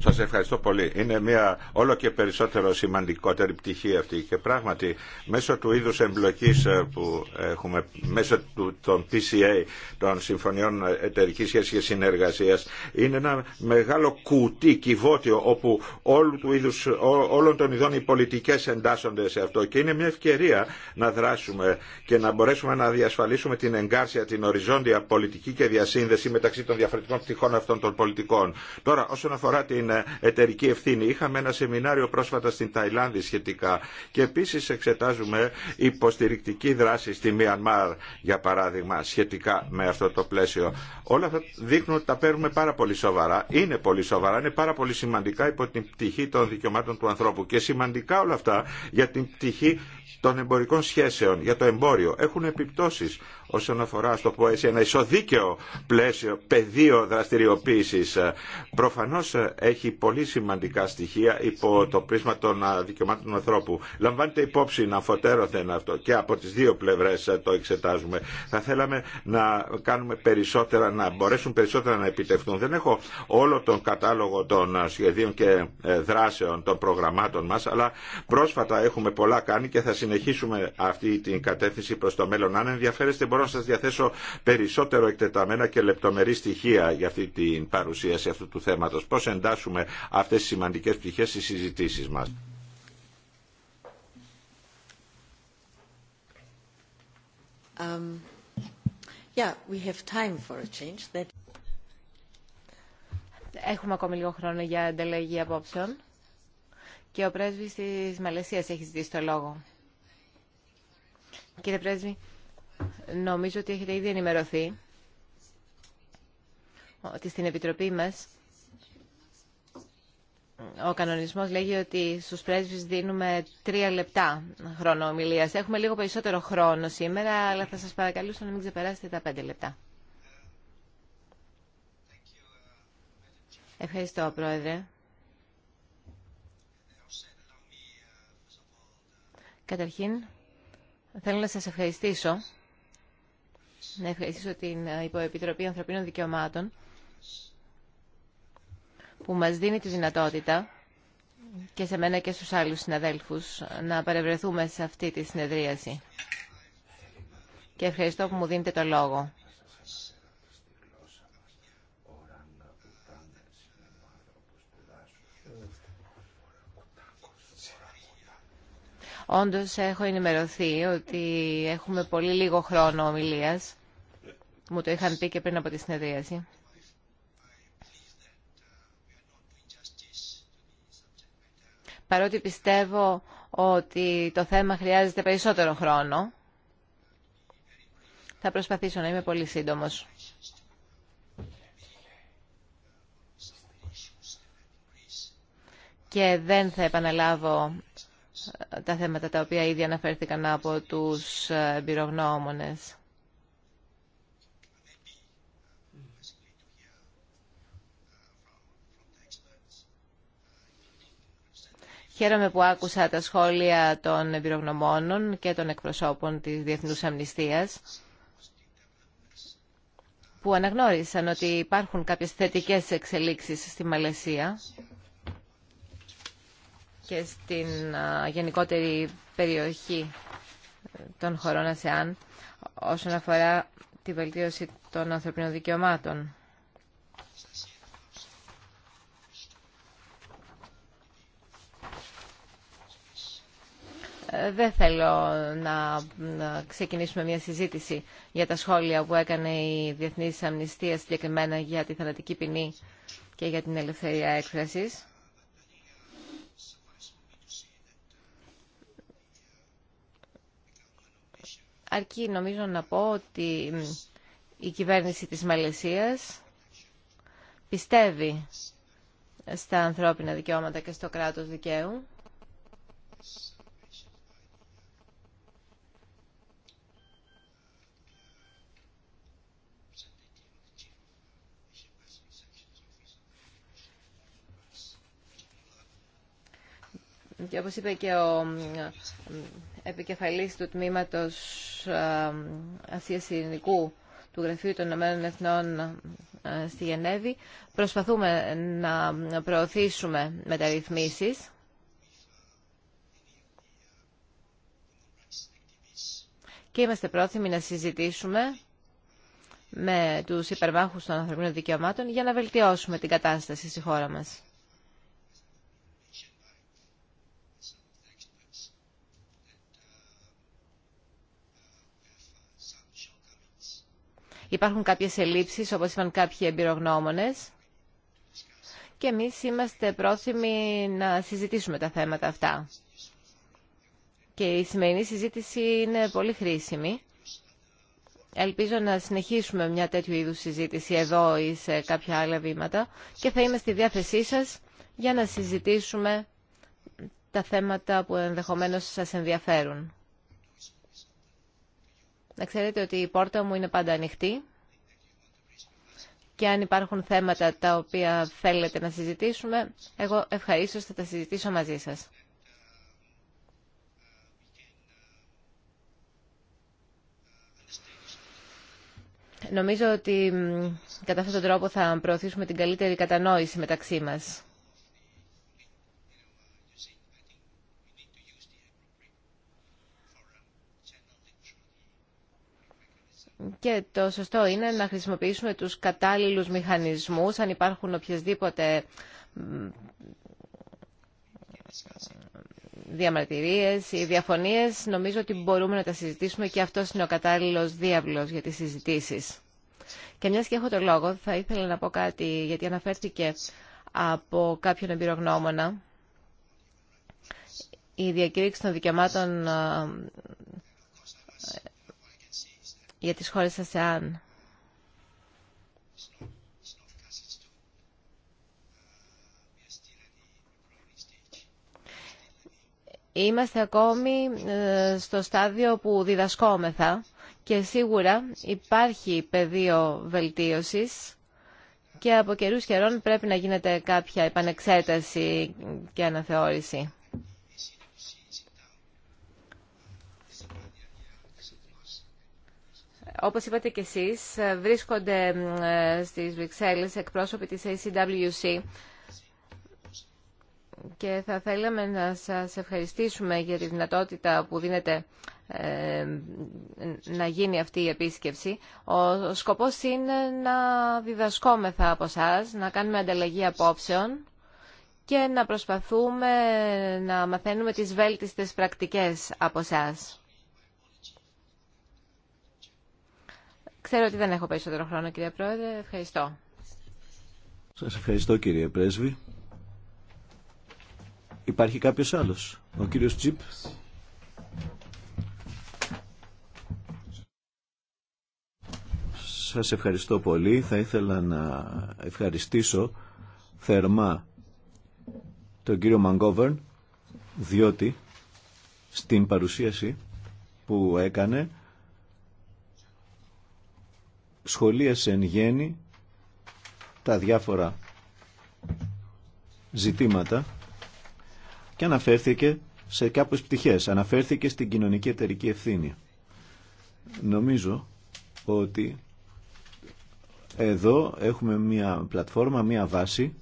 C: Σα ευχαριστώ πολύ. Είναι μια όλο και περισσότερο σημαντικότερη πτυχή αυτή και πράγματι μέσω του είδου εμπλοκή ε, που έχουμε μέσω του, των PCA, των Συμφωνιών εταιρική Σχέση και Συνεργασία, είναι ένα μεγάλο κουτί κυβότιο όπου όλου του είδους, ό, όλων των ειδών οι πολιτικές εντάσσονται σε αυτό και είναι μια ευκαιρία να δράσουμε και να μπορέσουμε να διασφαλίσουμε την εγκάρσια, την οριζόντια πολιτική και διασύνδεση μεταξύ των διαφορετικών πτυχών αυτών των πολιτικών. Τώρα όσον αφορά την εταιρική ευθύνη. Είχαμε ένα σεμινάριο πρόσφατα στην Ταϊλάνδη σχετικά και επίσης εξετάζουμε υποστηρικτική δράση στη Μιανμάρ για παράδειγμα σχετικά με αυτό το πλαίσιο. Όλα αυτά δείχνουν ότι τα παίρνουμε πάρα πολύ σοβαρά. Είναι πολύ σοβαρά, είναι πάρα πολύ σημαντικά υπό την πτυχή των δικαιωμάτων του ανθρώπου και σημαντικά όλα αυτά για την πτυχή των εμπορικών σχέσεων για το εμπόριο έχουν επιπτώσεις όσον αφορά στο πω έτσι ένα ισοδίκαιο πλαίσιο, πεδίο δραστηριοποίησης. Προφανώς έχει πολύ σημαντικά στοιχεία υπό το πρίσμα των δικαιωμάτων του ανθρώπου. Λαμβάνεται υπόψη να φωτέρωθεν αυτό και από τις δύο πλευρές το εξετάζουμε. Θα θέλαμε να κάνουμε περισσότερα, να μπορέσουν περισσότερα να επιτευχθούν. Δεν έχω όλο τον κατάλογο των σχεδίων και ε, δράσεων των προγραμμάτων μας, αλλά πρόσφατα έχουμε πολλά κάνει και συνεχίσουμε αυτή την κατεύθυνση προς το μέλλον. Αν ενδιαφέρεστε μπορώ να σας διαθέσω περισσότερο εκτεταμένα και λεπτομερή στοιχεία για αυτή την παρουσίαση αυτού του θέματος. Πώς εντάσσουμε αυτές τις σημαντικές πτυχές στις συζητήσεις μας.
A: Um, yeah, we have time for a change. That...
B: Έχουμε ακόμη λίγο χρόνο για ανταλλαγή απόψεων και ο πρέσβης της Μαλαισίας έχει ζητήσει το λόγο. Κύριε Πρέσβη, νομίζω ότι έχετε ήδη ενημερωθεί ότι στην Επιτροπή μας ο κανονισμός λέγει ότι στους πρέσβεις δίνουμε τρία λεπτά χρόνο ομιλίας. Έχουμε λίγο περισσότερο χρόνο σήμερα, αλλά θα σας παρακαλούσα να μην ξεπεράσετε τα πέντε λεπτά. Ευχαριστώ, Πρόεδρε. Καταρχήν, Θέλω να σας ευχαριστήσω. Να ευχαριστήσω την Υποεπιτροπή Ανθρωπίνων Δικαιωμάτων που μας δίνει τη δυνατότητα και σε μένα και στους άλλους συναδέλφους να παρευρεθούμε σε αυτή τη συνεδρίαση. Και ευχαριστώ που μου δίνετε το λόγο. Όντως έχω ενημερωθεί ότι έχουμε πολύ λίγο χρόνο ομιλίας. Μου το είχαν πει και πριν από τη συνεδρίαση. Παρότι πιστεύω ότι το θέμα χρειάζεται περισσότερο χρόνο, θα προσπαθήσω να είμαι πολύ σύντομος. Και δεν θα επαναλάβω τα θέματα τα οποία ήδη αναφέρθηκαν από τους εμπειρογνώμονες. Χαίρομαι που άκουσα τα σχόλια των εμπειρογνωμόνων και των εκπροσώπων της Διεθνούς Αμνηστίας που αναγνώρισαν ότι υπάρχουν κάποιες θετικές εξελίξεις στη Μαλαισία και στην γενικότερη περιοχή ε, των χωρών ΑΣΕΑΝ όσον αφορά τη βελτίωση των ανθρωπίνων δικαιωμάτων. Ε, δεν θέλω να ξεκινήσουμε μια συζήτηση για τα σχόλια που έκανε η Διεθνής Αμνηστία συγκεκριμένα για τη θανατική ποινή και για την ελευθερία έκφρασης. Αρκεί νομίζω να πω ότι η κυβέρνηση της Μαλαισίας πιστεύει στα ανθρώπινα δικαιώματα και στο κράτος δικαίου. Και όπως είπε και ο επικεφαλής του τμήματος ε, Ασίας Ειρηνικού του Γραφείου των Ηνωμένων Εθνών ε, στη Γενέβη, προσπαθούμε να προωθήσουμε μεταρρυθμίσεις. Και είμαστε πρόθυμοι να συζητήσουμε με τους υπερμάχους των ανθρωπίνων δικαιωμάτων για να βελτιώσουμε την κατάσταση στη χώρα μας. Υπάρχουν κάποιες ελλείψεις, όπως είπαν κάποιοι εμπειρογνώμονες, και εμείς είμαστε πρόθυμοι να συζητήσουμε τα θέματα αυτά. Και η σημερινή συζήτηση είναι πολύ χρήσιμη. Ελπίζω να συνεχίσουμε μια τέτοιου είδου συζήτηση εδώ ή σε κάποια άλλα βήματα και θα είμαι στη διάθεσή σας για να συζητήσουμε τα θέματα που ενδεχομένως σας ενδιαφέρουν. Να ξέρετε ότι η πόρτα μου είναι πάντα ανοιχτή και αν υπάρχουν θέματα τα οποία θέλετε να συζητήσουμε, εγώ ευχαρίστως θα τα συζητήσω μαζί σας. Νομίζω ότι κατά αυτόν τον τρόπο θα προωθήσουμε την καλύτερη κατανόηση μεταξύ μας. και το σωστό είναι να χρησιμοποιήσουμε τους κατάλληλους μηχανισμούς αν υπάρχουν οποιασδήποτε διαμαρτυρίες ή διαφωνίες νομίζω ότι μπορούμε να τα συζητήσουμε και αυτό είναι ο κατάλληλος διάβλος για τις συζητήσεις. Και μιας και έχω το λόγο θα ήθελα να πω κάτι γιατί αναφέρθηκε από κάποιον εμπειρογνώμονα η διακήρυξη των δικαιωμάτων για τις χώρες ΑΣΕΑΝ. Είμαστε ακόμη ε, στο στάδιο που διδασκόμεθα και σίγουρα υπάρχει πεδίο βελτίωσης και από καιρούς καιρών πρέπει να γίνεται κάποια επανεξέταση και αναθεώρηση. Όπως είπατε και εσείς, βρίσκονται ε, στις Βρυξέλλες εκπρόσωποι της ACWC και θα θέλαμε να σας ευχαριστήσουμε για τη δυνατότητα που δίνετε να γίνει αυτή η επίσκεψη. Ο σκοπός είναι να διδασκόμεθα από εσά, να κάνουμε ανταλλαγή απόψεων και να προσπαθούμε να μαθαίνουμε τις βέλτιστες πρακτικές από εσά. Ξέρω ότι δεν έχω περισσότερο χρόνο, κύριε Πρόεδρε. Ευχαριστώ.
C: Σας
A: ευχαριστώ, κύριε Πρέσβη. Υπάρχει κάποιος άλλος. Ο κύριος Τσίπ. Σας ευχαριστώ πολύ. Θα ήθελα να ευχαριστήσω θερμά τον κύριο Μαγκόβερν, διότι στην παρουσίαση που έκανε σχολίασε εν γέννη τα διάφορα ζητήματα και αναφέρθηκε σε κάποιες πτυχές. Αναφέρθηκε στην κοινωνική εταιρική ευθύνη. Νομίζω ότι εδώ έχουμε μια πλατφόρμα, μια βάση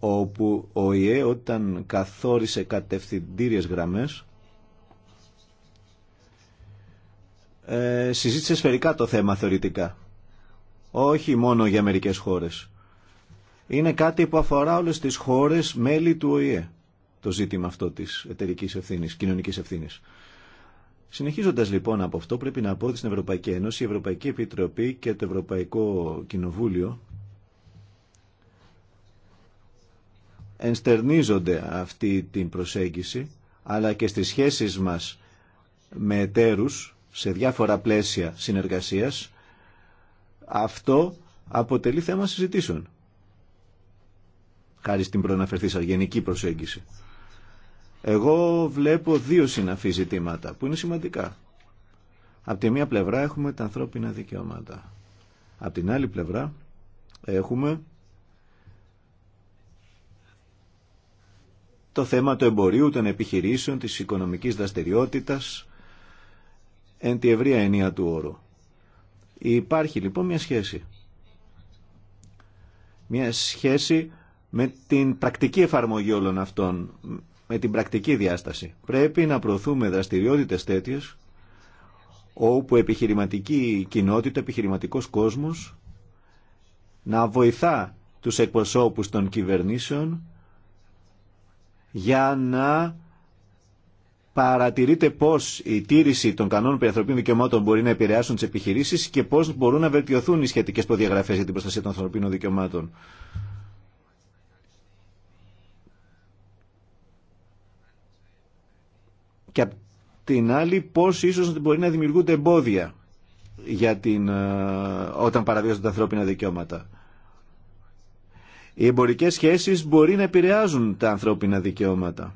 A: όπου ο ΙΕ όταν καθόρισε κατευθυντήριες γραμμές ε, συζήτησε σφαιρικά το θέμα θεωρητικά. Όχι μόνο για μερικές χώρες. Είναι κάτι που αφορά όλες τις χώρες μέλη του ΟΗΕ. Το ζήτημα αυτό της εταιρική ευθύνης, κοινωνικής ευθύνης. Συνεχίζοντας λοιπόν από αυτό, πρέπει να πω ότι στην Ευρωπαϊκή Ένωση, η Ευρωπαϊκή Επιτροπή και το Ευρωπαϊκό Κοινοβούλιο ενστερνίζονται αυτή την προσέγγιση, αλλά και στις σχέσεις μας με εταίρους σε διάφορα πλαίσια συνεργασίας, αυτό αποτελεί θέμα συζητήσεων. Χάρη στην προαναφερθή γενική προσέγγιση. Εγώ βλέπω δύο συναφή ζητήματα που είναι σημαντικά. από τη μία πλευρά έχουμε τα ανθρώπινα δικαιώματα. από την άλλη πλευρά έχουμε το θέμα του εμπορίου, των επιχειρήσεων, της οικονομικής δραστηριότητας, εν τη ευρία ενία του όρου. Υπάρχει λοιπόν μια σχέση. Μια σχέση με την πρακτική εφαρμογή όλων αυτών, με την πρακτική διάσταση. Πρέπει να προωθούμε δραστηριότητες τέτοιες, όπου επιχειρηματική κοινότητα, επιχειρηματικός κόσμος, να βοηθά τους εκπροσώπους των κυβερνήσεων για να παρατηρείτε πώς η τήρηση των κανόνων ανθρωπίνων δικαιωμάτων μπορεί να επηρεάσουν τις επιχειρήσεις και πώς μπορούν να βελτιωθούν οι σχετικές προδιαγραφές για την προστασία των ανθρωπίνων δικαιωμάτων. Και απ' την άλλη πώς ίσως μπορεί να δημιουργούνται εμπόδια για την, ε, όταν παραβιάζονται τα ανθρώπινα δικαιώματα. Οι εμπορικές σχέσεις μπορεί να επηρεάζουν τα ανθρώπινα δικαιώματα.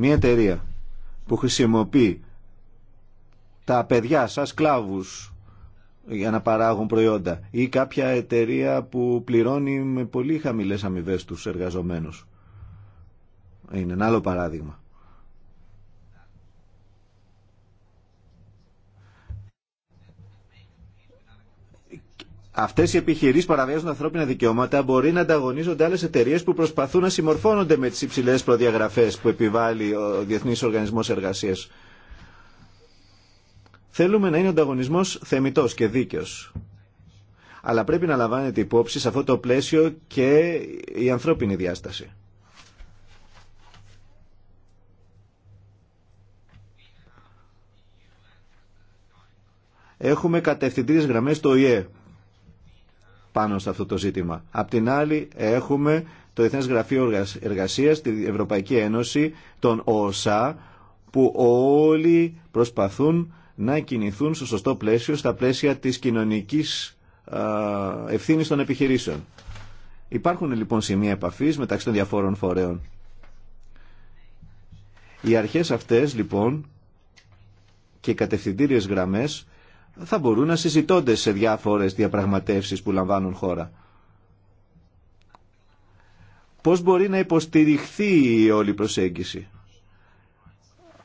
A: Μια εταιρεία που χρησιμοποιεί τα παιδιά σαν σκλάβους για να παράγουν προϊόντα ή κάποια εταιρεία που πληρώνει με πολύ χαμηλές αμοιβέ τους εργαζομένους. Είναι ένα άλλο παράδειγμα. Αυτέ οι επιχειρήσει παραβιάζουν ανθρώπινα δικαιώματα, μπορεί να ανταγωνίζονται άλλε εταιρείε που προσπαθούν να συμμορφώνονται με τι υψηλέ προδιαγραφέ που επιβάλλει ο Διεθνή Οργανισμό Εργασία. Θέλουμε να είναι ο ανταγωνισμό θεμητό και δίκαιο. Αλλά πρέπει να λαμβάνεται υπόψη σε αυτό το πλαίσιο και η ανθρώπινη διάσταση. Έχουμε κατευθυντήριες γραμμές στο ΙΕ πάνω σε αυτό το ζήτημα. Απ' την άλλη έχουμε το Εθνές Γραφείο Εργασίας, την Ευρωπαϊκή Ένωση, τον ΟΣΑ, που όλοι προσπαθούν να κινηθούν στο σωστό πλαίσιο, στα πλαίσια της κοινωνικής ευθύνη των επιχειρήσεων. Υπάρχουν λοιπόν σημεία επαφής μεταξύ των διαφόρων φορέων. Οι αρχές αυτές λοιπόν και οι κατευθυντήριες γραμμές θα μπορούν να συζητώνται σε διάφορες διαπραγματεύσεις που λαμβάνουν χώρα. Πώς μπορεί να υποστηριχθεί η όλη προσέγγιση.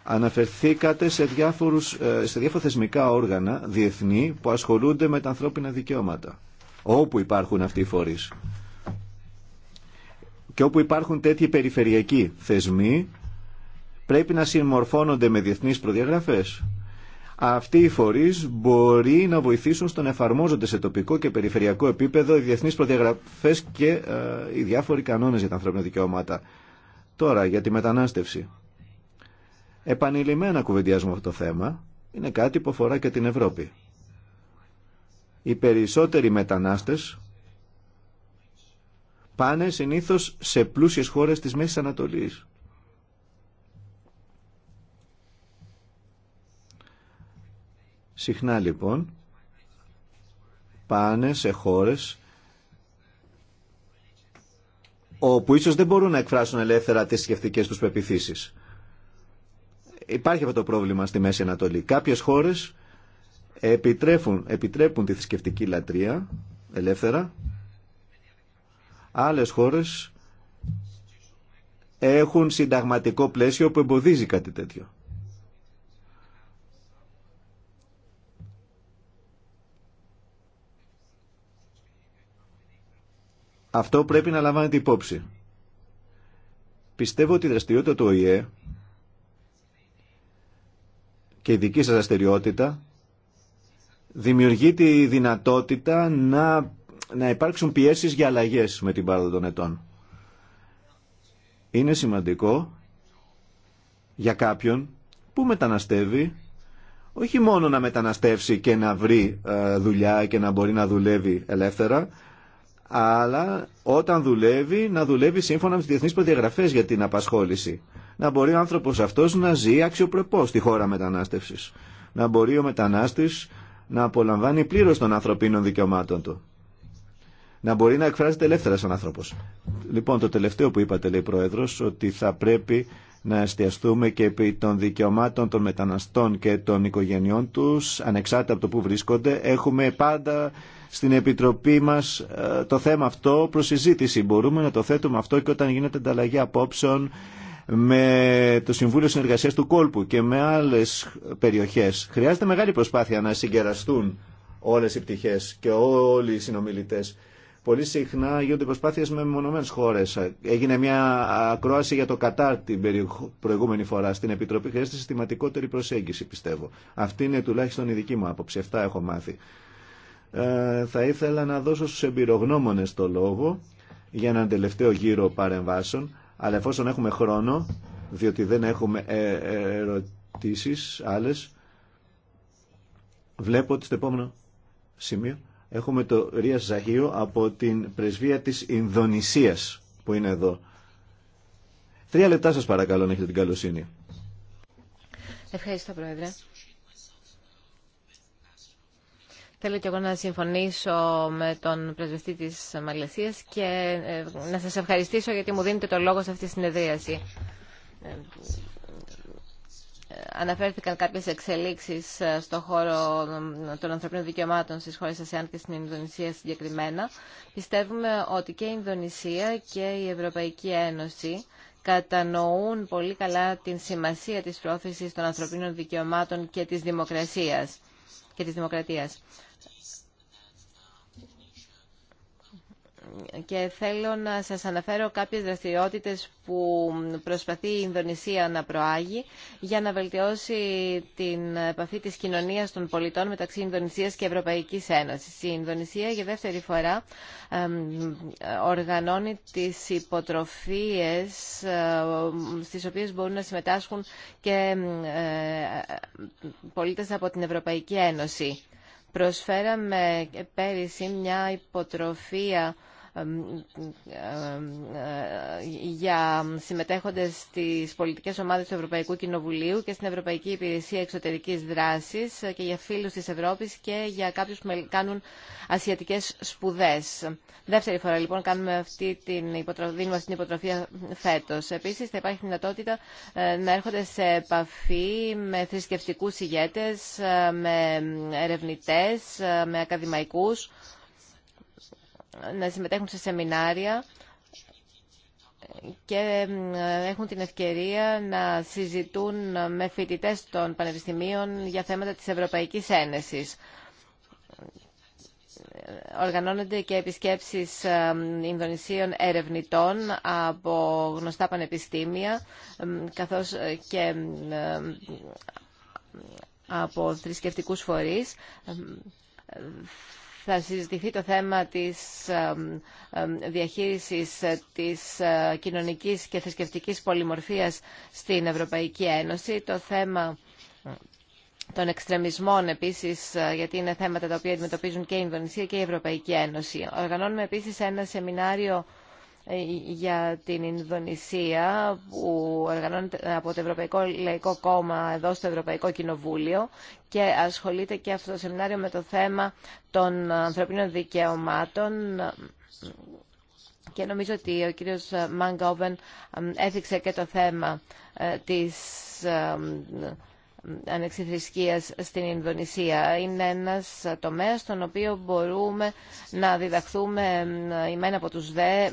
A: Αναφερθήκατε σε, διάφορους, ε, σε διάφορα θεσμικά όργανα διεθνή που ασχολούνται με τα ανθρώπινα δικαιώματα. Όπου υπάρχουν αυτοί οι φορείς. Και όπου υπάρχουν τέτοιοι περιφερειακοί θεσμοί πρέπει να συμμορφώνονται με διεθνείς προδιαγραφές αυτοί οι φορεί μπορεί να βοηθήσουν στο να εφαρμόζονται σε τοπικό και περιφερειακό επίπεδο οι διεθνεί προδιαγραφέ και ε, οι διάφοροι κανόνε για τα ανθρώπινα δικαιώματα. Τώρα, για τη μετανάστευση. Επανειλημμένα κουβεντιάζουμε αυτό το θέμα. Είναι κάτι που αφορά και την Ευρώπη. Οι περισσότεροι μετανάστε πάνε συνήθω σε πλούσιε χώρες της Μέση Ανατολής Συχνά λοιπόν πάνε σε χώρες όπου ίσως δεν μπορούν να εκφράσουν ελεύθερα τις σκεφτικές τους πεπιθήσεις. Υπάρχει αυτό το πρόβλημα στη Μέση Ανατολή. Κάποιες χώρες επιτρέπουν, επιτρέπουν τη θρησκευτική λατρεία ελεύθερα. Άλλες χώρες έχουν συνταγματικό πλαίσιο που εμποδίζει κάτι τέτοιο. Αυτό πρέπει να λαμβάνεται υπόψη. Πιστεύω ότι η δραστηριότητα του ΟΗΕ και η δική σας δραστηριότητα δημιουργεί τη δυνατότητα να, να υπάρξουν πιέσεις για αλλαγές με την πάροδο των ετών. Είναι σημαντικό για κάποιον που μεταναστεύει όχι μόνο να μεταναστεύσει και να βρει ε, δουλειά και να μπορεί να δουλεύει ελεύθερα, αλλά όταν δουλεύει, να δουλεύει σύμφωνα με τι διεθνεί προδιαγραφέ για την απασχόληση. Να μπορεί ο άνθρωπο αυτό να ζει αξιοπρεπώ στη χώρα μετανάστευση. Να μπορεί ο μετανάστη να απολαμβάνει πλήρω των ανθρωπίνων δικαιωμάτων του. Να μπορεί να εκφράζεται ελεύθερα σαν άνθρωπο. Λοιπόν, το τελευταίο που είπατε, λέει Πρόεδρο, ότι θα πρέπει να εστιαστούμε και επί των δικαιωμάτων των μεταναστών και των οικογενειών του, ανεξάρτητα από το που βρίσκονται. Έχουμε πάντα στην Επιτροπή μας ε, το θέμα αυτό προς συζήτηση. Μπορούμε να το θέτουμε αυτό και όταν γίνεται ανταλλαγή απόψεων με το Συμβούλιο Συνεργασίας του Κόλπου και με άλλες περιοχές. Χρειάζεται μεγάλη προσπάθεια να συγκεραστούν όλες οι πτυχές και όλοι οι συνομιλητές. Πολύ συχνά γίνονται προσπάθειες με μονομένες χώρες. Έγινε μια ακρόαση για το Κατάρ την προηγούμενη φορά στην Επιτροπή. Χρειάζεται συστηματικότερη προσέγγιση, πιστεύω. Αυτή είναι τουλάχιστον η δική μου άποψη. Αυτά έχω μάθει. Ε, θα ήθελα να δώσω στους εμπειρογνώμονες το λόγο για έναν τελευταίο γύρο παρεμβάσεων, αλλά εφόσον έχουμε χρόνο, διότι δεν έχουμε ε, ερωτήσεις άλλες, βλέπω ότι στο επόμενο σημείο έχουμε το Ρία Ζαχίου από την πρεσβεία της Ινδονησίας που είναι εδώ. Τρία λεπτά σας παρακαλώ να έχετε την καλοσύνη.
B: Ευχαριστώ Πρόεδρε. Θέλω και εγώ να συμφωνήσω με τον πρεσβευτή της Μαλαισίας και ε, να σας ευχαριστήσω γιατί μου δίνετε το λόγο σε αυτή τη συνεδρίαση. Ε, ε, αναφέρθηκαν κάποιες εξελίξεις στον χώρο των ανθρωπίνων δικαιωμάτων στις χώρες ΑΣΕΑΝ και στην Ινδονησία συγκεκριμένα. Πιστεύουμε ότι και η Ινδονησία και η Ευρωπαϊκή Ένωση κατανοούν πολύ καλά την σημασία της πρόθεσης των ανθρωπίνων δικαιωμάτων και τη Και της δημοκρατίας. και θέλω να σας αναφέρω κάποιες δραστηριότητες που προσπαθεί η Ινδονησία να προάγει για να βελτιώσει την επαφή της κοινωνίας των πολιτών μεταξύ Ινδονησίας και Ευρωπαϊκής Ένωσης. Η Ινδονησία για δεύτερη φορά οργανώνει τις υποτροφίες ε, στις οποίες μπορούν να συμμετάσχουν και ε, πολίτες από την Ευρωπαϊκή Ένωση. Προσφέραμε πέρυσι μια υποτροφία ε, για συμμετέχοντες στις πολιτικές ομάδες του Ευρωπαϊκού Κοινοβουλίου και στην Ευρωπαϊκή Υπηρεσία Εξωτερικής Δράσης ε, και για φίλους της Ευρώπης και για κάποιους που κάνουν ασιατικές σπουδές. Δεύτερη φορά λοιπόν κάνουμε αυτή την υποτροφία, δίνουμε αυτή την υποτροφία φέτος. Επίσης θα υπάρχει δυνατότητα ε, να έρχονται σε επαφή με θρησκευτικούς ηγέτες, με ερευνητές, με ακαδημαϊκούς να συμμετέχουν σε σεμινάρια και έχουν την ευκαιρία να συζητούν με φοιτητές των πανεπιστημίων για θέματα της Ευρωπαϊκής Ένεσης. Οργανώνονται και επισκέψεις ε, Ινδονησίων ερευνητών από γνωστά πανεπιστήμια, καθώς ε, και ε, από θρησκευτικούς φορείς θα συζητηθεί το θέμα της διαχείρισης της ε, κοινωνικής και θρησκευτικής πολυμορφίας στην Ευρωπαϊκή Ένωση. Το θέμα ε, των εξτρεμισμών επίσης, ε, γιατί είναι θέματα τα οποία αντιμετωπίζουν και η Ινδονησία και η Ευρωπαϊκή Ένωση. Οργανώνουμε επίσης ένα σεμινάριο ε, για την Ινδονησία που οργανώνεται από το Ευρωπαϊκό Λαϊκό Κόμμα εδώ στο Ευρωπαϊκό Κοινοβούλιο και ασχολείται και αυτό το σεμινάριο με το θέμα των ανθρωπίνων δικαιωμάτων και νομίζω ότι ο κύριος Μαγκόβεν έθιξε και το θέμα ε, της ανεξιθρησκείας στην Ινδονησία. Είναι ένας τομέας στον οποίο μπορούμε να διδαχθούμε ε, ημένα από τους ΔΕ, ε,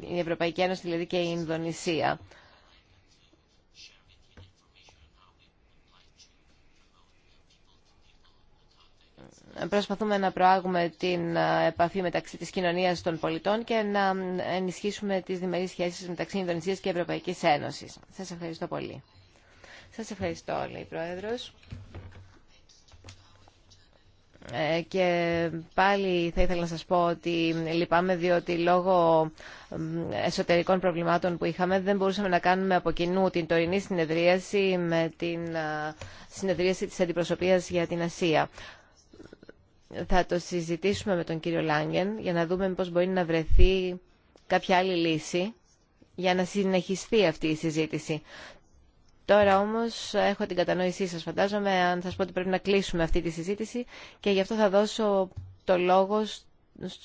B: η Ευρωπαϊκή Ένωση δηλαδή και η Ινδονησία. προσπαθούμε να προάγουμε την ε, επαφή μεταξύ της κοινωνίας των πολιτών και να ενισχύσουμε τις διμερείς σχέσεις μεταξύ Ινδονησίας και Ευρωπαϊκής Ένωσης. Σας ευχαριστώ πολύ. Σας ευχαριστώ, λέει η Πρόεδρος. Ε, και πάλι θα ήθελα να σας πω ότι λυπάμαι διότι λόγω εσωτερικών προβλημάτων που είχαμε δεν μπορούσαμε να κάνουμε από κοινού την τωρινή συνεδρίαση με την συνεδρίαση της αντιπροσωπείας για την Ασία. Θα το συζητήσουμε με τον κύριο Λάγκεν για να δούμε πώς μπορεί να βρεθεί κάποια άλλη λύση για να συνεχιστεί αυτή η συζήτηση. Τώρα όμως έχω την κατανόησή σας φαντάζομαι αν σα πω ότι πρέπει να κλείσουμε αυτή τη συζήτηση και γι' αυτό θα δώσω το λόγο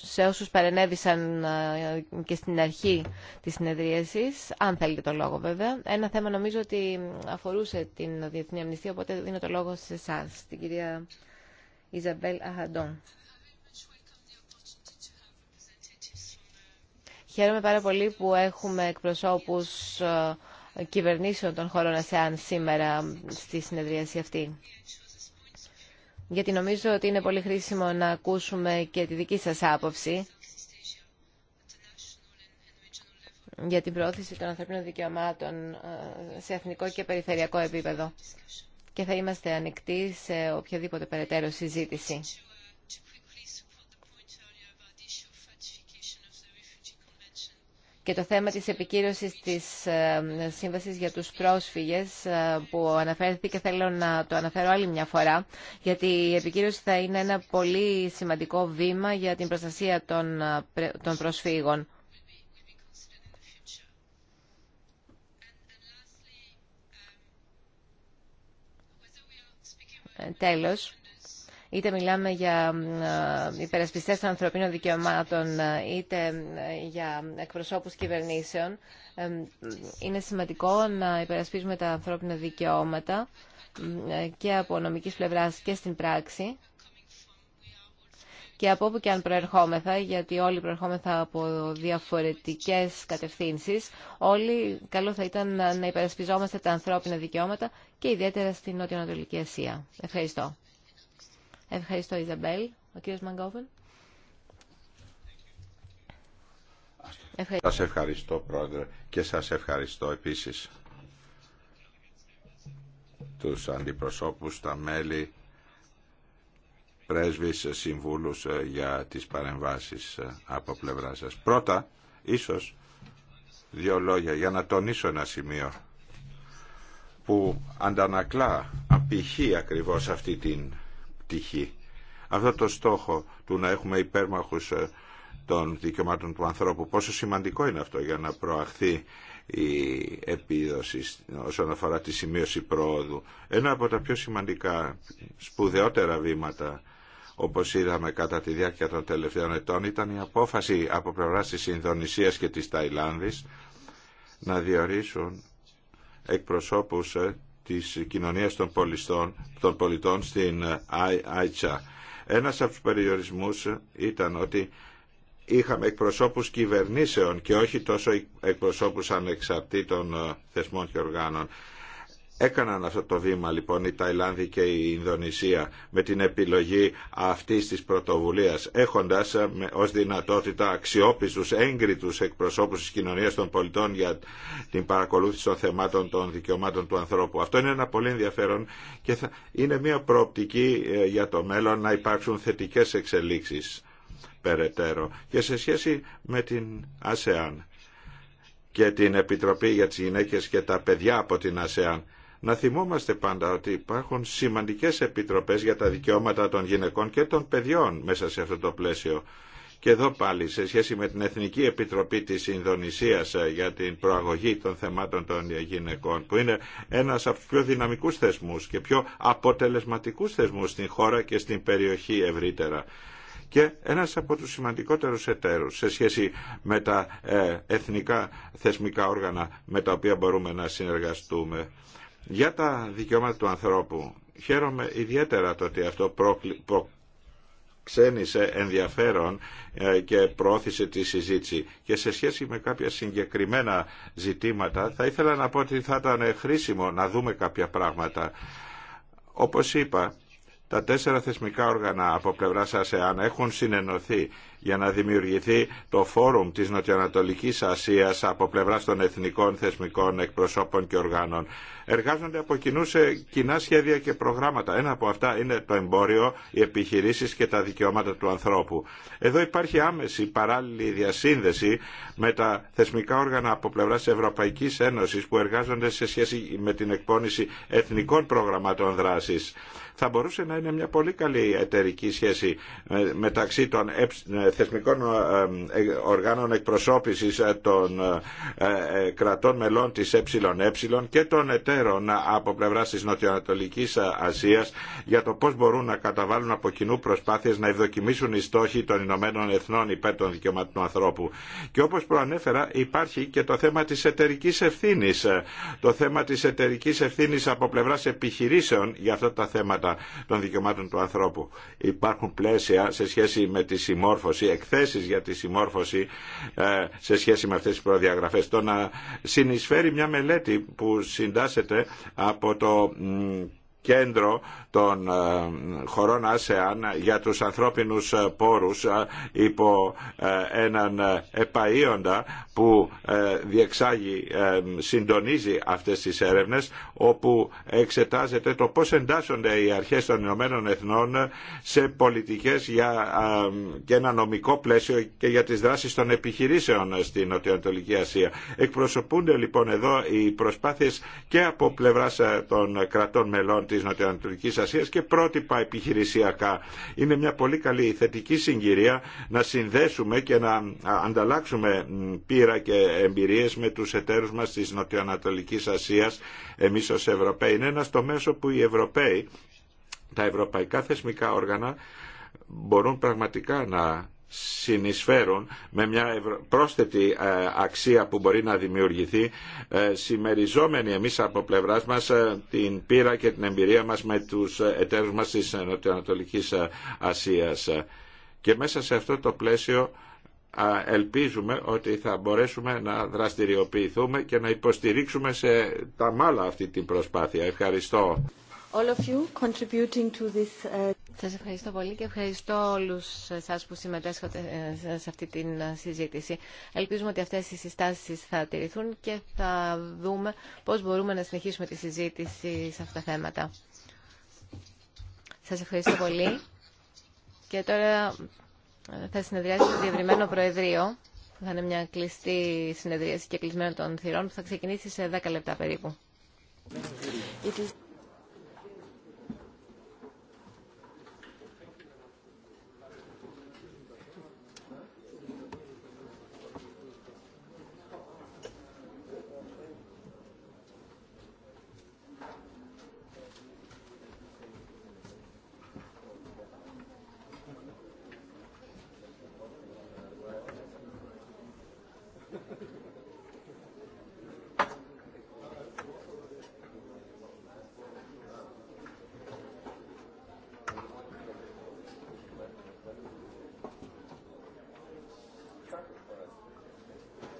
B: σε όσους παρενέβησαν ε, και στην αρχή της συνεδρίασης, αν θέλετε το λόγο βέβαια. Ένα θέμα νομίζω ότι αφορούσε την Διεθνή Αμνηστία, οπότε δίνω το λόγο σε εσά, την κυρία Ιζαμπέλ Αχαντών. Χαίρομαι πάρα πολύ που έχουμε εκπροσώπους ε, κυβερνήσεων των χωρών ΑΣΕΑΝ σήμερα στη συνεδρίαση αυτή. Γιατί νομίζω ότι είναι πολύ χρήσιμο να ακούσουμε και τη δική σας άποψη για την προώθηση των ανθρωπίνων δικαιωμάτων ε, σε εθνικό και περιφερειακό επίπεδο. Και θα είμαστε ανοιχτοί σε οποιαδήποτε περαιτέρω συζήτηση. και το θέμα της επικύρωσης της ε, Σύμβασης για τους πρόσφυγες ε, που αναφέρθηκε και θέλω να το αναφέρω άλλη μια φορά γιατί η επικύρωση θα είναι ένα πολύ σημαντικό βήμα για την προστασία των ε, προσφύγων. Τέλος, είτε μιλάμε για ε, υπερασπιστές των ανθρωπίνων δικαιωμάτων, ε, είτε ε, για εκπροσώπους κυβερνήσεων, είναι σημαντικό να υπερασπίζουμε τα ανθρώπινα δικαιώματα και από νομικής πλευράς και στην πράξη και από όπου και αν προερχόμεθα, γιατί όλοι προερχόμεθα από διαφορετικές κατευθύνσεις, όλοι καλό θα ήταν να υπερασπιζόμαστε τα ανθρώπινα δικαιώματα και ιδιαίτερα στην Νότια Ανατολική Ασία. Ευχαριστώ. Ευχαριστώ, Ιζαμπέλ. Ο κύριος Μαγκόβεν.
C: Ευχαριστώ. Σας ευχαριστώ, Πρόεδρε, και σας ευχαριστώ επίσης τους αντιπροσώπους, τα μέλη, πρέσβεις, συμβούλους ε, για τις παρεμβάσεις ε, από πλευρά σας. Πρώτα, ίσως, δύο λόγια για να τονίσω ένα σημείο που αντανακλά, απηχεί ακριβώς αυτή την αυτό το στόχο του να έχουμε υπέρμαχους ε, των δικαιωμάτων του ανθρώπου. Πόσο σημαντικό είναι αυτό για να προαχθεί η επίδοση όσον αφορά τη σημείωση πρόοδου. Ένα από τα πιο σημαντικά σπουδαιότερα βήματα όπως είδαμε κατά τη διάρκεια των τελευταίων ετών ήταν η απόφαση από πλευρά τη Ινδονησίας και της Ταϊλάνδης να διορίσουν εκπροσώπους ε, της κοινωνίας των, πολιστών, των πολιτών στην ΑΙΤΣΑ. Ένας από τους περιορισμούς ήταν ότι είχαμε εκπροσώπους κυβερνήσεων και όχι τόσο εκπροσώπους ανεξαρτήτων ε, θεσμών και οργάνων. Έκαναν αυτό το βήμα λοιπόν η Ταϊλάνδη και η Ινδονησία με την επιλογή αυτή της πρωτοβουλίας έχοντας ε, ως δυνατότητα αξιόπιστους έγκριτους εκπροσώπους της κοινωνίας των πολιτών για την παρακολούθηση των θεμάτων των δικαιωμάτων του ανθρώπου. Αυτό είναι ένα πολύ ενδιαφέρον και θα... είναι μια προοπτική ε, για το μέλλον να υπάρξουν θετικές εξελίξεις περαιτέρω και σε σχέση με την ΑΣΕΑΝ και την Επιτροπή για τις Γυναίκες και τα Παιδιά από την ΑΣΕΑΝ να θυμόμαστε πάντα ότι υπάρχουν σημαντικές επιτροπές για τα δικαιώματα των γυναικών και των παιδιών μέσα σε αυτό το πλαίσιο. Και εδώ πάλι σε σχέση με την Εθνική Επιτροπή της Ινδονησίας ε, για την προαγωγή των θεμάτων των γυναικών που είναι ένας από τους πιο δυναμικούς θεσμούς και πιο αποτελεσματικούς θεσμούς στην χώρα και στην περιοχή ευρύτερα και ένας από τους σημαντικότερους εταίρους σε σχέση με τα ε, εθνικά θεσμικά όργανα με τα οποία μπορούμε να συνεργαστούμε. Για τα δικαιώματα του ανθρώπου, χαίρομαι ιδιαίτερα το ότι αυτό προκλη... ξένησε ενδιαφέρον ε, και προώθησε τη συζήτηση. Και σε σχέση με κάποια συγκεκριμένα ζητήματα, θα ήθελα να πω ότι θα ήταν χρήσιμο να δούμε κάποια πράγματα. Όπως είπα, τα τέσσερα θεσμικά όργανα από πλευρά ΑΣΕΑΝ έχουν συνενωθεί για να δημιουργηθεί το φόρουμ της Νοτιοανατολικής Ασίας από πλευρά των εθνικών θεσμικών εκπροσώπων και οργάνων. Εργάζονται από κοινού σε κοινά σχέδια και προγράμματα. Ένα από αυτά είναι το εμπόριο, οι επιχειρήσει και τα δικαιώματα του ανθρώπου. Εδώ υπάρχει άμεση παράλληλη διασύνδεση με τα θεσμικά όργανα από πλευρά Ευρωπαϊκή Ένωση που εργάζονται σε σχέση με την εκπόνηση εθνικών προγραμμάτων δράση θα μπορούσε να είναι μια πολύ καλή εταιρική σχέση ε, μεταξύ των ε, θεσμικών ε, οργάνων εκπροσώπησης των κρατών μελών της ΕΕ και των εταίρων από πλευράς της Νοτιοανατολικής Ασίας για το πώς μπορούν να καταβάλουν από κοινού προσπάθειες να ευδοκιμήσουν οι στόχοι των Ηνωμένων Εθνών υπέρ των δικαιωμάτων του ανθρώπου. Και όπως προανέφερα υπάρχει και το θέμα της εταιρικής ευθύνης. Το θέμα της εταιρικής ευθύνης από πλευράς επιχειρήσεων για αυτά τα θέματα των δικαιωμάτων του ανθρώπου. Υπάρχουν πλαίσια σε σχέση με τη συμμόρφωση, εκθέσεις για τη συμμόρφωση ε, σε σχέση με αυτές τις προδιαγραφές. Το να συνεισφέρει μια μελέτη που συντάσσεται από το κέντρο των ε, χωρών ΑΣΕΑΝ για τους ανθρώπινους ε, πόρους ε, υπό έναν επαΐοντα που διεξάγει, συντονίζει αυτές τις έρευνες όπου εξετάζεται το πώς εντάσσονται οι αρχές των Ηνωμένων Εθνών σε πολιτικές για, και ένα νομικό πλαίσιο και για τις δράσεις των επιχειρήσεων στην Νοτιοανατολική Ασία. Εκπροσωπούνται λοιπόν εδώ οι προσπάθειες και από πλευράς των κρατών μελών της Νοτιοανατολικής Ασίας και πρότυπα επιχειρησιακά. Είναι μια πολύ καλή θετική συγκυρία να συνδέσουμε και να ανταλλάξουμε πείρα και εμπειρίες με του εταίρους μας της Νοτιοανατολικής Ασίας Εμεί ω Ευρωπαίοι. Είναι ένας τομέα όπου οι Ευρωπαίοι, τα ευρωπαϊκά θεσμικά όργανα μπορούν πραγματικά να συνεισφέρουν με μια πρόσθετη ε, αξία που μπορεί να δημιουργηθεί ε, συμμεριζόμενοι εμείς από πλευράς μας ε, την πείρα και την εμπειρία μας με τους εταίρους μας της Νοτιοανατολικής Ασίας. Και μέσα σε αυτό το πλαίσιο ελπίζουμε ότι θα μπορέσουμε να δραστηριοποιηθούμε και να υποστηρίξουμε σε τα μάλα αυτή την προσπάθεια. Ευχαριστώ
B: all uh, Σας ευχαριστώ πολύ και ευχαριστώ όλους εσάς που συμμετέσχετε ε, σε αυτή τη ε, συζήτηση. Ελπίζουμε ότι αυτές οι συστάσεις θα τηρηθούν και θα δούμε πώς μπορούμε να συνεχίσουμε τη συζήτηση σε αυτά τα θέματα. Σας ευχαριστώ πολύ. Και τώρα ε, θα συνεδριάσει το Διευρυμένο Προεδρείο. Θα είναι μια κλειστή συνεδρίαση και κλεισμένο των θυρών που θα ξεκινήσει σε 10 λεπτά περίπου.